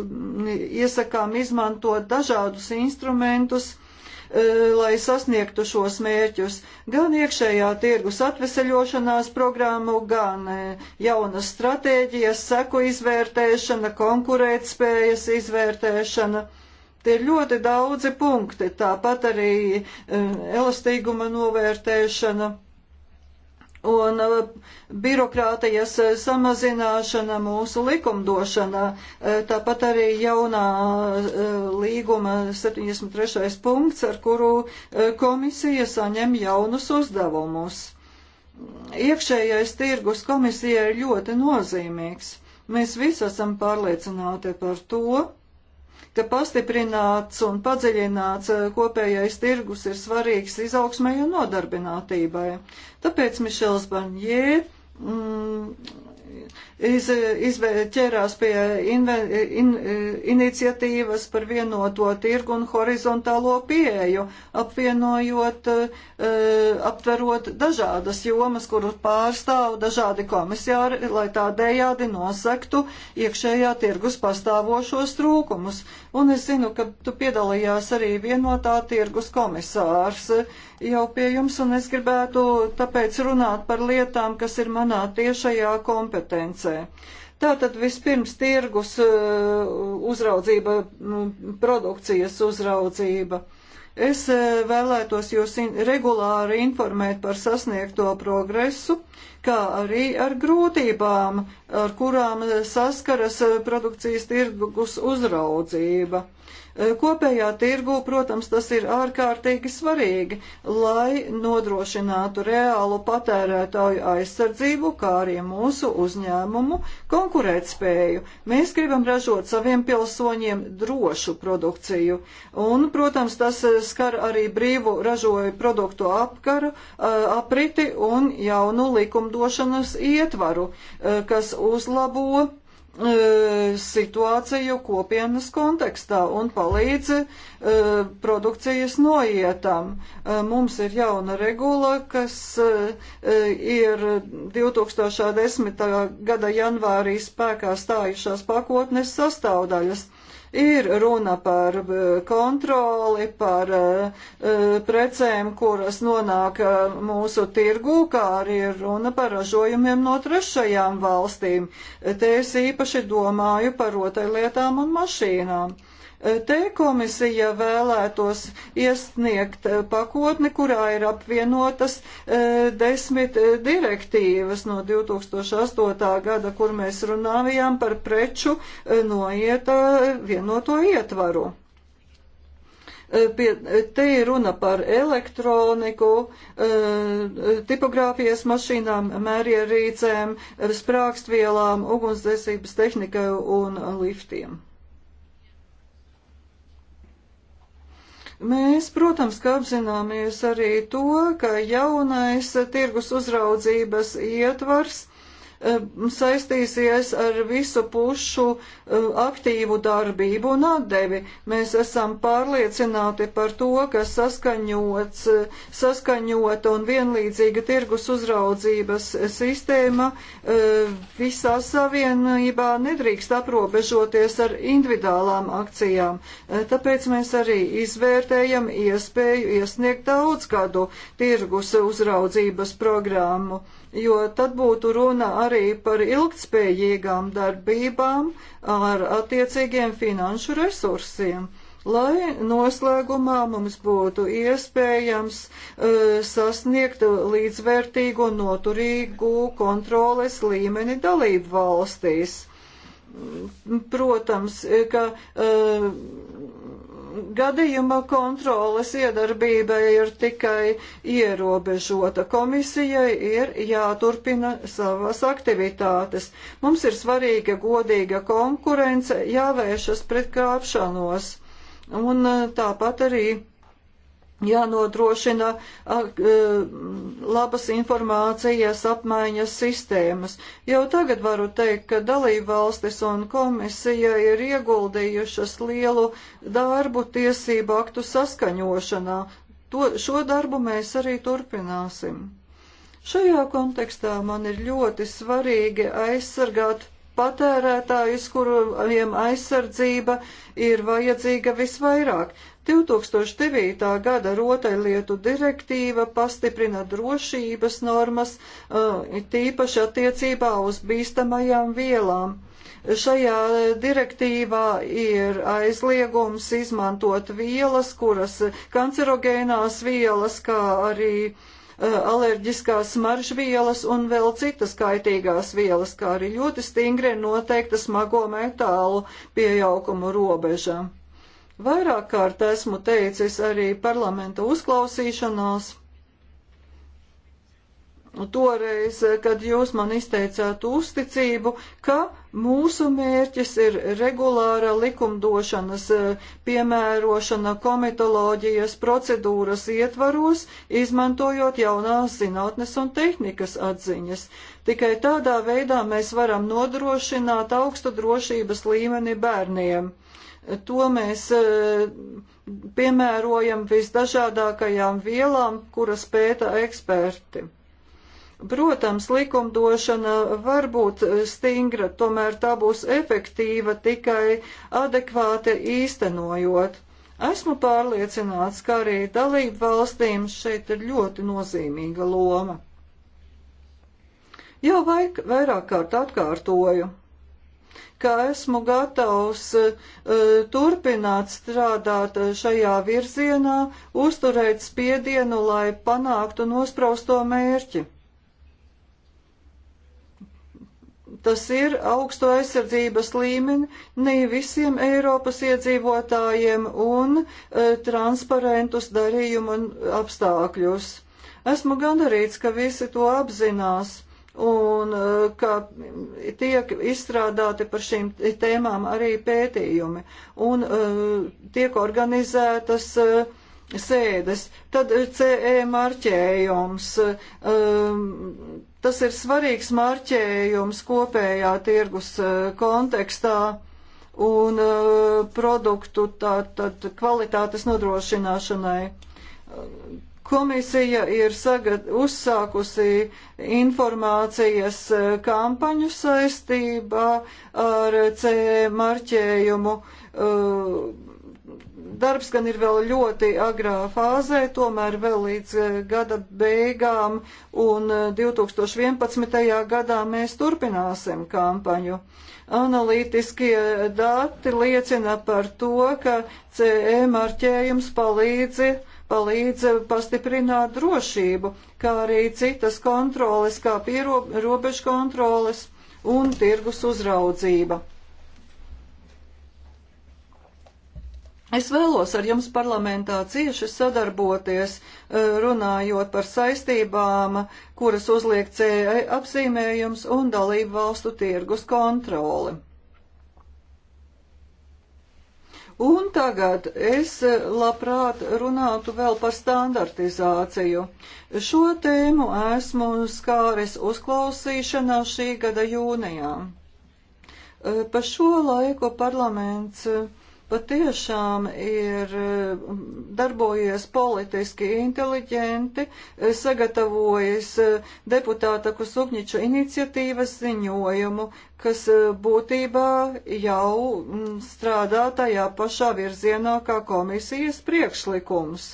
iesakām izmantot dažādus instrumentus, uh, lai sasniegtu šos mērķus. Gan iekšējā tirgus atveseļošanās programmu, gan uh, jaunas stratēģijas, seku izvērtēšana, konkurētspējas izvērtēšana. Tie ir ļoti daudzi punkti, tāpat arī uh, elastīguma novērtēšana un uh, birokrātijas uh, samazināšana mūsu likumdošanā. Uh, tāpat arī jaunā līguma 73. punkts, ar kuru komisija saņem jaunus uzdevumus. Iekšējais tirgus komisija ir ļoti nozīmīgs. Mēs visi esam pārliecināti par to, ka pastiprināts un padziļināts eh, kopējais tirgus ir svarīgs izaugsmai un nodarbinātībai. Tāpēc Mišels Banjē mm, iz, izvē, ķērās pie inve, in, iniciatīvas par vienoto tirgu un horizontālo pieeju, apvienojot, e, aptverot dažādas jomas, kuras pārstāv dažādi komisāri, lai tādējādi nosektu iekšējā tirgus pastāvošos trūkumus. Un es zinu, ka tu piedalījās arī vienotā tirgus komisārs jau pie jums, un es gribētu tāpēc runāt par lietām, kas ir manā tiešajā kompetencē pusē. Tātad vispirms tirgus eh, uzraudzība, nu, produkcijas uzraudzība. Es eh, vēlētos jūs in regulāri informēt par sasniegto progresu, kā arī ar grūtībām, ar kurām saskaras eh, produkcijas tirgus uzraudzība. Uh, E, kopējā tirgu, protams, tas ir ārkārtīgi svarīgi, lai nodrošinātu reālu patērētāju aizsardzību, kā arī mūsu uzņēmumu konkurētspēju. Mēs gribam ražot saviem pilsoņiem drošu produkciju. Un, protams, tas e, skar arī brīvu ražoju produktu apkaru, e, apriti un jaunu likumdošanas ietvaru, kas uzlabo E, situāciju kopienas kontekstā un palīdzi uh, e, produkcijas noietam. Uh, e, mums ir jauna regula, kas uh, ir 2010. gada janvārī spēkā stājušās pakotnes sastāvdaļas. Uh, Ir runa par eh, kontroli, par eh, eh, precēm, kuras nonāk mūsu tirgū, kā arī runa par ražojumiem no trešajām valstīm. Te es īpaši domāju par rotaļlietām un mašīnām. Te komisija vēlētos iesniegt eh, pakotni, kurā ir apvienotas eh, desmit eh, direktīvas no 2008. gada, kur mēs runājām par preču noieta vienoto ietvaru pie, te ir runa par elektroniku, tipogrāfijas mašīnām, mērierīcēm, sprākstvielām, ugunsdzēsības tehnikai un liftiem. Mēs, protams, ka apzināmies arī to, ka jaunais tirgus uzraudzības ietvars Um, saistīsies ar visu pušu um, aktīvu darbību un atdevi. Mēs esam pārliecināti par to, ka saskaņots, saskaņota un vienlīdzīga tirgus uzraudzības sistēma um, visā savienībā nedrīkst aprobežoties ar individuālām akcijām. Uh, tāpēc mēs arī izvērtējam iespēju iesniegt daudzgadu tirgus uzraudzības programmu jo tad būtu runa arī par ilgtspējīgām darbībām ar attiecīgiem finanšu resursiem lai noslēgumā mums būtu iespējams uh, sasniegt līdzvērtīgu un noturīgu kontroles līmeni dalību valstīs. Protams, ka uh, gadījumā kontroles iedarbība ir tikai ierobežota. Komisijai ir jāturpina savas aktivitātes. Mums ir svarīga godīga konkurence, jāvēršas pret krāpšanos. Un eh, tāpat arī jānodrošina e, labas informācijas apmaiņas sistēmas. Jau tagad varu teikt, ka dalībvalstis un komisija ir ieguldījušas lielu darbu tiesību aktu saskaņošanā. To, šo darbu mēs arī turpināsim. Šajā kontekstā man ir ļoti svarīgi aizsargāt patērētājus, kuriem aizsardzība ir vajadzīga visvairāk. 2009. gada rotaļlietu direktīva pastiprina drošības normas, uh, tīpaši attiecībā uz bīstamajām vielām. Šajā direktīvā ir aizliegums izmantot vielas, kuras kancerogēnās vielas, kā arī uh, alerģiskās smaržvielas un vēl citas kaitīgās vielas, kā arī ļoti stingri noteikta smago metālu piejaukuma robeža. Vairāk kārt esmu teicis arī parlamenta uzklausīšanās. Toreiz, kad jūs man izteicāt uzticību, ka mūsu mērķis ir regulāra likumdošanas eh, piemērošana komitoloģijas procedūras ietvaros, izmantojot jaunās zinātnes un tehnikas atziņas. Tikai tādā veidā mēs varam nodrošināt augstu drošības līmeni bērniem To mēs e, piemērojam visdažādākajām vielām, kuras pēta eksperti. Protams, likumdošana var būt stingra, tomēr tā būs efektīva tikai adekvāti īstenojot. Esmu pārliecināts, ka arī dalību valstīm šeit ir ļoti nozīmīga loma. Jau vairāk kārt atkārtoju, ka esmu gatavs eh, turpināt strādāt eh, šajā virzienā, uzturēt spiedienu, lai panāktu nospraustu mērķi. Tas ir augsto aizsardzības līmeni visiem Eiropas iedzīvotājiem un e, transparentus darījumu apstākļus. Esmu gandarīts, ka visi to apzinās un eh, ka tiek izstrādāti par šīm tēmām arī pētījumi un eh, tiek organizētas eh, sēdes, tad CE marķējums. Tas ir svarīgs marķējums kopējā tirgus kontekstā un produktu tā, tad kvalitātes nodrošināšanai Komisija ir sagad, uzsākusi informācijas e, kampaņu saistībā ar C marķējumu. E, darbs gan ir vēl ļoti agrā fāzē, tomēr vēl līdz e, gada beigām un 2011. gadā mēs turpināsim kampaņu. Analītiskie dati liecina par to, ka CE marķējums palīdzi palīdz eh, pastiprināt drošību, kā arī citas kontroles, kā pierobežu kontroles un tirgus uzraudzība. Es vēlos ar jums parlamentā cieši sadarboties, eh, runājot par saistībām, kuras uzliek CE apzīmējums un dalību valstu tirgus kontroli. Un tagad es e, labprāt runātu vēl par standartizāciju. Šo tēmu esmu skāris uzklausīšanā šī gada jūnijā. E, pa šo laiku parlaments e, patiešām ir eh, darbojies politiski inteliģenti, eh, sagatavojis eh, deputāta Kusupņiča iniciatīvas ziņojumu, kas būtībā jau mm, strādā tajā pašā virzienā kā komisijas priekšlikums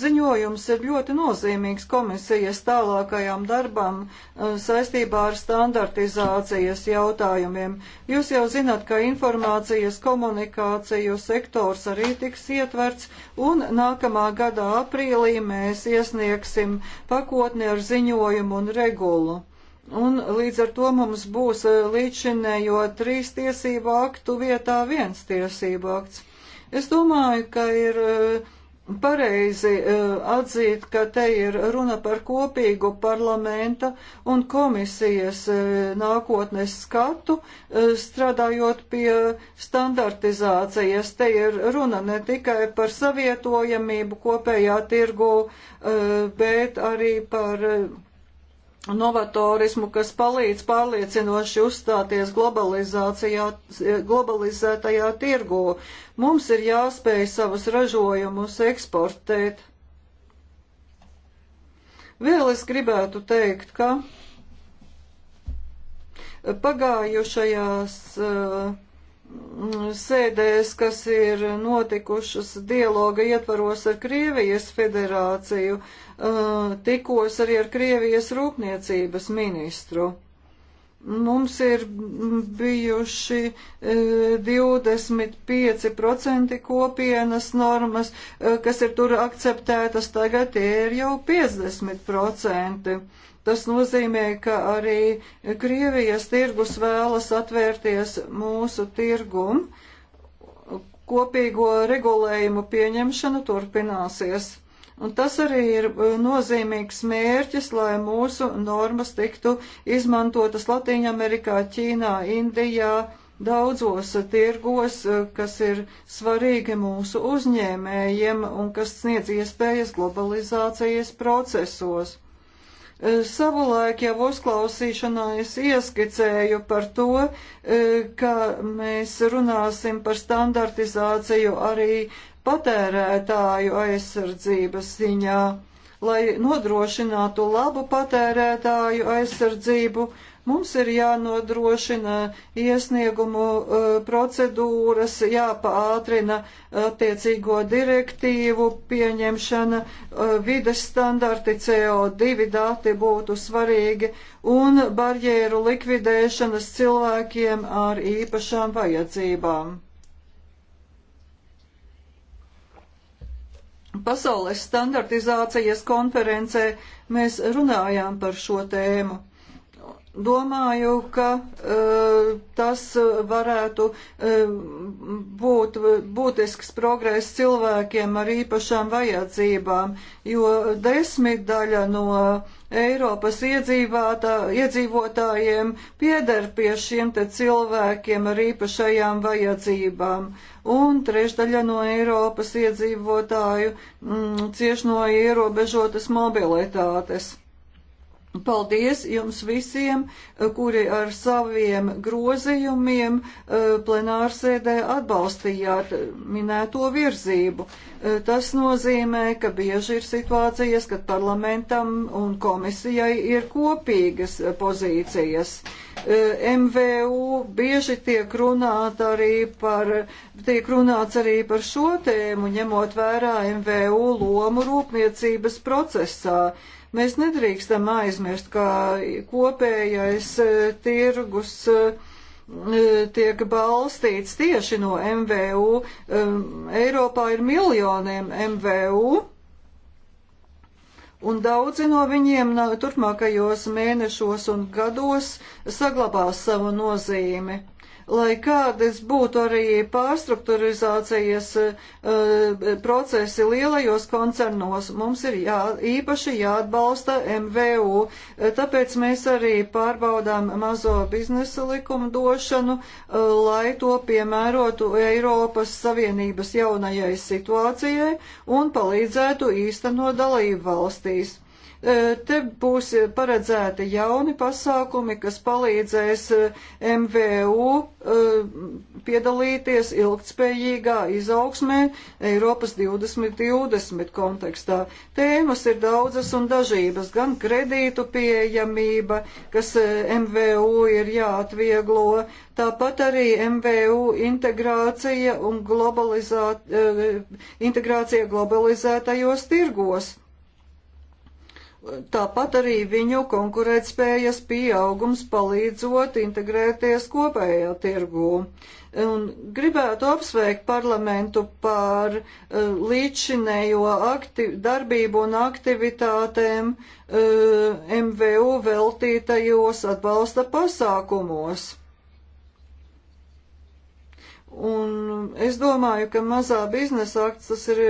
Ziņojums ir ļoti nozīmīgs komisijas tālākajām darbām eh, saistībā ar standartizācijas jautājumiem. Jūs jau zināt, ka informācijas komunikāciju sektors arī tiks ietverts, un nākamā gada aprīlī mēs iesniegsim pakotni ar ziņojumu un regulu. Un līdz ar to mums būs eh, līdzinējo trīs tiesību aktu vietā viens tiesību akts. Es domāju, ka ir uh, pareizi e, atzīt, ka te ir runa par kopīgu parlamenta un komisijas e, nākotnes skatu, e, strādājot pie standartizācijas. Te ir runa ne tikai par savietojamību kopējā tirgu, bet arī par novatorismu, kas palīdz pārliecinoši uzstāties globalizētajā tirgū. Mums ir jāspēj savus ražojumus eksportēt. Vēl es gribētu teikt, ka pagājušajās uh, sēdēs, kas ir notikušas dialoga ietvaros ar Krievijas federāciju, uh, tikos arī ar Krievijas rūpniecības ministru. Mums ir bijuši 25% uh, kopienas normas, uh, kas ir tur akceptētas, tagad tie ir jau 50%. Tas nozīmē, ka arī Krievijas tirgus vēlas atvērties mūsu tirgum. Kopīgo regulējumu pieņemšana turpināsies. Un tas arī ir e, nozīmīgs mērķis, lai mūsu normas tiktu izmantotas Latīņamerikā, Ķīnā, Indijā, daudzos tirgos, e, kas ir svarīgi mūsu uzņēmējiem un kas sniedz iespējas globalizācijas procesos. E, savulaik jau uzklausīšanā es ieskicēju par to, e, ka mēs runāsim par standartizāciju arī patērētāju aizsardzības ziņā, lai nodrošinātu labu patērētāju aizsardzību Mums ir jānodrošina iesniegumu e, procedūras, jāpātrina attiecīgo direktīvu pieņemšana, e, vides standarti CO2 dati būtu svarīgi un barjēru likvidēšanas cilvēkiem ar īpašām vajadzībām. Pasaules standartizācijas konferencē mēs runājām par šo tēmu. Domāju, ka uh, tas varētu uh, būt būtisks progress cilvēkiem ar īpašām vajadzībām, jo desmitdaļa no Eiropas iedzīvotājiem pieder pie šiem te cilvēkiem ar īpašajām vajadzībām, un trešdaļa no Eiropas iedzīvotāju mm, cieš no ierobežotas mobilitātes. Paldies jums visiem, kuri ar saviem grozījumiem eh, plenārsēdē atbalstījāt minēto virzību. Eh, tas nozīmē, ka bieži ir situācijas, kad parlamentam un komisijai ir kopīgas pozīcijas. Eh, MVU bieži tiek, runāt arī par, tiek runāts arī par šo tēmu, ņemot vērā MVU lomu rūpniecības procesā. Mēs nedrīkstam aizmirst, ka kopējais e, tirgus e, e, tiek balstīts tieši no MVU. Eiropā ir miljoniem MVU. Un daudzi no viņiem turpmākajos mēnešos un gados saglabās savu nozīmi lai kādas būtu arī pārstruktūrizācijas eh, procesi lielajos koncernos, mums ir jā, īpaši jāatbalsta MVU. Eh, tāpēc mēs arī pārbaudām mazo biznesa likumdošanu, eh, lai to piemērotu Eiropas Savienības jaunajai situācijai un palīdzētu īstenot dalību valstīs. E, te būs paredzēti jauni pasākumi, kas palīdzēs e, MVU e, piedalīties ilgtspējīgā izaugsmē Eiropas 2020 kontekstā. Tēmas ir daudzas un dažības, gan kredītu pieejamība, kas MVU ir jāatvieglo, tāpat arī MVU integrācija un globalizā... integrācija globalizētajos tirgos Tāpat arī viņu konkurētspējas pieaugums palīdzot integrēties kopējā tirgū. Un gribētu apsveikt parlamentu par uh, e, līdzinējo darbību un aktivitātēm uh, e, MVU veltītajos atbalsta pasākumos. Un es domāju, ka mazā biznesa akts tas ir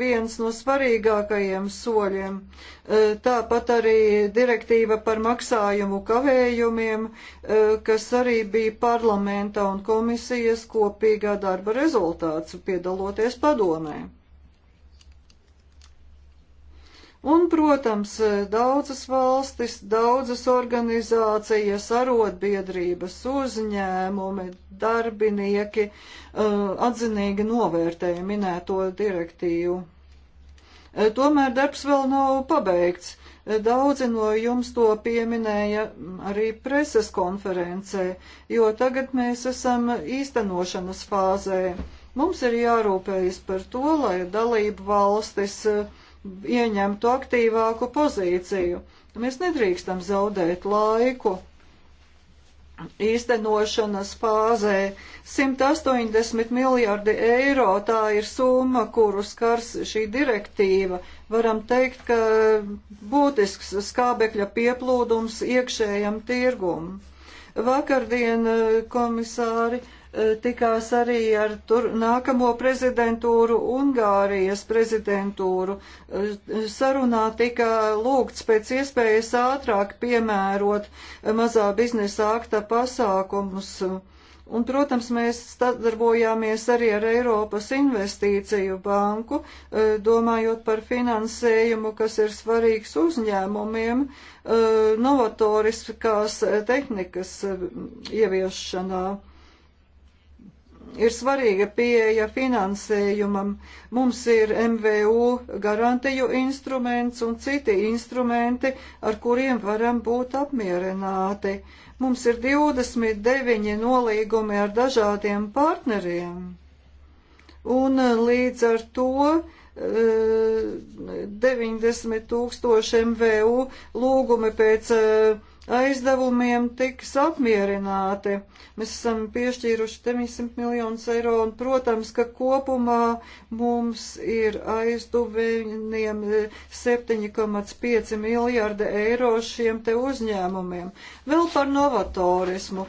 viens no svarīgākajiem soļiem. E, tāpat arī direktīva par maksājumu kavējumiem, e, kas arī bija parlamenta un komisijas kopīgā darba rezultāts piedaloties padomē. Un, protams, daudzas valstis, daudzas organizācijas, arotbiedrības, uzņēmumi, darbinieki uh, atzinīgi novērtēja minēto direktīvu. Uh, tomēr darbs vēl nav pabeigts. Uh, daudzi no jums to pieminēja arī preses konferencē, jo tagad mēs esam īstenošanas fāzē. Mums ir jārūpējas par to, lai dalību valstis uh, ieņemtu aktīvāku pozīciju. Mēs nedrīkstam zaudēt laiku īstenošanas fāzē. 180 miljārdi eiro tā ir summa, kuru skars šī direktīva. Varam teikt, ka būtisks skābekļa pieplūdums iekšējam tirgumam. Vakardien eh, komisāri uh, E, tikās arī ar tur nākamo prezidentūru, Ungārijas prezidentūru. E, sarunā tika lūgts pēc iespējas ātrāk piemērot mazā biznesa akta pasākumus. Un, protams, mēs sadarbojāmies arī ar Eiropas investīciju banku, e, domājot par finansējumu, kas ir svarīgs uzņēmumiem, novatoriskās tehnikas ieviešanā ir svarīga pieeja finansējumam. Mums ir MVU garantiju instruments un citi instrumenti, ar kuriem varam būt apmierināti. Mums ir 29 nolīgumi ar dažādiem partneriem. Un eh, līdz ar to 90 eh, tūkstoši MVU lūgumi pēc uh, aizdevumiem tiks apmierināti. Mēs esam piešķīruši 900 miljonus eiro un, protams, ka kopumā mums ir aizdevumiem 7,5 miljārdi eiro šiem te uzņēmumiem. Vēl par novatorismu.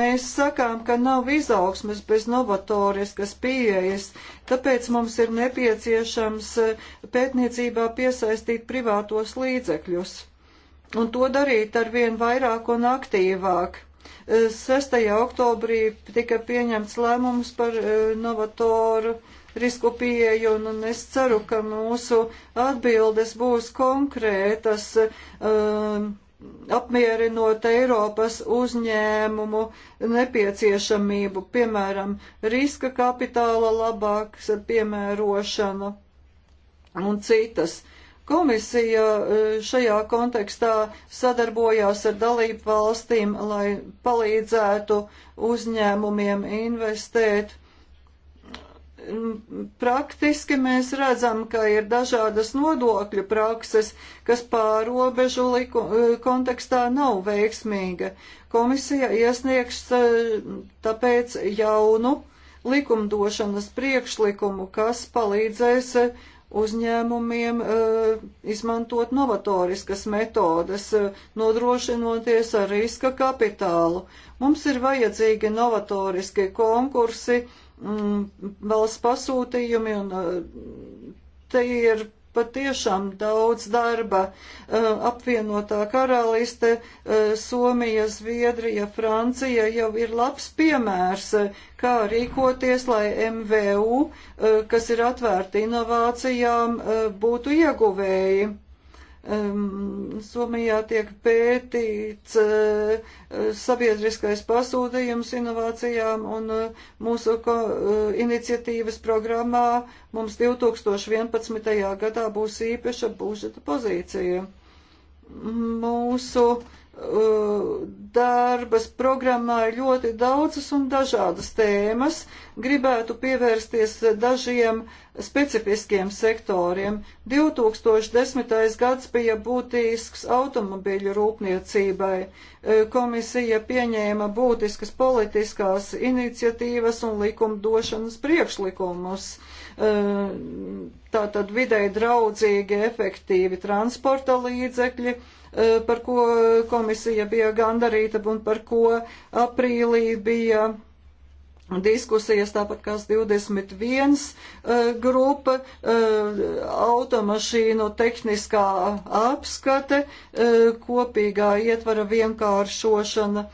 Mēs sakām, ka nav izaugsmes bez novatoriskas pieejas, tāpēc mums ir nepieciešams pētniecībā piesaistīt privātos līdzekļus un to darīt ar vien vairāk un aktīvāk. 6. Eh, oktobrī tika pieņemts lēmums par eh, novatoru risku pieeju, un, un es ceru, ka mūsu atbildes būs konkrētas, um, apmierinot Eiropas uzņēmumu nepieciešamību, piemēram, riska kapitāla labāks piemērošana un citas. Uh, Komisija e, šajā kontekstā sadarbojās ar dalību valstīm, lai palīdzētu uzņēmumiem investēt mm, praktiski mēs redzam, ka ir dažādas nodokļu prakses, kas pārobežu liku, e, kontekstā nav veiksmīga. Komisija iesniegs e, tāpēc jaunu likumdošanas priekšlikumu, kas palīdzēs uzņēmumiem eh, izmantot novatoriskas metodes, eh, nodrošinoties ar riska kapitālu. Mums ir vajadzīgi novatoriski konkursi, mm, valsts pasūtījumi un eh, te ir patiešām daudz darba. Eh, apvienotā karaliste, eh, Somija, Zviedrija, Francija jau ir labs piemērs, eh, kā rīkoties, lai MVU, kas ir atvērti inovācijām, būtu ieguvēji um, Somijā tiek pētīts uh, sabiedriskais pasūtījums inovācijām un uh, mūsu ko, uh, iniciatīvas programmā mums 2011. gadā būs īpaša budžeta pozīcija. Mūsu uh, Eh, darbas programmā ir ļoti daudzas un dažādas tēmas. Gribētu pievērsties dažiem specifiskiem sektoriem. 2010. gads bija būtisks automobīļu rūpniecībai. Eh, komisija pieņēma būtiskas politiskās iniciatīvas un likumdošanas priekšlikumus. Eh, tātad videi draudzīgi, efektīvi transporta līdzekļi Eh, par ko komisija bija gandarīta un par ko aprīlī bija diskusijas, tāpat kā 21 eh, grupa, eh, automašīnu tehniskā apskate, kopīgā ietvara vienkāršošana.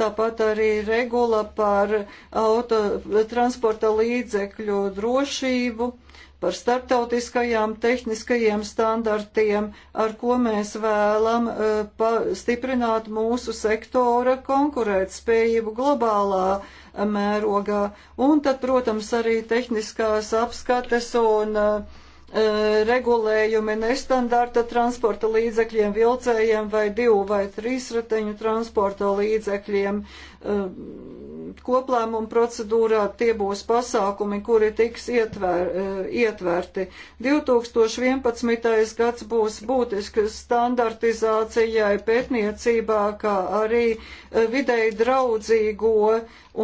Tāpat arī regula par auto transporta līdzekļu drošību. Uh, par starptautiskajām tehniskajiem standartiem, ar ko mēs vēlam eh, pa, stiprināt mūsu sektora konkurētspējību globālā eh, mērogā. Un tad, protams, arī tehniskās apskates un uh, regulējumi nestandarta transporta līdzekļiem, vilcējiem vai divu vai trīs rateņu transporta līdzekļiem. Uh, koplēmuma procedūrā tie būs pasākumi, kuri tiks ietver, e, ietverti. 2011. gads būs būtisks standartizācijai pētniecībā, kā arī e, videi draudzīgo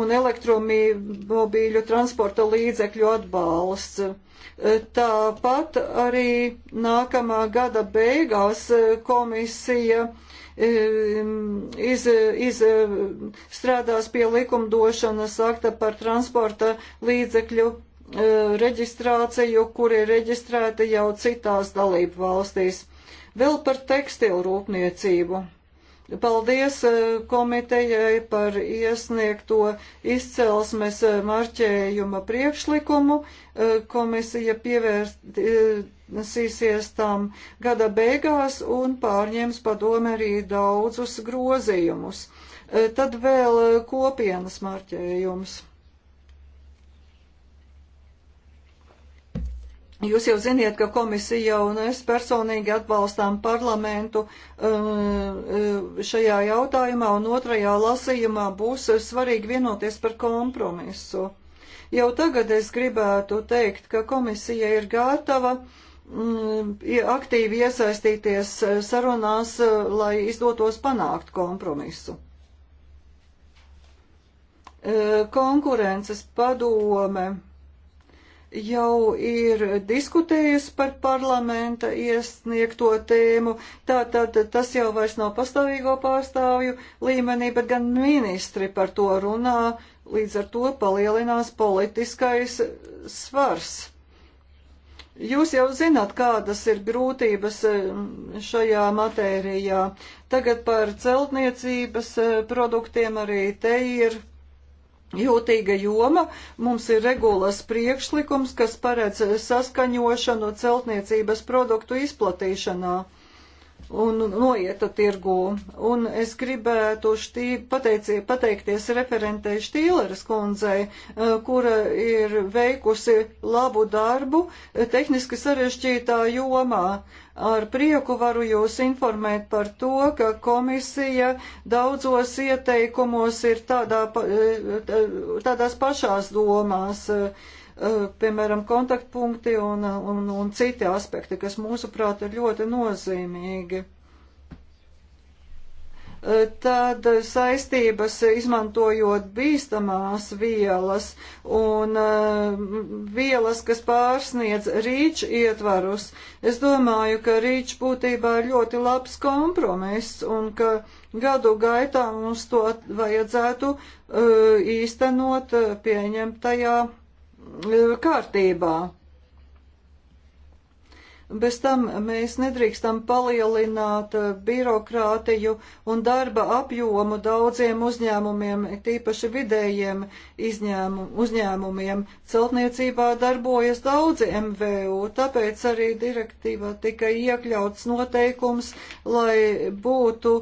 un elektromobīļu transporta līdzekļu atbalsts. E, tāpat arī nākamā gada beigās komisija iz, iz, strādās pie likumdošanas akta par transporta līdzekļu e, reģistrāciju, kuri ir reģistrēti jau citās dalību valstīs. Vēl par tekstilu rūpniecību. Paldies e, komitejai par iesniegto izcelsmes e, marķējuma priekšlikumu. Komisija pievērst pienesīsies tam gada beigās un pārņems padome arī daudzus grozījumus. E, tad vēl kopienas marķējums. Jūs jau ziniet, ka komisija un es personīgi atbalstām parlamentu e, e, šajā jautājumā, un otrajā lasījumā būs svarīgi vienoties par kompromisu. Jau tagad es gribētu teikt, ka komisija ir gatava uh, Mm, aktīvi iesaistīties eh, sarunās, eh, lai izdotos panākt kompromisu eh, konkurences padome jau ir diskutējusi par parlamenta iesniegto tēmu, tātad tas jau vairs nav pastāvīgo pārstāvju līmenī, bet gan ministri par to runā, līdz ar to palielinās politiskais svars. Jūs jau zināt, kādas ir grūtības eh, šajā matērijā. Tagad par celtniecības eh, produktiem arī te ir jūtīga joma. Mums ir regulas priekšlikums, kas paredz saskaņošanu celtniecības produktu izplatīšanā un noieta tirgū. Un es gribētu štī, pateici, pateikties referentei Štīleres kundzei, eh, kura ir veikusi labu darbu eh, tehniski sarežģītā jomā. Ar prieku varu jūs informēt par to, ka komisija daudzos ieteikumos ir tādā, eh, tādās pašās domās. Uh, Eh, piemēram, kontaktpunkti un, eh, un, un citi aspekti, kas mūsuprāt ir ļoti nozīmīgi. Eh, tad saistības izmantojot bīstamās vielas un vielas, kas pārsniedz rīču ietvarus. Es domāju, ka rīču būtībā ir ļoti labs kompromiss un ka gadu gaitā mums to vajadzētu īstenot pieņemtajā kārtībā. Bez tam mēs nedrīkstam palielināt eh, birokrātiju un darba apjomu daudziem uzņēmumiem, tīpaši vidējiem izņēmu, uzņēmumiem. Celtniecībā darbojas daudzi MVU, tāpēc arī direktīvā tika iekļauts noteikums, lai būtu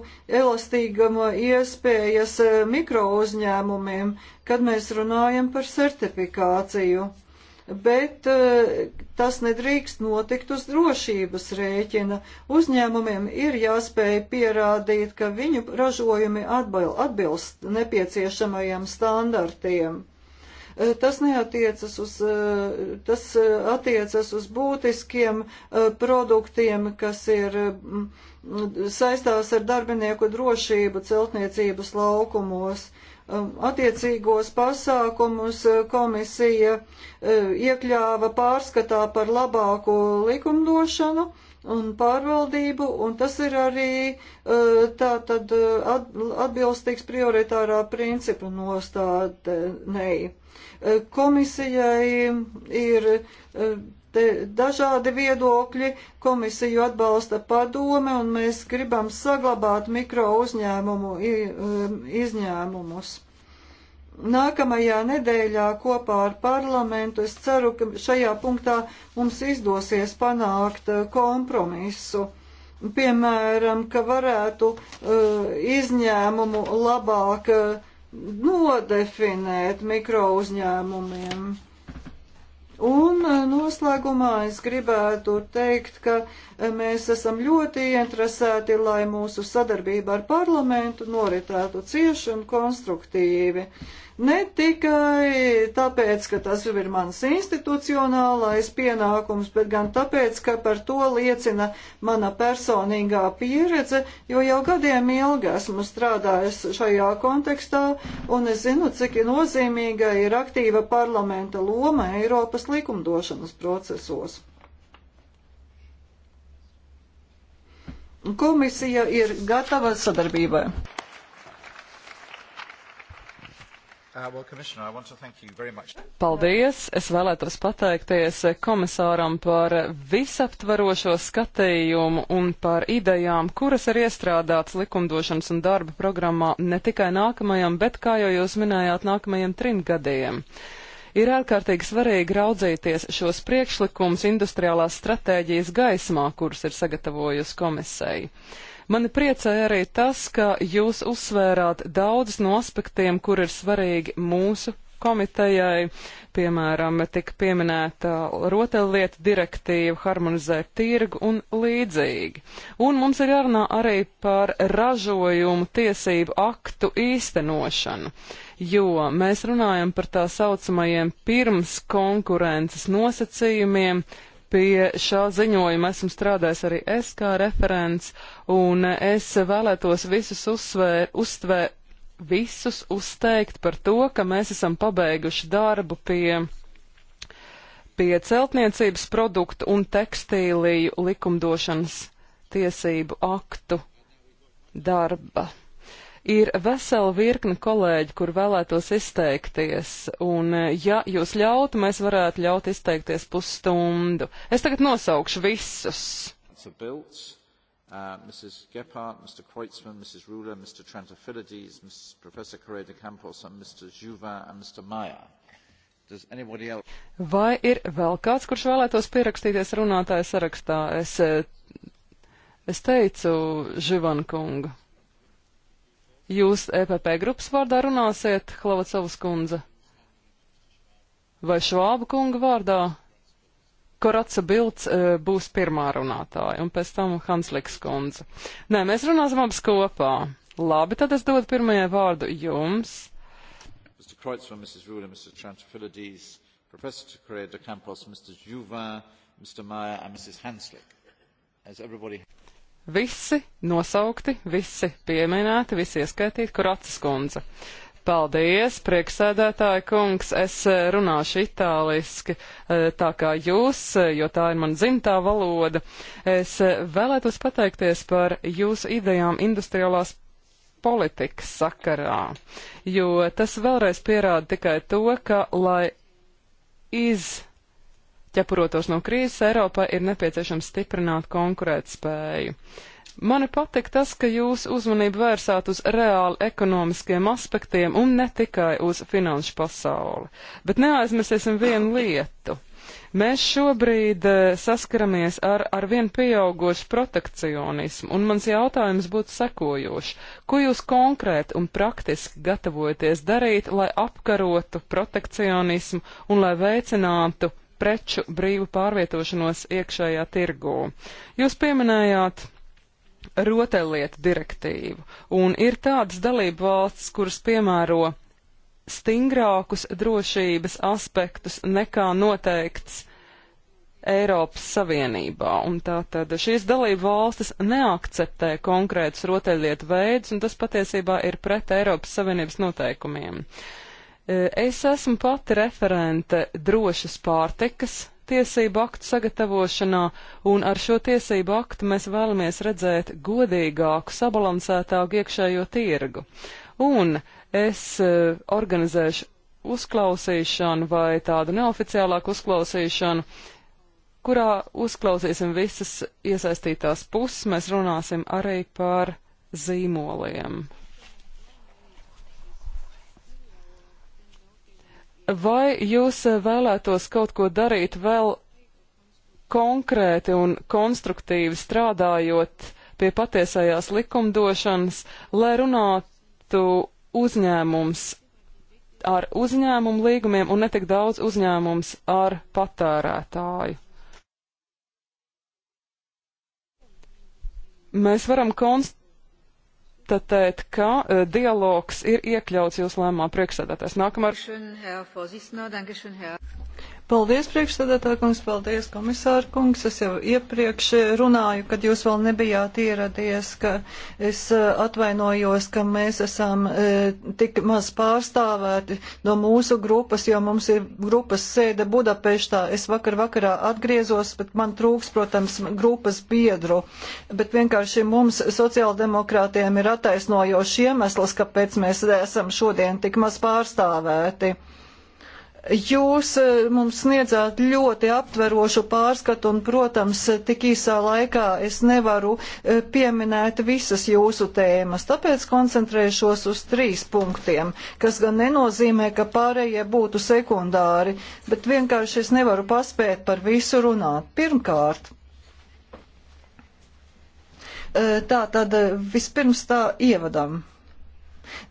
elastīgama iespējas eh, mikrouzņēmumiem, kad mēs runājam par certifikāciju bet eh, tas nedrīkst notikt uz drošības rēķina. Uzņēmumiem ir jāspēj pierādīt, ka viņu ražojumi atbilst nepieciešamajiem standartiem. Eh, tas neatiecas uz, eh, tas attiecas uz būtiskiem produktiem, kas ir mm, saistās ar darbinieku drošību celtniecības laukumos Um, attiecīgos pasākumus uh, komisija uh, iekļāva pārskatā par labāku likumdošanu un pārvaldību, un tas ir arī uh, tā tad atbilstīgs prioritārā principa nostādnei. Komisijai ir Te dažādi viedokļi komisiju atbalsta padome, un mēs gribam saglabāt mikro uzņēmumu um, izņēmumus. Nākamajā nedēļā kopā ar parlamentu es ceru, ka šajā punktā mums izdosies panākt uh, kompromisu. Piemēram, ka varētu uh, izņēmumu labāk uh, nodefinēt mikro uzņēmumiem. Un eh, noslēgumā es gribētu teikt, ka eh, mēs esam ļoti interesēti, lai mūsu sadarbība ar parlamentu noritētu cieši un konstruktīvi. Uh, Ne tikai tāpēc, ka tas jau ir mans institucionālais pienākums, bet gan tāpēc, ka par to liecina mana personīgā pieredze, jo jau gadiem ilgi esmu strādājis šajā kontekstā, un es zinu, cik nozīmīga ir aktīva parlamenta loma Eiropas likumdošanas procesos. Komisija ir gatava sadarbībai. Uh, Paldies! Es vēlētos pateikties komisāram par visaptvarošo skatījumu un par idejām, kuras ir iestrādāts likumdošanas un darba programmā ne tikai nākamajam, bet, kā jau jūs minējāt, nākamajiem trim gadiem. Ir ārkārtīgi svarīgi raudzīties šos priekšlikumus industriālās stratēģijas gaismā, kuras ir sagatavojusi komisija. Mani priecēja arī tas, ka jūs uzsvērāt daudzus no aspektiem, kur ir svarīgi mūsu komitejai, piemēram, tika pieminēta rotaļlietu direktīva, harmonizēt tirgu un līdzīgi. Un mums ir jārunā arī par ražojumu tiesību aktu īstenošanu, jo mēs runājam par tā saucamajiem pirms konkurences nosacījumiem, Pie šā ziņojuma esmu strādājis arī es kā referents, un es vēlētos visus uzsvēr, uztvē, visus uzteikt par to, ka mēs esam pabeiguši darbu pie pie celtniecības produktu un tekstīliju likumdošanas tiesību aktu darba. Ir vesela virkne kolēģi, kur vēlētos izteikties, un eh, ja jūs ļautu, mēs varētu ļaut izteikties pusstundu. Es tagad nosaukšu visus. Uh, Mrs. Gephardt, Mr. Kreutzmann, Mrs. Ruler, Mr. Trantafilides, Mrs. Professor Correa de Campos, and Mr. Juvin and Mr. Meyer. Vai ir vēl kāds, kurš vēlētos pierakstīties runātāja sarakstā? Es, eh, es teicu Živankungu. Jūs EPP grupas vārdā runāsiet, Klavacovas kundze? Vai Švāba kunga vārdā? Koraca Bilds e, būs pirmā runātāja, un pēc tam Hansliks kundze. Nē, mēs runāsim abas kopā. Labi, tad es dodu pirmajai vārdu jums. Mr. Kreutzmann, Mrs. Rula, Mr. Trantafilidis, Professor Correa de Campos, Mr. Juvin, Mr. Meyer, and Mrs. Hanslick. Has everybody... Visi nosaukti, visi pieminēti, visi ieskaitīti Kuracas kundze. Paldies, prieksēdētāja kungs, es eh, runāšu itāliski, eh, tā kā jūs, eh, jo tā ir man dzimtā valoda. Es vēlētos pateikties par jūsu idejām industriālās politikas sakarā, jo tas vēlreiz pierāda tikai to, ka, lai iz ķepurotos no krīzes, Eiropai ir nepieciešams stiprināt konkurētspēju. Mani patīk tas, ka jūs uzmanību vērsāt uz reāli ekonomiskiem aspektiem un ne tikai uz finanšu pasauli. Bet neaizmirsīsim vienu lietu. Mēs šobrīd eh, saskaramies ar arvien pieaugošu protekcionismu, un mans jautājums būtu sekojošs. Ko jūs konkrēti un praktiski gatavojaties darīt, lai apkarotu protekcionismu un lai veicinātu preču brīvu pārvietošanos iekšējā tirgū. Jūs pieminējāt rotaļlietu direktīvu, un ir tādas dalību valsts, kuras piemēro stingrākus drošības aspektus nekā noteikts Eiropas Savienībā. Un tātad šīs dalību valstis neakceptē konkrētus rotaļlietu veidus, un tas patiesībā ir pret Eiropas Savienības noteikumiem. Uh, Es esmu pati referente drošas pārtikas tiesību aktu sagatavošanā, un ar šo tiesību aktu mēs vēlamies redzēt godīgāku, sabalansētāku iekšējo tirgu. Un es organizēšu uzklausīšanu vai tādu neoficiālāku uzklausīšanu, kurā uzklausīsim visas iesaistītās puses, mēs runāsim arī par zīmoliem. Vai jūs eh, vēlētos kaut ko darīt vēl konkrēti un konstruktīvi strādājot pie patiesajās likumdošanas, lai runātu uzņēmums ar uzņēmumu līgumiem un netik daudz uzņēmums ar patērētāju? Mēs varam konst konstatēt, ka uh, dialogs ir iekļauts jūsu lēmumā priekšsēdētājs. Nākamā. Paldies, priekšsēdētāj kungs, paldies, komisāra kungs. Es jau iepriekš runāju, kad jūs vēl nebijāt ieradies, ka es eh, atvainojos, ka mēs esam e, tik maz pārstāvēti no mūsu grupas, jo mums ir grupas sēde Budapeštā. Es vakar vakarā atgriezos, bet man trūks, protams, grupas biedru. Bet vienkārši mums sociāldemokrātiem ir attaisnojoši iemesls, kāpēc mēs esam šodien tik maz pārstāvēti. Jūs eh, mums sniedzāt ļoti aptverošu pārskatu, un, protams, eh, tik īsā laikā es nevaru eh, pieminēt visas jūsu tēmas, tāpēc koncentrēšos uz trīs punktiem, kas gan nenozīmē, ka pārējie būtu sekundāri, bet vienkārši es nevaru paspēt par visu runāt. Pirmkārt, tā tad vispirms tā ievadam.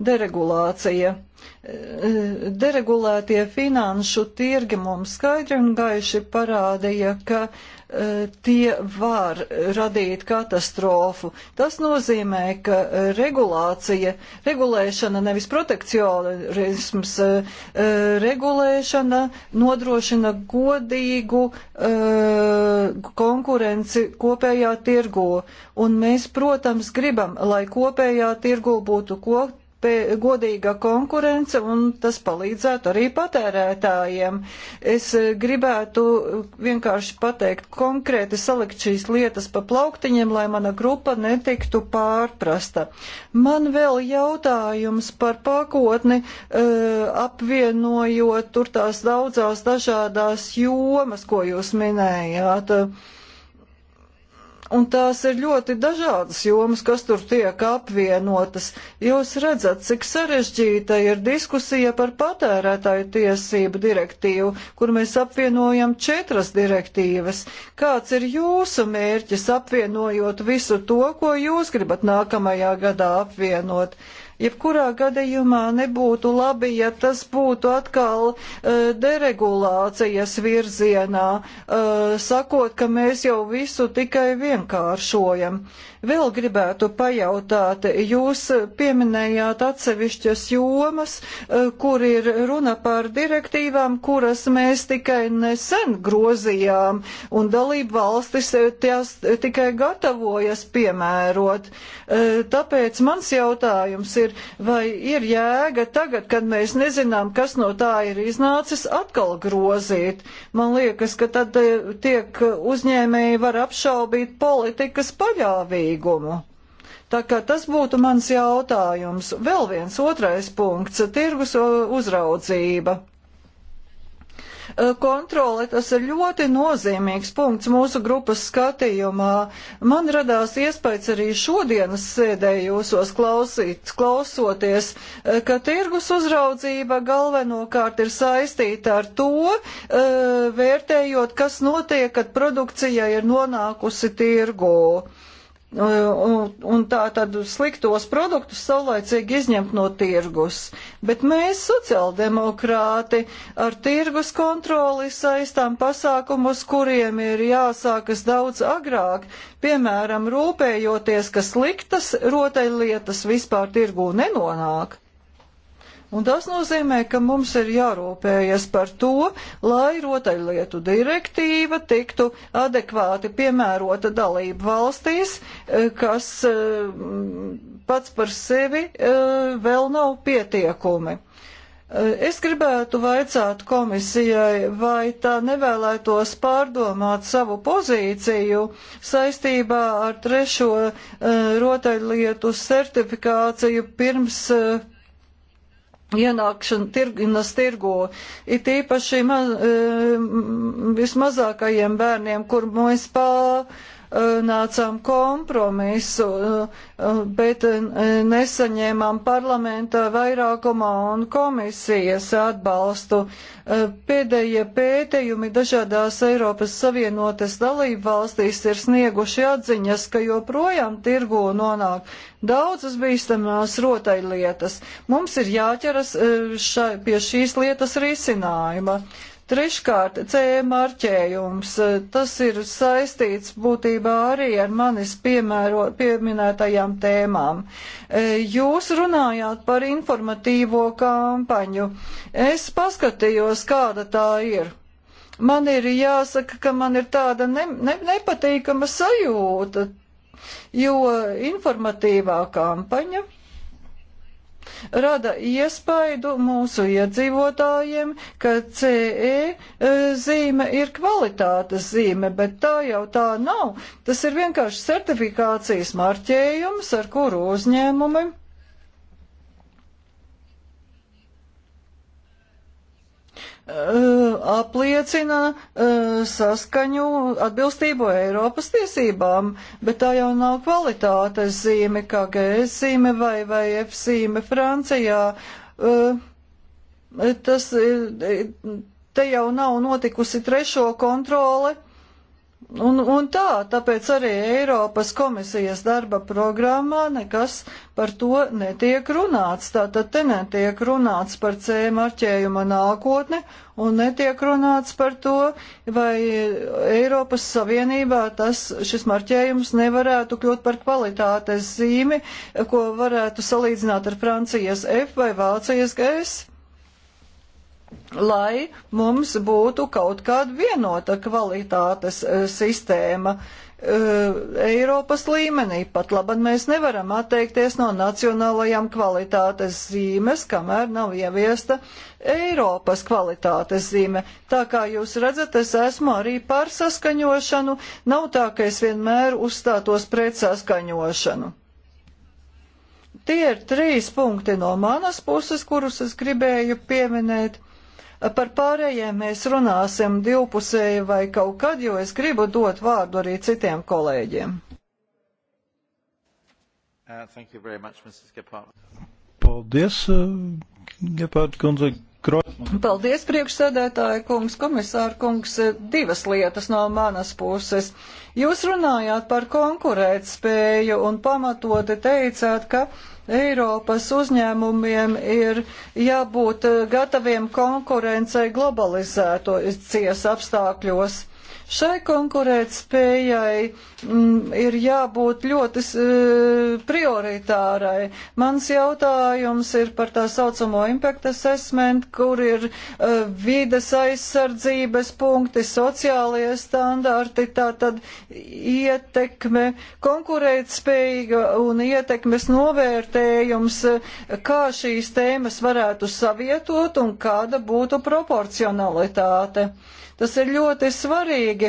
Deregulācija. E, deregulētie finanšu tirgi mums skaidri un gaiši parādīja, ka e, tie var radīt katastrofu. Tas nozīmē, ka regulācija, regulēšana, nevis protekcionisms, e, regulēšana nodrošina godīgu konkurenci kopējā tirgū. Un mēs, protams, gribam, lai kopējā tirgū būtu ko godīga konkurence un tas palīdzētu arī patērētājiem. Es gribētu vienkārši pateikt konkrēti salikt šīs lietas pa plauktiņiem, lai mana grupa netiktu pārprasta. Man vēl jautājums par pakotni, eh, apvienojot tur tās daudzās dažādās jomas, ko jūs minējāt. Uh, Un tās ir ļoti dažādas jomas, kas tur tiek apvienotas. Jūs redzat, cik sarežģīta ir diskusija par patērētāju tiesību direktīvu, kur mēs apvienojam četras direktīvas. Kāds ir jūsu mērķis apvienojot visu to, ko jūs gribat nākamajā gadā apvienot? Jebkurā gadījumā nebūtu labi, ja tas būtu atkal uh, deregulācijas virzienā, uh, sakot, ka mēs jau visu tikai vienkāršojam. Uh, Vēl gribētu pajautāt, jūs pieminējāt atsevišķas jomas, eh, kur ir runa par direktīvām, kuras mēs tikai nesen grozījām, un dalību valstis tās tikai gatavojas piemērot. Eh, tāpēc mans jautājums ir, vai ir jēga tagad, kad mēs nezinām, kas no tā ir iznācis, atkal grozīt? Man liekas, ka tad eh, tiek uzņēmēji var apšaubīt politikas paļāvību līgumu. Tā kā tas būtu mans jautājums. Vēl viens otrais punkts - tirgus uzraudzība. E, kontrole tas ir ļoti nozīmīgs punkts mūsu grupas skatījumā. Man radās iespējas arī šodienas sēdē jūsos klausīt, klausoties, e, ka tirgus uzraudzība galvenokārt ir saistīta ar to, e, vērtējot, kas notiek, kad produkcija ir nonākusi tirgū un, un tā tad sliktos produktus saulaicīgi izņemt no tirgus. Bet mēs, sociāldemokrāti, ar tirgus kontroli saistām pasākumus, kuriem ir jāsākas daudz agrāk, piemēram, rūpējoties, ka sliktas rotaļlietas vispār tirgū nenonāk. Un tas nozīmē, ka mums ir jārūpējas par to, lai rotaļlietu direktīva tiktu adekvāti piemērota dalību valstīs, eh, kas eh, pats par sevi eh, vēl nav pietiekumi. Es gribētu vaicāt komisijai, vai tā nevēlētos pārdomāt savu pozīciju saistībā ar trešo rotaļlietu certifikāciju pirms ienākšanu tirginas tirgu. It īpaši ma, e, vismazākajiem bērniem, kur mēs pār Eh, nācām kompromisu, eh, eh, bet nesaņēmām parlamenta vairākumā un komisijas atbalstu. Pēdējie pētījumi dažādās Eiropas Savienotas dalību valstīs ir snieguši atziņas, ka joprojām tirgu nonāk daudzas bīstamās rotaļlietas. Mums ir jāķeras šai, pie šīs lietas risinājuma. Treškārt, C marķējums. Eh, tas ir saistīts būtībā arī ar manis piemēro, pieminētajām tēmām. Eh, jūs runājāt par informatīvo kampaņu. Es paskatījos, kāda tā ir man ir jāsaka, ka man ir tāda ne, ne, nepatīkama sajūta, jo informatīvā kampaņa rada iespaidu mūsu iedzīvotājiem, ka CE e, zīme ir kvalitātes zīme, bet tā jau tā nav. Tas ir vienkārši certifikācijas marķējums, ar kuru uzņēmumi Uh, apliecina uh, saskaņu atbilstību Eiropas tiesībām, bet tā jau nav kvalitātes zīme, kā GS zīme vai, vai F zīme Francijā. Uh, tas, te jau nav notikusi trešo kontrole un, un tā, tāpēc arī Eiropas komisijas darba programmā nekas par to netiek runāts. Tātad te netiek runāts par C marķējuma nākotni un netiek runāts par to, vai Eiropas Savienībā tas, šis marķējums nevarētu kļūt par kvalitātes zīmi, ko varētu salīdzināt ar Francijas F vai Vācijas GS lai mums būtu kaut kāda vienota kvalitātes e, sistēma. E, Eiropas līmenī pat labam mēs nevaram atteikties no nacionālajām kvalitātes zīmes, kamēr nav ieviesta Eiropas kvalitātes zīme. Tā kā jūs redzat, es esmu arī par saskaņošanu, nav tā, ka es vienmēr uzstātos pret saskaņošanu. Tie ir trīs punkti no manas puses, kurus es gribēju pieminēt. Par pārējiem mēs runāsim divpusēji vai kaut kad, jo es gribu dot vārdu arī citiem kolēģiem. Uh, much, Paldies, uh, Gepārd kundze. Paldies, priekšsēdētāja kungs, komisāra kungs. Divas lietas no manas puses. Jūs runājāt par konkurētspēju un pamatoti teicāt, ka Eiropas uzņēmumiem ir jābūt eh, gataviem konkurencei globalizētojas apstākļos. Šai konkurētspējai mm, ir jābūt ļoti uh, prioritārai. Mans jautājums ir par tā saucamo impact assessment, kur ir uh, vides aizsardzības punkti, sociālie standarti, tā tad ietekme, konkurētspējīga un ietekmes novērtējums, kā šīs tēmas varētu savietot un kāda būtu proporcionalitāte. Tas ir ļoti svarīgi.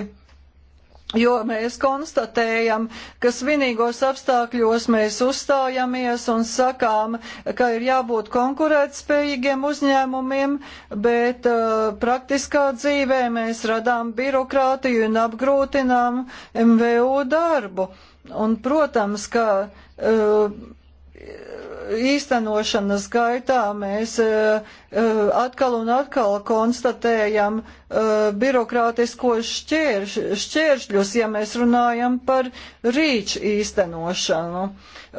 Jo mēs konstatējam, ka svinīgos apstākļos mēs uzstājamies un sakām, ka ir jābūt konkurētspējīgiem uzņēmumiem, bet uh, praktiskā dzīvē mēs radām birokrātiju un apgrūtinām MVU darbu. Un, protams, ka uh, īstenošanas gaitā mēs e, e, atkal un atkal konstatējam e, birokrātisko šķērš, šķēršļus, ja mēs runājam par rīču īstenošanu.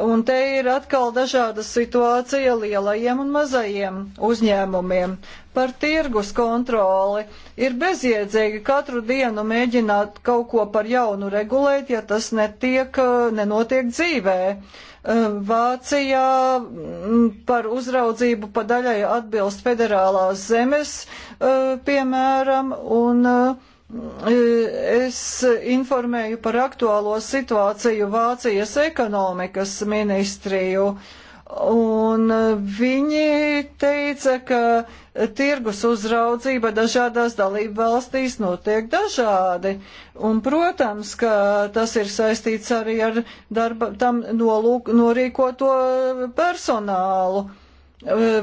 Un te ir atkal dažāda situācija lielajiem un mazajiem uzņēmumiem par tirgus kontroli. Ir bezjēdzīgi katru dienu mēģināt kaut ko par jaunu regulēt, ja tas netiek, eh, nenotiek dzīvē. Eh, Vācijā mm, par uzraudzību pa daļai atbilst federālās zemes, eh, piemēram, un es informēju par aktuālo situāciju Vācijas ekonomikas ministriju. Uh, Un e, viņi teica, ka tirgus uzraudzība dažādās dalību valstīs notiek dažādi. Un, protams, ka tas ir saistīts arī ar darba, tam nolūk, norīkoto personālu.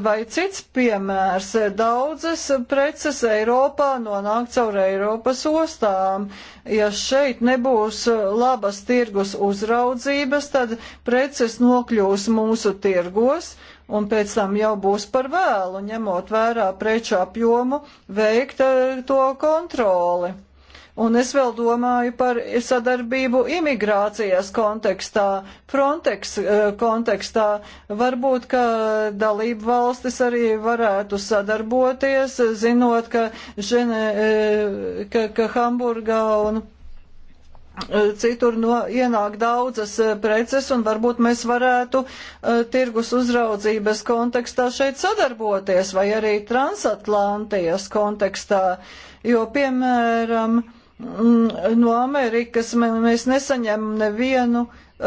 Vai cits piemērs - daudzas preces Eiropā nonāk caur Eiropas ostām. Ja šeit nebūs labas tirgus uzraudzības, tad preces nokļūs mūsu tirgos un pēc tam jau būs par vēlu, ņemot vērā preču apjomu, veikt eh, to kontroli. Un es vēl domāju par sadarbību imigrācijas kontekstā, Frontex eh, kontekstā. Varbūt, ka dalību valstis arī varētu sadarboties, zinot, ka, žene, eh, ka, ka Hamburgā un eh, citur no, ienāk daudzas preces, un varbūt mēs varētu uh, tirgus uzraudzības kontekstā šeit sadarboties, vai arī transatlantijas kontekstā, jo, piemēram, uh, Mm, no Amerikas mēs nesaņemam nevienu uh,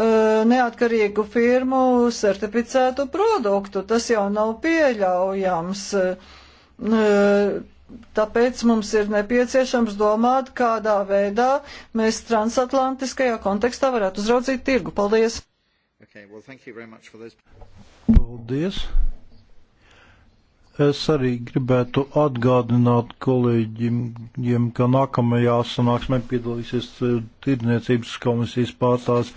neatkarīgu firmu certificētu produktu. Tas jau nav pieļaujams. Uh, tāpēc mums ir nepieciešams domāt, kādā veidā mēs transatlantiskajā kontekstā varētu uzraudzīt tirgu. Paldies! Okay, well, Paldies! Es arī gribētu atgādināt kolēģiem, ka nākamajā sanāksmē piedalīsies e, Tirdzniecības komisijas pārstāvs,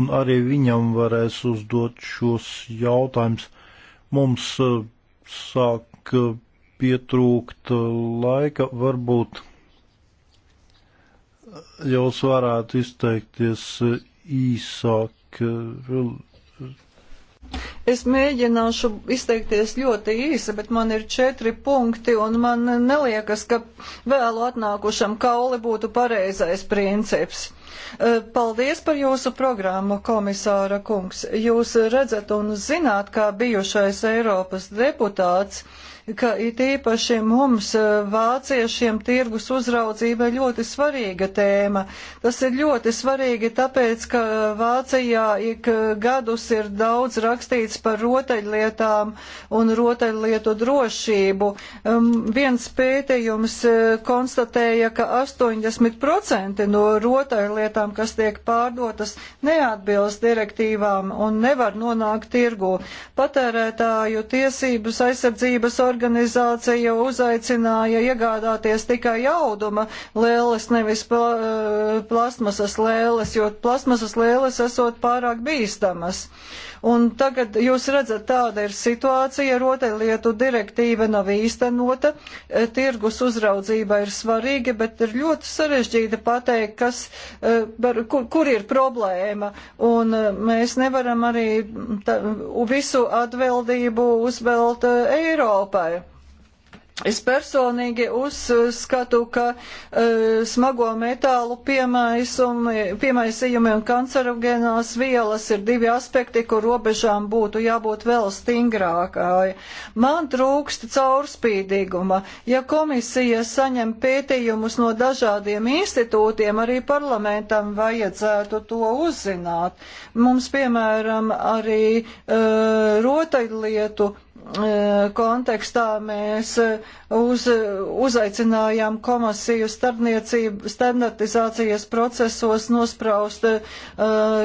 un arī viņam varēs uzdot šos jautājumus. Mums e, sāk e, pietrūkt laika, varbūt jūs varētu izteikties īsāk. Es mēģināšu izteikties ļoti īsi, bet man ir četri punkti, un man neliekas, ka vēlu atnākušam kauli būtu pareizais princips. E, paldies par jūsu programmu, komisāra kungs. Jūs redzat un zināt, kā bijušais Eiropas deputāts ka it īpaši mums, eh, vāciešiem, tirgus uzraudzība ir ļoti svarīga tēma. Tas ir ļoti svarīgi, tāpēc, ka Vācijā ik gadus ir daudz rakstīts par rotaļlietām un rotaļlietu drošību. Um, viens pētījums eh, konstatēja, ka 80% no rotaļlietām, kas tiek pārdotas, neatbilst direktīvām un nevar nonākt tirgu. Patērētāju tiesības aizsardzības organizācijas organizācija uzaicināja iegādāties tikai jauduma lēles, nevis pla, eh, plasmasas lēles, jo plasmasas lēles esot pārāk bīstamas. Uh, Un tagad jūs redzat, tāda ir situācija, rotaļlietu direktīva nav īstenota, e, tirgus uzraudzība ir svarīga, bet ir ļoti sarežģīta pateikt, kas, e, kur, kur ir problēma. Un e, mēs nevaram arī tā, visu atbildību uzvelt Eiropai. Es personīgi uzskatu, ka uh, smago metālu piemaisījumi un kancerogēnās vielas ir divi aspekti, kur robežām būtu jābūt vēl stingrākai. Man trūkst caurspīdīguma. Ja komisija saņem pētījumus no dažādiem institūtiem, arī parlamentam vajadzētu to uzzināt. Mums, piemēram, arī uh, rotaļlietu E, kontekstā mēs e, uz, uzaicinājām komisiju standartizācijas procesos nospraust uh,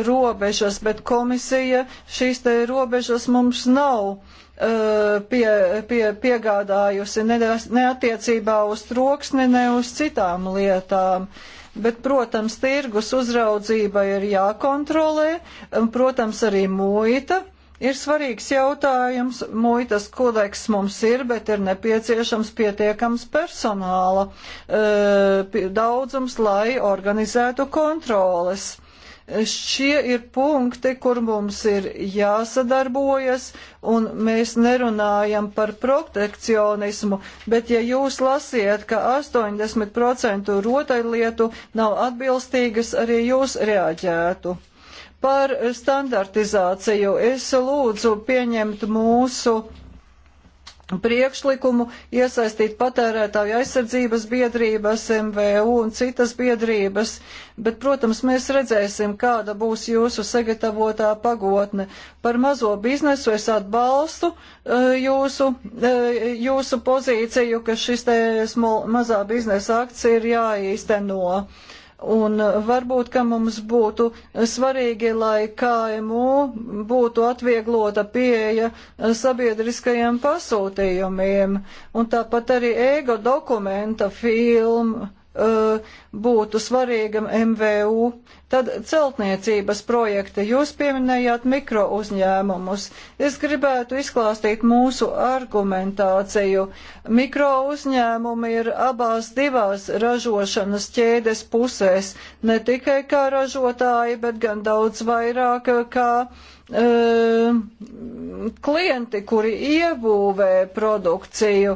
robežas, bet komisija šīs te robežas mums nav uh, pie, pie, piegādājusi ne, ne attiecībā uz troksni, ne uz citām lietām. Bet, protams, tirgus uzraudzība ir jākontrolē, protams, arī muita. Uh, Ir svarīgs jautājums, muitas kodeks mums ir, bet ir nepieciešams pietiekams personāla e, daudzums, lai organizētu kontroles. Šie ir punkti, kur mums ir jāsadarbojas, un mēs nerunājam par protekcionismu, bet ja jūs lasiet, ka 80% rotaļlietu nav atbilstīgas, arī jūs reaģētu. Par standartizāciju es lūdzu pieņemt mūsu priekšlikumu iesaistīt patērētāju aizsardzības biedrības, MVU un citas biedrības, bet, protams, mēs redzēsim, kāda būs jūsu sagatavotā pagotne. Par mazo biznesu es atbalstu eh, jūsu, eh, jūsu pozīciju, ka šis te mazā biznesa akts ir jāīsteno. No Un eh, varbūt, ka mums būtu svarīgi, lai KMU būtu atvieglota pieeja eh, sabiedriskajiem pasūtījumiem, un tāpat arī ego dokumenta filma eh, būtu svarīga MVU. Tad celtniecības projekti. Jūs pieminējāt mikro uzņēmumus. Es gribētu izklāstīt mūsu argumentāciju. Mikro uzņēmumi ir abās divās ražošanas ķēdes pusēs, ne tikai kā ražotāji, bet gan daudz vairāk kā Ehm, klienti, kuri iebūvē produkciju.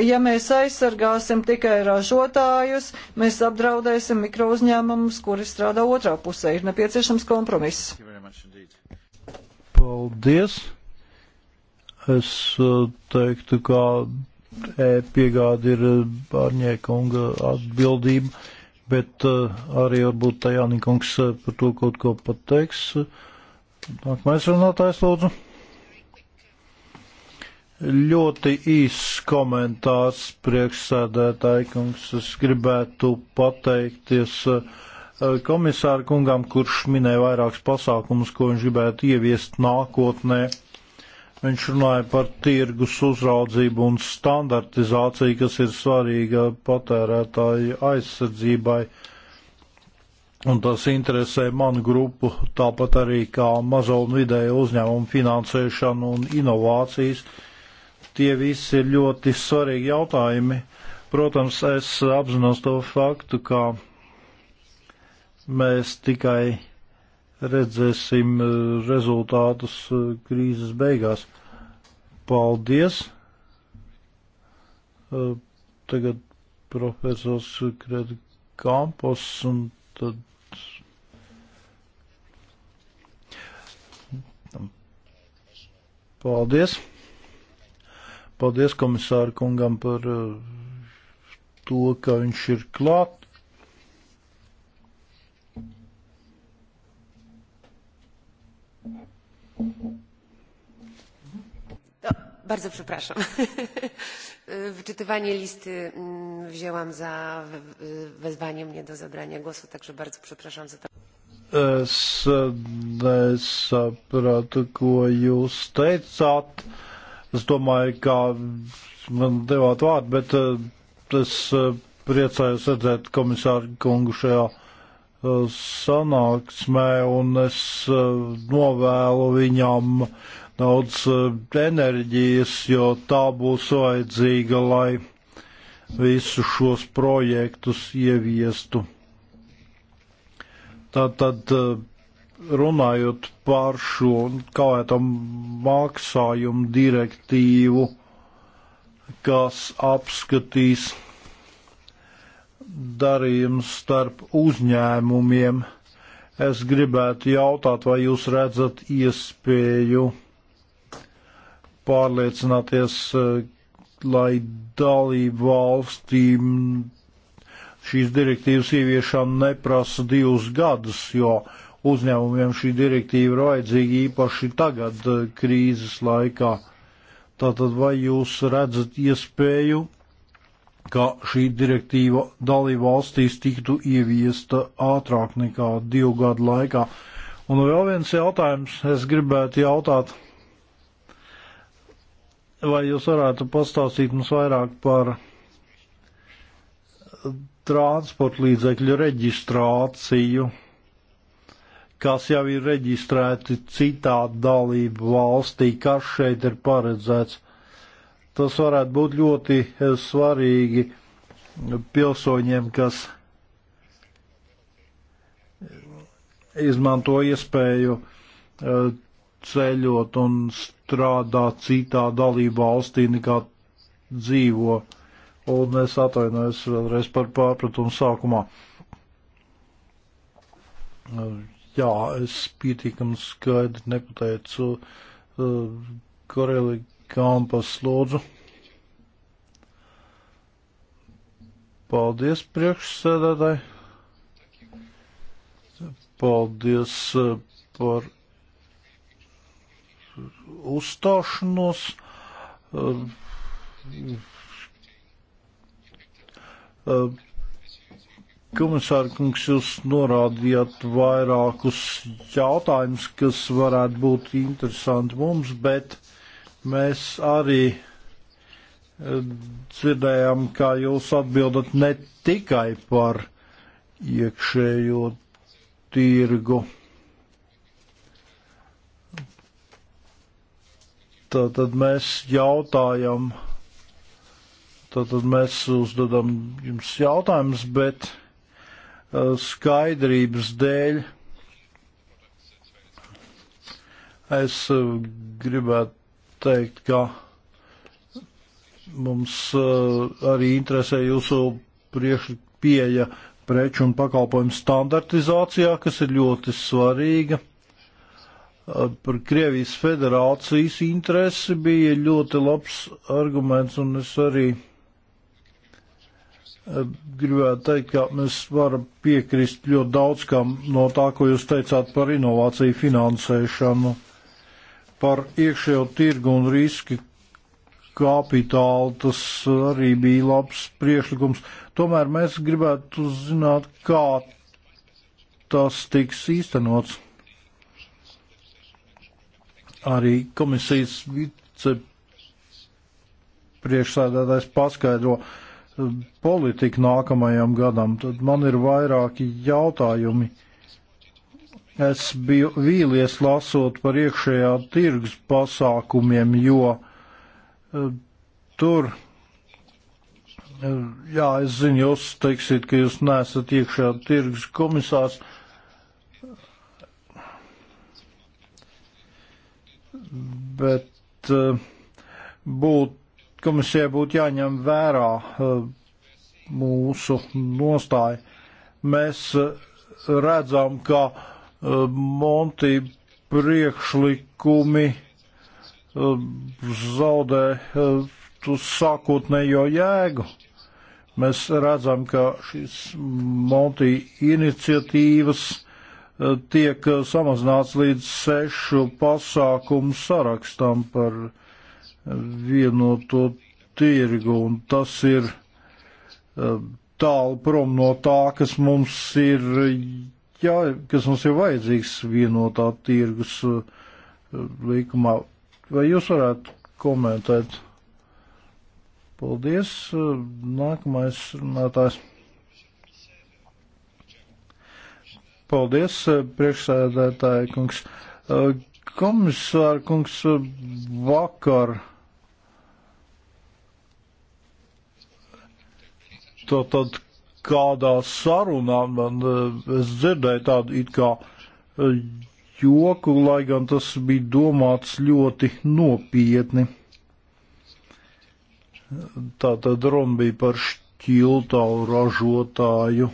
Ja mēs aizsargāsim tikai ražotājus, mēs apdraudēsim mikro uzņēmumus, kuri strādā otrā pusē. Ir nepieciešams kompromiss. Paldies! Es eh, teiktu, ka e-piegāde ir eh, Bārņēka un atbildība, bet eh, arī varbūt Tajānī kungs par to kaut ko pateiks. Uh, Nākamais runātājs lūdzu. Ļoti īss komentārs priekšsēdētāji, kungs. Es gribētu pateikties eh, komisāru kungam, kurš minēja vairākus pasākumus, ko viņš gribētu ieviest nākotnē. Viņš runāja par tirgus uzraudzību un standartizāciju, kas ir svarīga patērētāju aizsardzībai. Uh, un tas interesē manu grupu, tāpat arī kā mazo un vidēju uzņēmumu finansēšanu un inovācijas. Tie visi ir ļoti svarīgi jautājumi. Protams, es apzinos to faktu, ka mēs tikai redzēsim eh, rezultātus eh, krīzes beigās. Paldies! Eh, tagad profesors Kredi Kampos un tad Paldies! Paldies komisāru kungam par uh, to, ka viņš ir klāt. To, bardzo przepraszam. *laughs* Wyczytywanie listy mm, wzięłam za wezwanie mnie do zabrania głosu, także bardzo przepraszam za to. Es nesapratu, ko jūs teicāt. Es domāju, kā man devāt vārdu, bet eh, es eh, priecājos redzēt komisāru kungu šajā eh, sanāksmē un es novēlu viņam daudz enerģijas, jo tā būs vajadzīga, lai visus šos projektus ieviestu. Tātad eh, runājot par šo kavēto maksājumu direktīvu, kas apskatīs darījums starp uzņēmumiem, es gribētu jautāt, vai jūs redzat iespēju pārliecināties, eh, lai dalību valstīm šīs direktīvas ieviešana neprasa divus gadus, jo uzņēmumiem šī direktīva ir vajadzīga īpaši tagad eh, krīzes laikā. Tātad vai jūs redzat iespēju, ka šī direktīva dalībvalstīs tiktu ieviesta ātrāk nekā divu gadu laikā? Un vēl viens jautājums es gribētu jautāt. Vai jūs varētu pastāstīt mums vairāk par transportlīdzekļu reģistrāciju, kas jau ir reģistrēti citā dalību valstī, kas šeit ir paredzēts. Tas varētu būt ļoti eh, svarīgi pilsoņiem, kas izmanto iespēju eh, ceļot un strādāt citā dalību valstī nekā dzīvo un es atvainojos vēlreiz par pārpratumu sākumā. Uh, jā, es pietiekami skaidri nepateicu uh, Koreli Kampas lūdzu. Paldies priekšsēdētāji. Paldies uh, par uzstāšanos. Uh, Uh, Komisārkungs, jūs norādījāt vairākus jautājumus, kas varētu būt interesanti mums, bet mēs arī uh, dzirdējām, kā jūs atbildat ne tikai par iekšējo tirgu. Tātad mēs jautājam, uh, Tātad mēs uzdodam jums jautājumus, bet eh, skaidrības dēļ es eh, gribētu teikt, ka mums eh, arī interesē jūsu priekšpieja preču un pakalpojumu standartizācijā, kas ir ļoti svarīga. Par Krievijas federācijas interesi bija ļoti labs arguments, un es arī gribētu teikt, ka mēs varam piekrist ļoti daudz kam no tā, ko jūs teicāt par inovāciju finansēšanu, par iekšējo tirgu un riski kapitālu. Tas arī bija labs priekšlikums. Tomēr mēs gribētu zināt, kā tas tiks īstenots. Arī komisijas vicepriekšsēdētājs paskaidro, uh, politiku nākamajam gadam, tad man ir vairāki jautājumi. Es biju vīlies lasot par iekšējā tirgus pasākumiem, jo e, tur, e, jā, es zinu, jūs teiksiet, ka jūs nesat iekšējā tirgus komisārs, bet e, būtu komisijai būtu jāņem vērā eh, mūsu nostāja. Mēs eh, redzam, ka eh, Monti priekšlikumi zaudē sākotnējo jēgu. Mēs redzam, ka šīs Monti iniciatīvas tiek samazināts līdz sešu pasākumu sarakstam par uh, vienoto tirgu, un tas ir e, tālu prom no tā, kas mums ir, jā, kas mums ir vajadzīgs vienotā tirgus e, līkumā. Vai jūs varētu komentēt? Paldies. E, nākamais runātājs. Paldies, priekšsēdētāji kungs. Komisāra kungs vakar Tātad kādā sarunā man eh, es dzirdēju tādu it kā eh, joku, lai gan tas bija domāts ļoti nopietni. Tātad runa bija par šķiltavu ražotāju.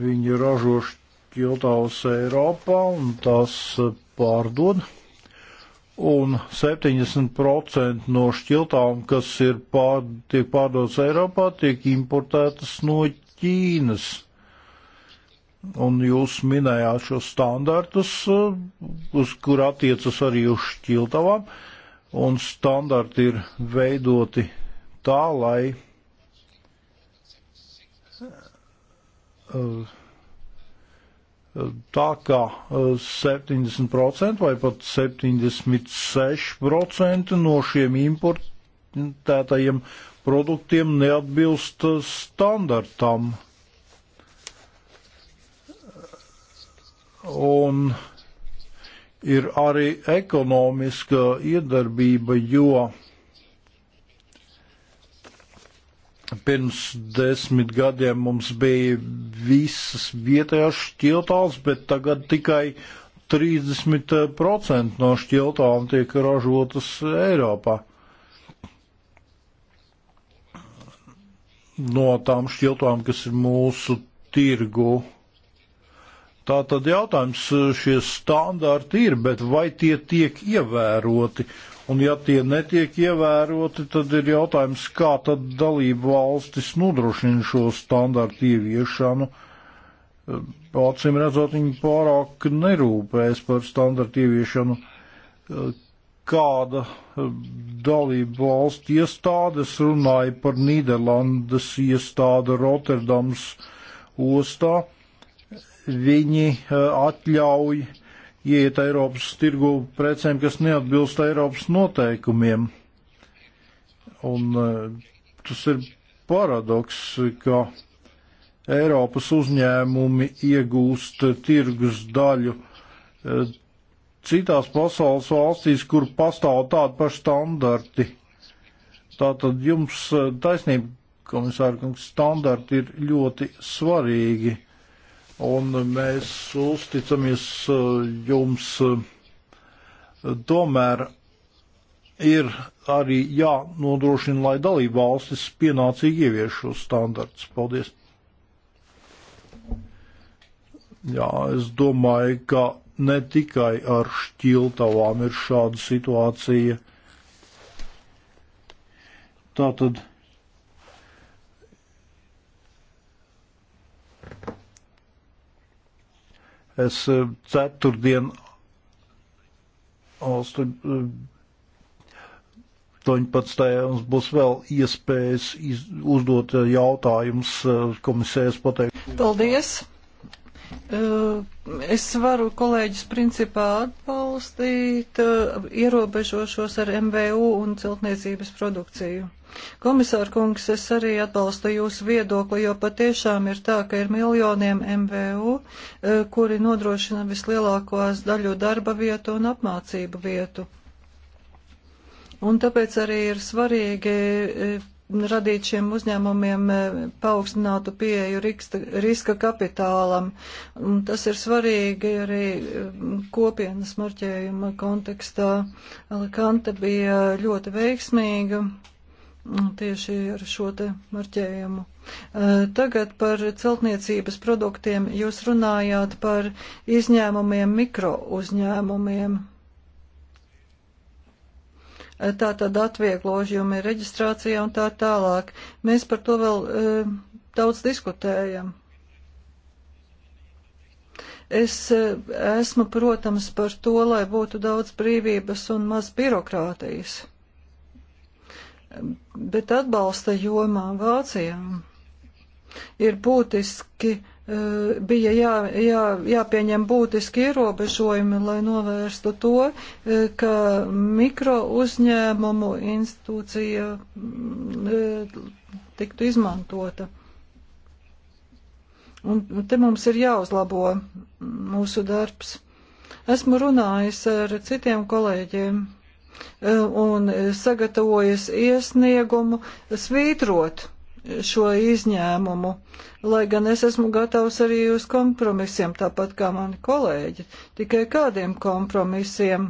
Viņi ražo šķiltavas Eiropā un tās eh, pārdod. Uh, un 70% no šķiltām, kas ir pār, tiek pārdotas Eiropā, tiek importētas no Ķīnas. Un jūs minējāt šos standartus, uz kur attiecas arī uz šķiltavām, un standarti ir veidoti tā, lai uh, tā kā 70% eh, vai pat 76% no šiem importētajiem produktiem neatbilst eh, standartam. Un ir arī ekonomiska iedarbība, jo Pirms desmit gadiem mums bija visas vietējās šķiltāls, bet tagad tikai 30% no šķiltām tiek ražotas Eiropā. No tām šķiltām, kas ir mūsu tirgu. Tā tad jautājums, šie standarti ir, bet vai tie tiek ievēroti? Uh, Un ja tie netiek ievēroti, tad ir jautājums, kā tad dalību valstis nodrošina šo standartu ieviešanu. Acīm redzot, viņi pārāk nerūpēs par standartu ieviešanu. Kāda dalību valsts iestādes runāja par Nīderlandes iestādi Rotterdams ostā? Viņi atļauj ieiet Eiropas tirgu precēm, kas neatbilst Eiropas noteikumiem. Un eh, tas ir paradoks, ka Eiropas uzņēmumi iegūst tirgus daļu eh, citās pasaules valstīs, kur pastāv tādi paši standarti. Tātad jums eh, taisnība, komisārkungs, standarti ir ļoti svarīgi un mēs uzticamies eh, jums. Eh, tomēr ir arī jānodrošina, lai dalība valstis pienācīgi ievieš šos standartus. Paldies! Jā, es domāju, ka ne tikai ar šķiltavām ir šāda situācija. Tātad Es e, ceturtdien 18. E, mums būs vēl iespējas uzdot jautājumus e, komisijas pateikt. Paldies! Eh, es varu kolēģis principā atbalstīt, eh, ierobežošos ar MVU un celtniecības produkciju. Komisāra kungs, es arī atbalstu jūsu viedokli, jo patiešām ir tā, ka ir miljoniem MVU, eh, kuri nodrošina vislielākos daļu darba vietu un apmācību vietu. Un tāpēc arī ir svarīgi radīt šiem uzņēmumiem e, paaugstinātu pieeju riska kapitālam. Tas ir svarīgi arī e, kopienas marķējuma kontekstā. Alicante bija ļoti veiksmīga tieši ar šo te marķējumu. E, tagad par celtniecības produktiem jūs runājāt par izņēmumiem mikro uzņēmumiem tātad atvieglojumi reģistrācijā un tā tālāk. Mēs par to vēl e, daudz diskutējam. Es e, esmu, protams, par to, lai būtu daudz brīvības un maz birokrātijas. Bet atbalsta jomā Vācijām ir būtiski Eh, bija jā, jā, jāpieņem būtiski ierobežojumi, lai novērstu to, eh, ka mikro uzņēmumu institūcija eh, tiktu izmantota. Un te mums ir jāuzlabo mūsu darbs. Esmu runājis ar citiem kolēģiem un sagatavojis iesniegumu svītrot šo izņēmumu, lai gan es esmu gatavs arī uz kompromisiem, tāpat kā mani kolēģi, tikai kādiem kompromisiem.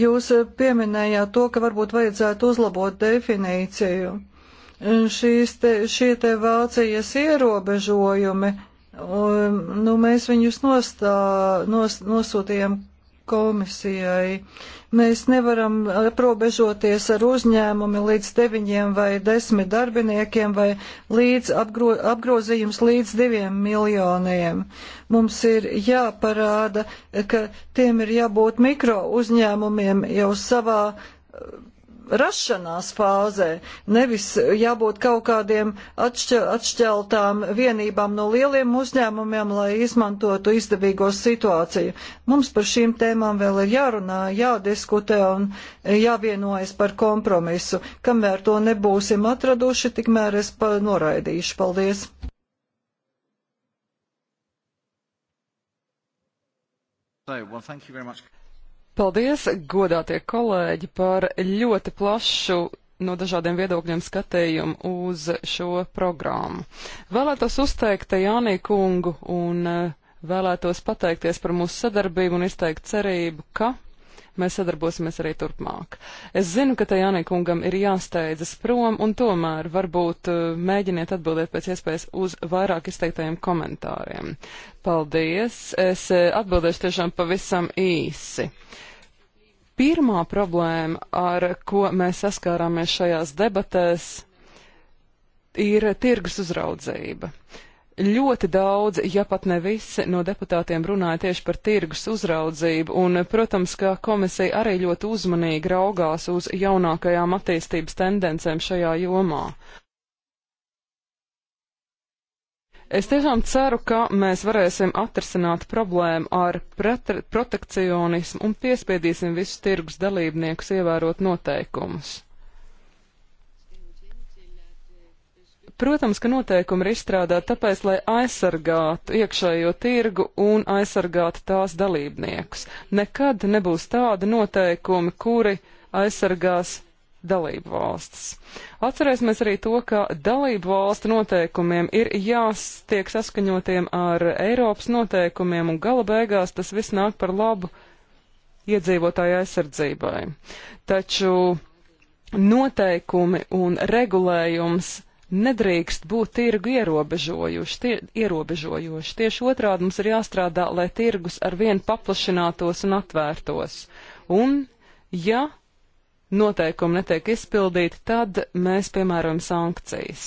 Jūs pieminējāt to, ka varbūt vajadzētu uzlabot definīciju. Šīs te, šie te Vācijas ierobežojumi, un, um, nu, mēs viņus nostā, nos, nosūtījām komisijai. Mēs nevaram aprobežoties ar uzņēmumi līdz deviņiem vai desmit darbiniekiem vai līdz apgro, apgrozījums līdz diviem miljoniem. Mums ir jāparāda, ka tiem ir jābūt mikro uzņēmumiem jau savā rašanās fāzē, nevis jābūt kaut kādiem atšķel, atšķeltām vienībām no lieliem uzņēmumiem, lai izmantotu izdevīgo situāciju. Mums par šīm tēmām vēl ir jārunā, jādiskutē un jāvienojas par kompromisu. Kamēr to nebūsim atraduši, tikmēr es noraidīšu. Paldies! So, well, thank you very much. Paldies, godātie kolēģi, par ļoti plašu no dažādiem viedokļiem skatījumu uz šo programmu. Vēlētos uzteikt Jānī kungu un eh, vēlētos pateikties par mūsu sadarbību un izteikt cerību, ka mēs sadarbosimies arī turpmāk. Es zinu, ka Tajānī kungam ir jāsteidzas prom, un tomēr varbūt eh, mēģiniet atbildēt pēc iespējas uz vairāk izteiktajiem komentāriem. Paldies! Es eh, atbildēšu tiešām pavisam īsi. Uh, Pirmā problēma, ar ko mēs saskārāmies šajās debatēs, ir tirgus uzraudzība. Ļoti daudz, ja pat ne visi no deputātiem runāja tieši par tirgus uzraudzību, un, protams, ka komisija arī ļoti uzmanīgi raugās uz jaunākajām attīstības tendencēm šajā jomā. Es tiešām ceru, ka mēs varēsim atrisināt problēmu ar protekcionismu un piespiedīsim visus tirgus dalībniekus ievērot noteikumus. Protams, ka noteikumi ir izstrādāti tāpēc, lai aizsargātu iekšējo tirgu un aizsargātu tās dalībniekus. Nekad nebūs tādi noteikumi, kuri aizsargās dalību valstis. Atcerēsimies arī to, ka dalību valstu noteikumiem ir jāstiek saskaņotiem ar Eiropas noteikumiem, un gala beigās tas viss nāk par labu iedzīvotāju aizsardzībai. Taču noteikumi un regulējums nedrīkst būt tirgu ierobežojuši, tie, ierobežojoši. Tieši otrādi mums ir jāstrādā, lai tirgus ar vien paplašinātos un atvērtos. Un, ja noteikumi netiek izpildīti, tad mēs piemērojam sankcijas.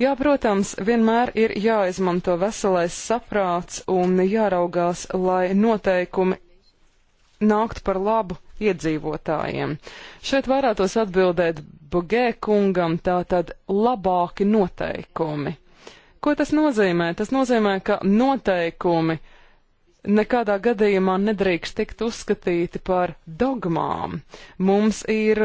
Jā, protams, vienmēr ir jāizmanto veselais saprāts un jāraugās, lai noteikumi nāktu par labu iedzīvotājiem. Šeit varētos atbildēt Bogē kungam tātad labāki noteikumi. Ko tas nozīmē? Tas nozīmē, ka noteikumi nekādā gadījumā nedrīkst tikt uzskatīti par dogmām. Mums ir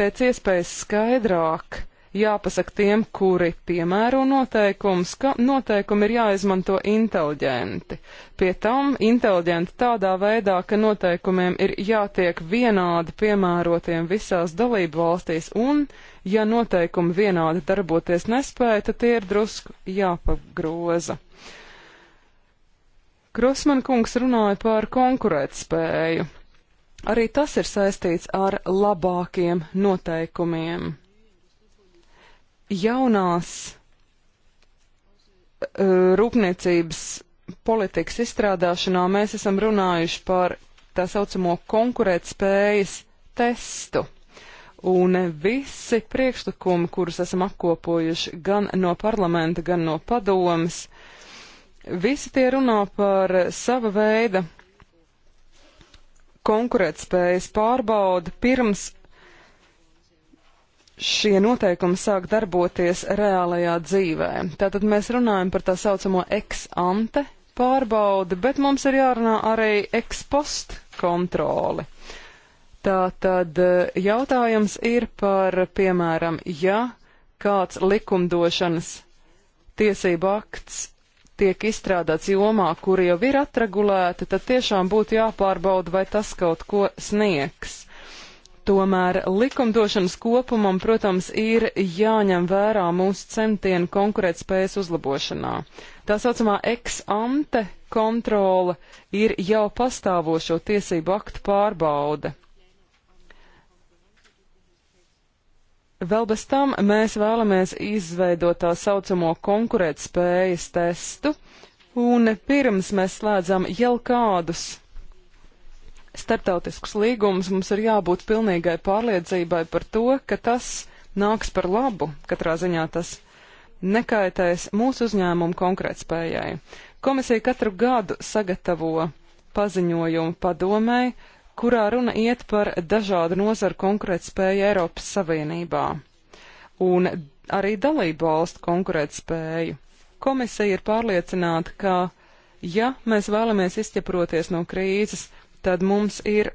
pēc iespējas skaidrāk jāpasaka tiem, kuri piemēro noteikums, ka noteikumi ir jāizmanto inteliģenti. Pie tam inteliģenti tādā veidā, ka noteikumiem ir jātiek vienādi piemērotiem visās dalību valstīs, un, ja noteikumi vienādi darboties nespēja, tad tie ir drusku jāpagroza. Uh, Krosman kungs runāja par konkurētspēju. Arī tas ir saistīts ar labākiem noteikumiem. Jaunās eh, rūpniecības politikas izstrādāšanā mēs esam runājuši par tā saucamo konkurētspējas testu. Un visi priekšlikumi, kurus esam apkopojuši gan no parlamenta, gan no padomas, Visi tie runā par sava veida konkurētspējas pārbaudi pirms šie noteikumi sāk darboties reālajā dzīvē. Tātad mēs runājam par tā saucamo ex ante pārbaudi, bet mums ir jārunā arī ex post kontroli. Tātad eh, jautājums ir par, piemēram, ja kāds likumdošanas tiesību akts tiek izstrādāts jomā, kur jau ir atregulēta, tad tiešām būtu jāpārbauda, vai tas kaut ko sniegs. Tomēr likumdošanas kopumam, protams, ir jāņem vērā mūsu centienu konkurētspējas uzlabošanā. Tā saucamā ex ante kontrole ir jau pastāvošo tiesību aktu pārbaude. Vēl bez tam mēs vēlamies izveidot tā saucamo konkurētspējas testu, un pirms mēs slēdzam jau kādus starptautiskus līgumus, mums ir jābūt pilnīgai pārliecībai par to, ka tas nāks par labu, katrā ziņā tas nekaitēs mūsu uzņēmumu konkurētspējai. Komisija katru gadu sagatavo paziņojumu padomēji, kurā runa iet par dažādu nozaru konkurētspēju Eiropas Savienībā un arī dalību valstu konkurētspēju. Komisija ir pārliecināta, ka, ja mēs vēlamies izķeproties no krīzes, tad mums ir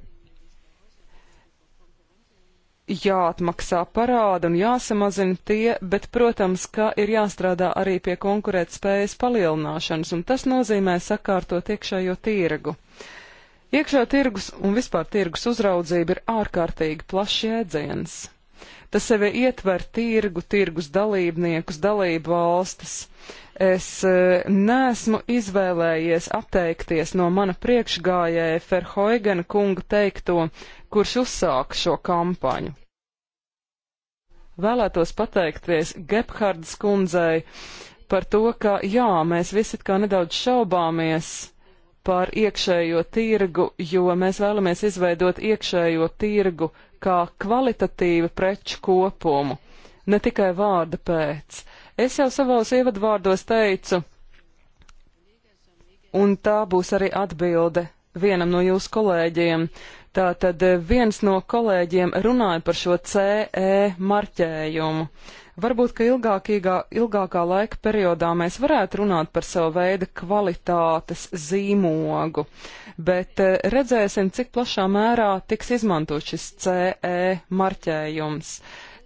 jāatmaksā parādi un jāsamazina tie, bet, protams, ka ir jāstrādā arī pie konkurētspējas palielināšanas, un tas nozīmē sakārtot iekšējo tirgu. Uh, Iekšā tirgus un vispār tirgus uzraudzība ir ārkārtīgi plašs jēdziens. Tas sevi ietver tirgu, tirgus dalībniekus, dalību valstis. Es e, neesmu izvēlējies atteikties no mana priekšgājēja Ferhoigena kunga teikto, kurš uzsāka šo kampaņu. Vēlētos pateikties Gebhardas kundzei par to, ka jā, mēs visi kā nedaudz šaubāmies par iekšējo tirgu, jo mēs vēlamies izveidot iekšējo tirgu kā kvalitatīvu preču kopumu, ne tikai vārda pēc. Es jau savos ievadvārdos teicu, un tā būs arī atbilde vienam no jūsu kolēģiem, uh, Tātad eh, viens no kolēģiem runāja par šo CE marķējumu. Varbūt, ka ilgākīgā, ilgākā laika periodā mēs varētu runāt par savu veidu kvalitātes zīmogu, bet eh, redzēsim, cik plašā mērā tiks izmantot šis CE marķējums.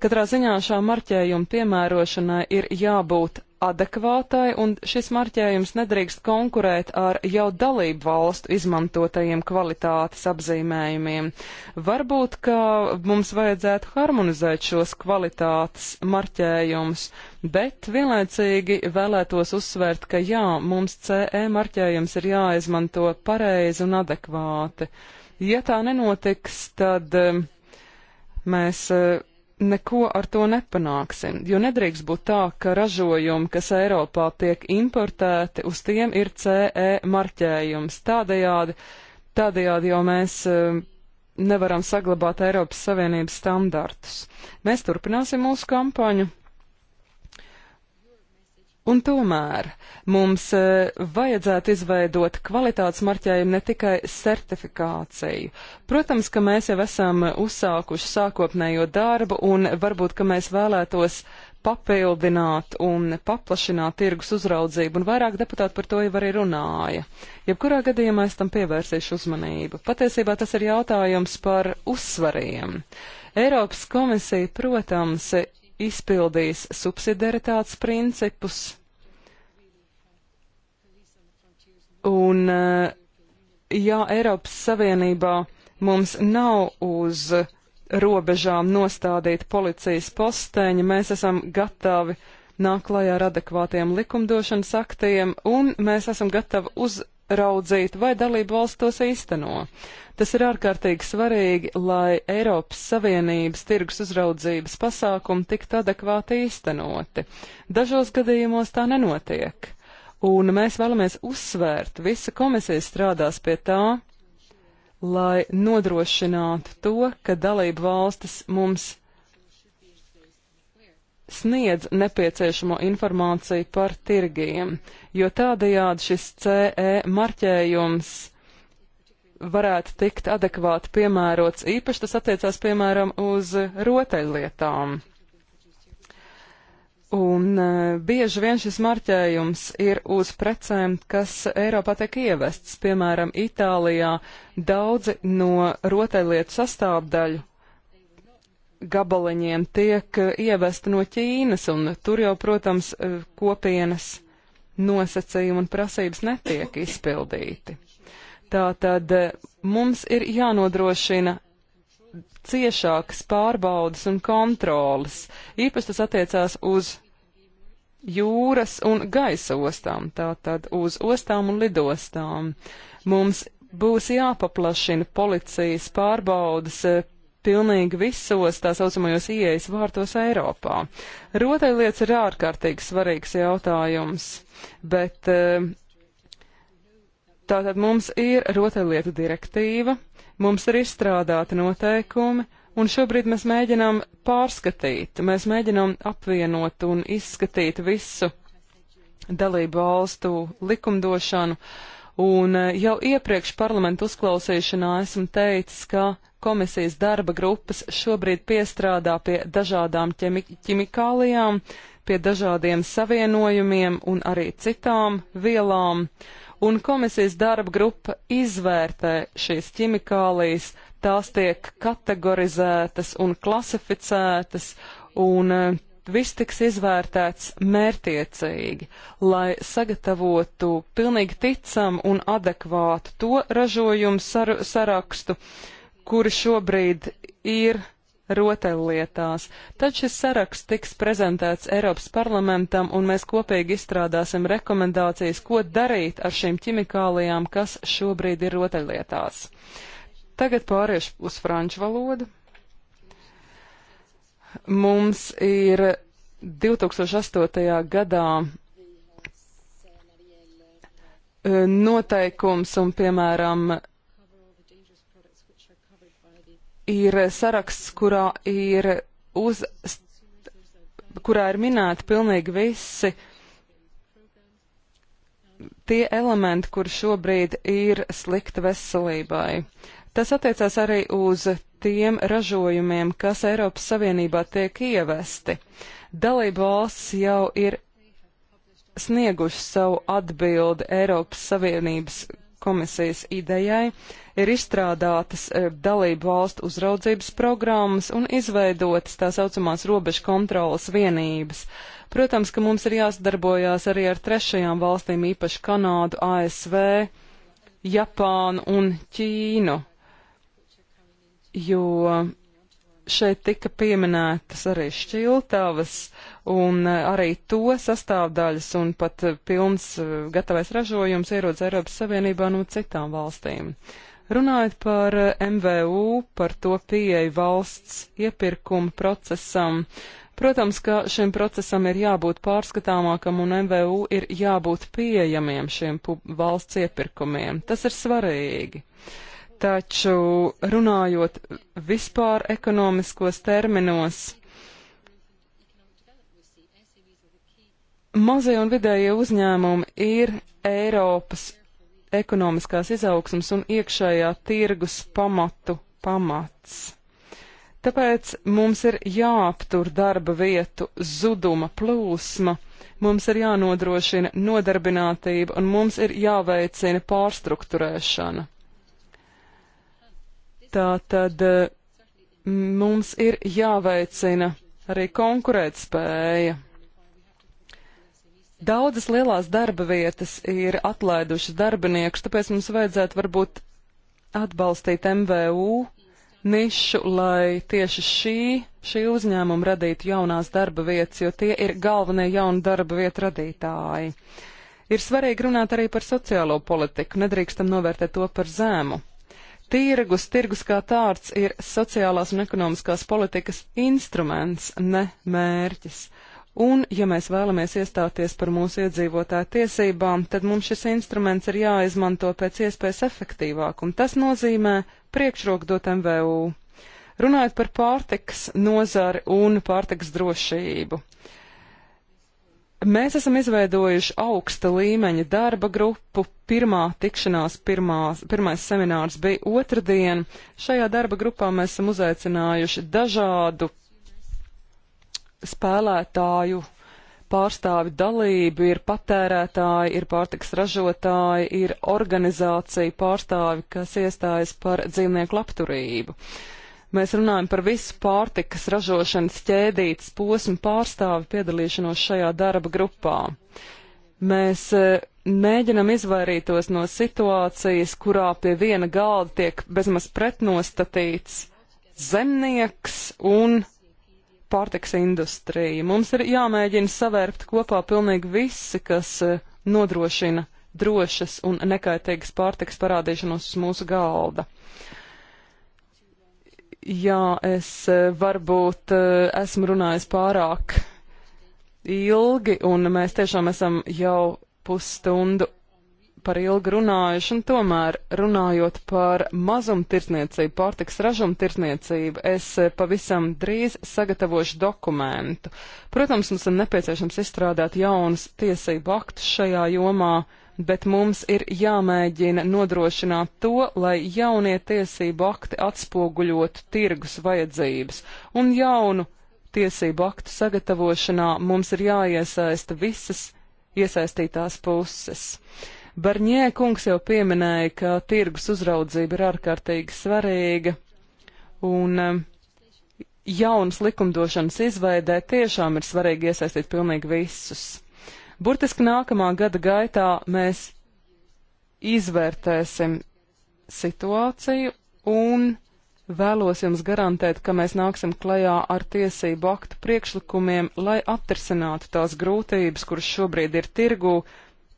Katrā ziņā šā marķējuma piemērošanai ir jābūt adekvātai, un šis marķējums nedrīkst konkurēt ar jau dalību valstu izmantotajiem kvalitātes apzīmējumiem. Varbūt, ka mums vajadzētu harmonizēt šos kvalitātes marķējumus, bet vienlaicīgi vēlētos uzsvērt, ka jā, mums CE marķējums ir jāizmanto pareizi un adekvāti. Ja tā nenotiks, tad eh, mēs eh, neko ar to nepanāksim, jo nedrīkst būt tā, ka ražojumi, kas Eiropā tiek importēti, uz tiem ir CE marķējums. Tādējādi, tādējādi jau mēs um, nevaram saglabāt Eiropas Savienības standartus. Mēs turpināsim mūsu kampaņu. Un tomēr mums e, vajadzētu izveidot kvalitātes marķējumu ne tikai certifikāciju. Protams, ka mēs jau esam uzsākuši sākotnējo darbu un varbūt, ka mēs vēlētos papildināt un paplašināt tirgus uzraudzību, un vairāk deputāti par to jau arī runāja. Jebkurā gadījumā es tam pievērsīšu uzmanību. Patiesībā tas ir jautājums par uzsvariem. Eiropas komisija, protams, izpildīs subsidiaritātes principus un eh, ja Eiropas Savienībā mums nav uz robežām nostādīt policijas posteņi, mēs esam gatavi nāk klajā ar adekvātiem likumdošanas aktiem, un mēs esam gatavi uz uzraudzītu, vai dalību valsts tos īsteno. Tas ir ārkārtīgi svarīgi, lai Eiropas Savienības tirgus uzraudzības pasākumi tiktu adekvāti īstenoti. Dažos gadījumos tā nenotiek, un mēs vēlamies uzsvērt, visa komisija strādās pie tā, lai nodrošinātu to, ka dalību valstis mums sniedz nepieciešamo informāciju par tirgiem, jo tādējādi šis CE marķējums varētu tikt adekvāti piemērots. Īpaši tas attiecās, piemēram, uz rotaļlietām. Un e, bieži vien šis marķējums ir uz precēm, kas Eiropā tiek ievests. Piemēram, Itālijā daudzi no rotaļlietu sastāvdaļu gabaliņiem tiek eh, ievesti no Ķīnas, un tur jau, protams, eh, kopienas nosacījumi un prasības netiek izpildīti. Tātad eh, mums ir jānodrošina ciešākas pārbaudas un kontrolas. Īpaši tas attiecās uz jūras un gaisa ostām, tātad uz ostām un lidostām. Mums būs jāpaplašina policijas pārbaudas pilnīgi visos tā saucamajos ieejas vārtos Eiropā. Rotaļlietas ir ārkārtīgi svarīgs jautājums, bet eh, tātad mums ir rotaļlietu direktīva, mums ir izstrādāti noteikumi, un šobrīd mēs mēģinām pārskatīt, mēs mēģinām apvienot un izskatīt visu dalību valstu likumdošanu. Un eh, jau iepriekš parlamentu uzklausīšanā esmu teicis, ka komisijas darba grupas šobrīd piestrādā pie dažādām ķimikālijām, pie dažādiem savienojumiem un arī citām vielām, un komisijas darba grupa izvērtē šīs ķimikālijas, tās tiek kategorizētas un klasificētas, un eh, viss tiks izvērtēts mērtiecīgi, lai sagatavotu pilnīgi ticamu un adekvātu to ražojumu sar sarakstu, uh, kuri šobrīd ir rotaļlietās. Tad šis saraksts tiks prezentēts Eiropas parlamentam, un mēs kopīgi izstrādāsim rekomendācijas, ko darīt ar šīm ķimikālijām, kas šobrīd ir rotaļlietās. Tagad pāriešu uz franču valodu. Mums ir 2008. gadā eh, noteikums un, piemēram, ir saraksts, kurā ir, uz, kurā ir minēti pilnīgi visi tie elementi, kur šobrīd ir slikta veselībai. Tas attiecās arī uz tiem ražojumiem, kas Eiropas Savienībā tiek ievesti. Dalība valsts jau ir snieguši savu atbildi Eiropas Savienības komisijas idejai, ir izstrādātas e, dalību valstu uzraudzības programmas un izveidotas tā saucamās robežu kontrolas vienības. Protams, ka mums ir jāsadarbojās arī ar trešajām valstīm, īpaši Kanādu, ASV, Japānu un Ķīnu, jo šeit tika pieminētas arī šķiltavas un eh, arī to sastāvdaļas un pat eh, pilns eh, gatavais ražojums ierodas Eiropas Savienībā no citām valstīm. Runājot par MVU, par to pieeju valsts iepirkuma procesam, protams, ka šim procesam ir jābūt pārskatāmākam un MVU ir jābūt pieejamiem šiem valsts iepirkumiem. Tas ir svarīgi. Uh, Taču runājot vispār ekonomiskos terminos, mazie un vidējie uzņēmumi ir Eiropas ekonomiskās izaugsmas un iekšējā tirgus pamatu pamats. Tāpēc mums ir jāaptur darba vietu zuduma plūsma, mums ir jānodrošina nodarbinātība un mums ir jāveicina pārstruktūrēšana. Tātad eh, mums ir jāveicina arī konkurētspēja. Daudzas lielās darba vietas ir atlaidušas darbiniekus, tāpēc mums vajadzētu varbūt atbalstīt MVU nišu, lai tieši šī, šī uzņēmuma radītu jaunās darba vietas, jo tie ir galvenie jaunu darba vietu radītāji. Ir svarīgi runāt arī par sociālo politiku, nedrīkstam novērtēt to par zēmu. Tirgus, tirgus kā tāds ir sociālās un ekonomiskās politikas instruments, ne mērķis. Un, ja mēs vēlamies iestāties par mūsu iedzīvotāju tiesībām, tad mums šis instruments ir jāizmanto pēc iespējas efektīvāk, un tas nozīmē priekšroku dot MVU. Runājot par pārtiks nozari un pārtiks drošību. Uh, Mēs esam izveidojuši augsta līmeņa darba grupu. Pirmā tikšanās, pirmās, pirmais seminārs bija otrdien. Šajā darba grupā mēs esam uzaicinājuši dažādu spēlētāju pārstāvi dalību. Ir patērētāji, ir pārtiks ražotāji, ir organizācija pārstāvi, kas iestājas par dzīvnieku labturību. Uh, Mēs runājam par visu pārtikas ražošanas ķēdītas posmu pārstāvi piedalīšanos šajā darba grupā. Mēs e, mēģinam izvairītos no situācijas, kurā pie viena galda tiek bezmaz pretnostatīts zemnieks un pārtiks industrija. Mums ir jāmēģina savērpt kopā pilnīgi visi, kas e, nodrošina drošas un nekaitīgas pārtiks parādīšanos uz mūsu galda. Jā, es eh, varbūt eh, esmu runājis pārāk ilgi, un mēs tiešām esam jau pusstundu par ilgu runājuši, un tomēr runājot par mazumtirdzniecību, pārtiks ražumtirdzniecību, es eh, pavisam drīz sagatavošu dokumentu. Protams, mums ir nepieciešams izstrādāt jaunas tiesību aktus šajā jomā. Uh, bet mums ir jāmēģina nodrošināt to, lai jaunie tiesību akti atspoguļotu tirgus vajadzības un jaunu tiesību aktu sagatavošanā mums ir jāiesaista visas iesaistītās puses. Barņē kungs jau pieminēja, ka tirgus uzraudzība ir ārkārtīgi svarīga, un um, jaunas likumdošanas izveidē tiešām ir svarīgi iesaistīt pilnīgi visus. Burtiski nākamā gada gaitā mēs izvērtēsim situāciju un vēlos jums garantēt, ka mēs nāksim klajā ar tiesību aktu priekšlikumiem, lai atrisinātu tās grūtības, kuras šobrīd ir tirgū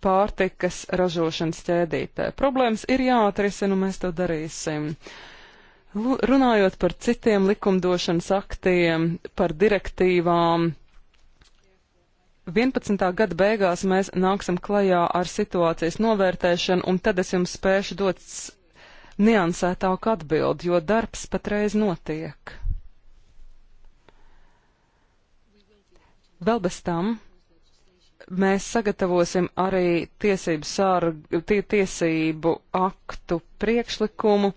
pārtikas ražošanas ķēdītē. Problēmas ir jāatrisina, un mēs to darīsim. Runājot par citiem likumdošanas aktiem, par direktīvām, 11. gada beigās mēs nāksim klajā ar situācijas novērtēšanu, un tad es jums spēšu dot niansētāku atbildi, jo darbs patreiz notiek. Vēl bez tam mēs sagatavosim arī tiesību, sārgu, tie, tiesību aktu priekšlikumu,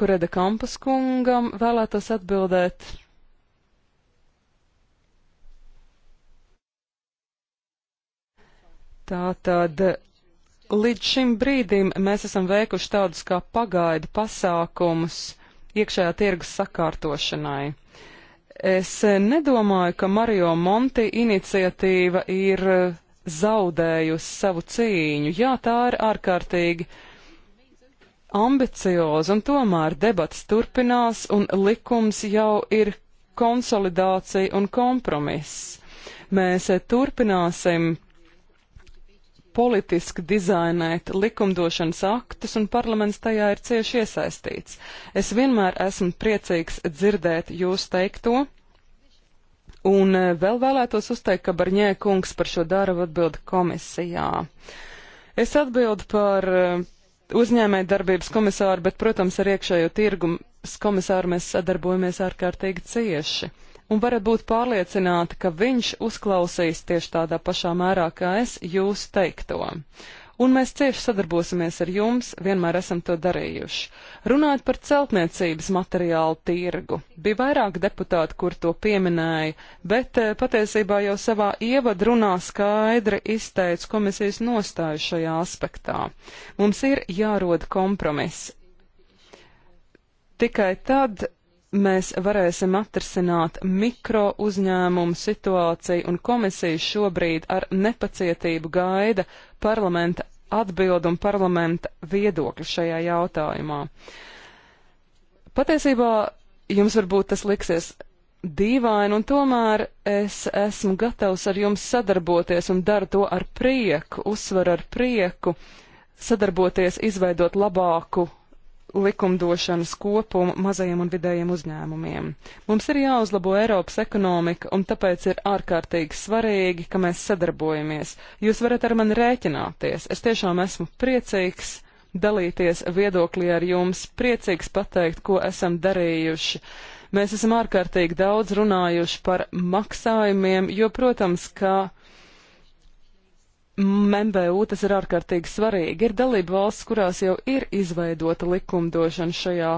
kureda Kampus kungam vēlētos atbildēt. Tātad līdz šim brīdim mēs esam veikuši tādus kā pagaidu pasākumus iekšējā tirgus sakārtošanai. Es nedomāju, ka Mario Monti iniciatīva ir zaudējusi savu cīņu. Jā, tā ir ārkārtīgi ambicioza, un tomēr debats turpinās, un likums jau ir konsolidācija un kompromiss. Mēs turpināsim politiski dizainēt likumdošanas aktus, un parlaments tajā ir cieši iesaistīts. Es vienmēr esmu priecīgs dzirdēt jūs teikto, un eh, vēl vēlētos uzteikt, ka Barņē kungs par šo darbu atbild komisijā. Es atbildu par eh, uzņēmēju darbības komisāru, bet, protams, ar iekšējo tirgu komisāru mēs sadarbojamies ārkārtīgi cieši un varat būt pārliecināti, ka viņš uzklausīs tieši tādā pašā mērā kā es jūs teikto. Un mēs cieši sadarbosimies ar jums, vienmēr esam to darījuši. Runājot par celtniecības materiālu tirgu, bija vairāk deputāti, kur to pieminēja, bet eh, patiesībā jau savā ievadrunā skaidri izteica komisijas nostāju šajā aspektā. Mums ir jāroda kompromiss. Tikai tad mēs varēsim atrisināt mikro uzņēmumu situāciju, un komisija šobrīd ar nepacietību gaida parlamenta atbildi un parlamenta viedokļu šajā jautājumā. Patiesībā jums varbūt tas liksies dīvaini, un tomēr es esmu gatavs ar jums sadarboties un daru to ar prieku, uzsveru ar prieku, sadarboties, izveidot labāku likumdošanas kopumu mazajiem un vidējiem uzņēmumiem. Mums ir jāuzlabo Eiropas ekonomika, un tāpēc ir ārkārtīgi svarīgi, ka mēs sadarbojamies. Jūs varat ar mani rēķināties. Es tiešām esmu priecīgs dalīties viedoklī ar jums, priecīgs pateikt, ko esam darījuši. Mēs esam ārkārtīgi daudz runājuši par maksājumiem, jo, protams, ka MBU tas ir ārkārtīgi svarīgi. Ir dalība valsts, kurās jau ir izveidota likumdošana šajā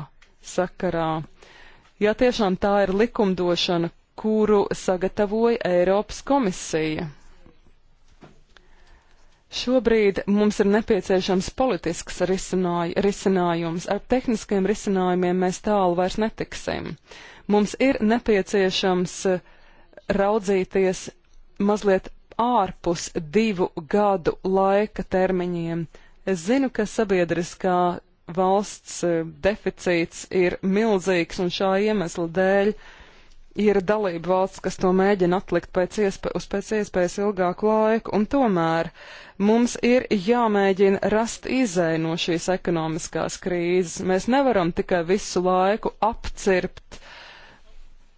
sakarā. Ja tiešām tā ir likumdošana, kuru sagatavoja Eiropas komisija. Šobrīd mums ir nepieciešams politisks risināj, risinājums. Ar tehniskiem risinājumiem mēs tālu vairs netiksim. Mums ir nepieciešams eh, raudzīties mazliet ārpus divu gadu laika termiņiem. Es zinu, ka sabiedriskā valsts eh, deficīts ir milzīgs un šā iemesla dēļ ir dalība valsts, kas to mēģina atlikt pēc iespē, uz pēc iespējas ilgāku laiku, un tomēr mums ir jāmēģina rast izēju no šīs ekonomiskās krīzes. Mēs nevaram tikai visu laiku apcirpt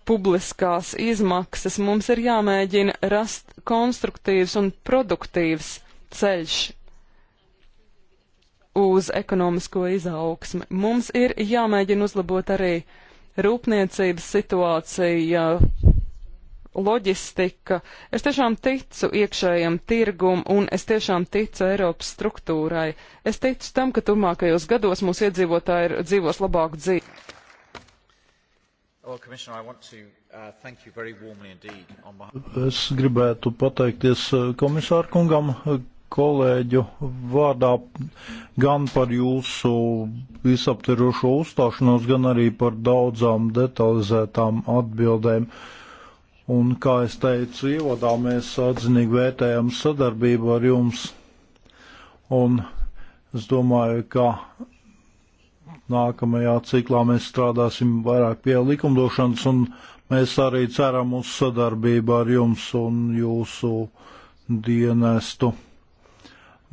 publiskās izmaksas, mums ir jāmēģina rast konstruktīvs un produktīvs ceļš uz ekonomisko izaugsmi. Mums ir jāmēģina uzlabot arī rūpniecības situācija, loģistika. Es tiešām ticu iekšējam tirgum un es tiešām ticu Eiropas struktūrai. Es ticu tam, ka turmākajos gados mūsu iedzīvotāji dzīvos labāku dzīvi. Uh, es gribētu pateikties uh, komisāru kungam uh, kolēģu vārdā gan par jūsu visaptverošo uzstāšanos, gan arī par daudzām detalizētām atbildēm. Un, kā es teicu, ievadā mēs atzinīgi vērtējam sadarbību ar jums. Un es domāju, ka nākamajā ciklā mēs strādāsim vairāk pie likumdošanas, un mēs arī ceram uz sadarbību ar jums un jūsu dienestu.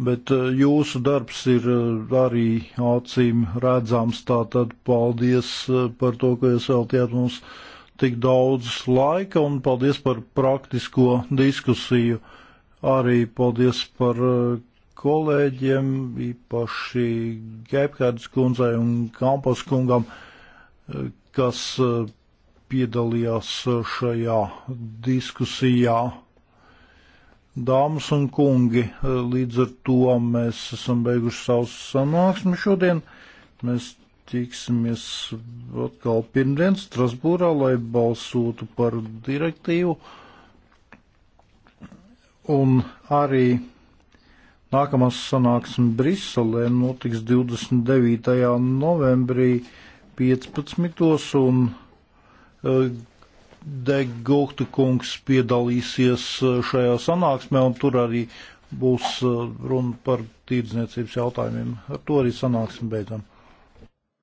Bet eh, jūsu darbs ir eh, arī acīm redzams, tātad paldies eh, par to, ka jūs veltījāt mums tik daudz laika, un paldies par praktisko diskusiju. Arī paldies par kolēģiem, īpaši Geipkārdas kundzei un Kampas kungam, kas eh, piedalījās eh, šajā diskusijā. Dāmas un kungi, eh, līdz ar to mēs esam beiguši savus sanāksmi šodien. Mēs tiksimies atkal pirmdien Strasbūrā, lai balsotu par direktīvu. Un arī Nākamā sanāksme Briselē notiks 29. novembrī 15. un eh, Degulta kungs piedalīsies eh, šajā sanāksmē un tur arī būs eh, runa par tīrdzniecības jautājumiem. Ar to arī sanāksim beidzam.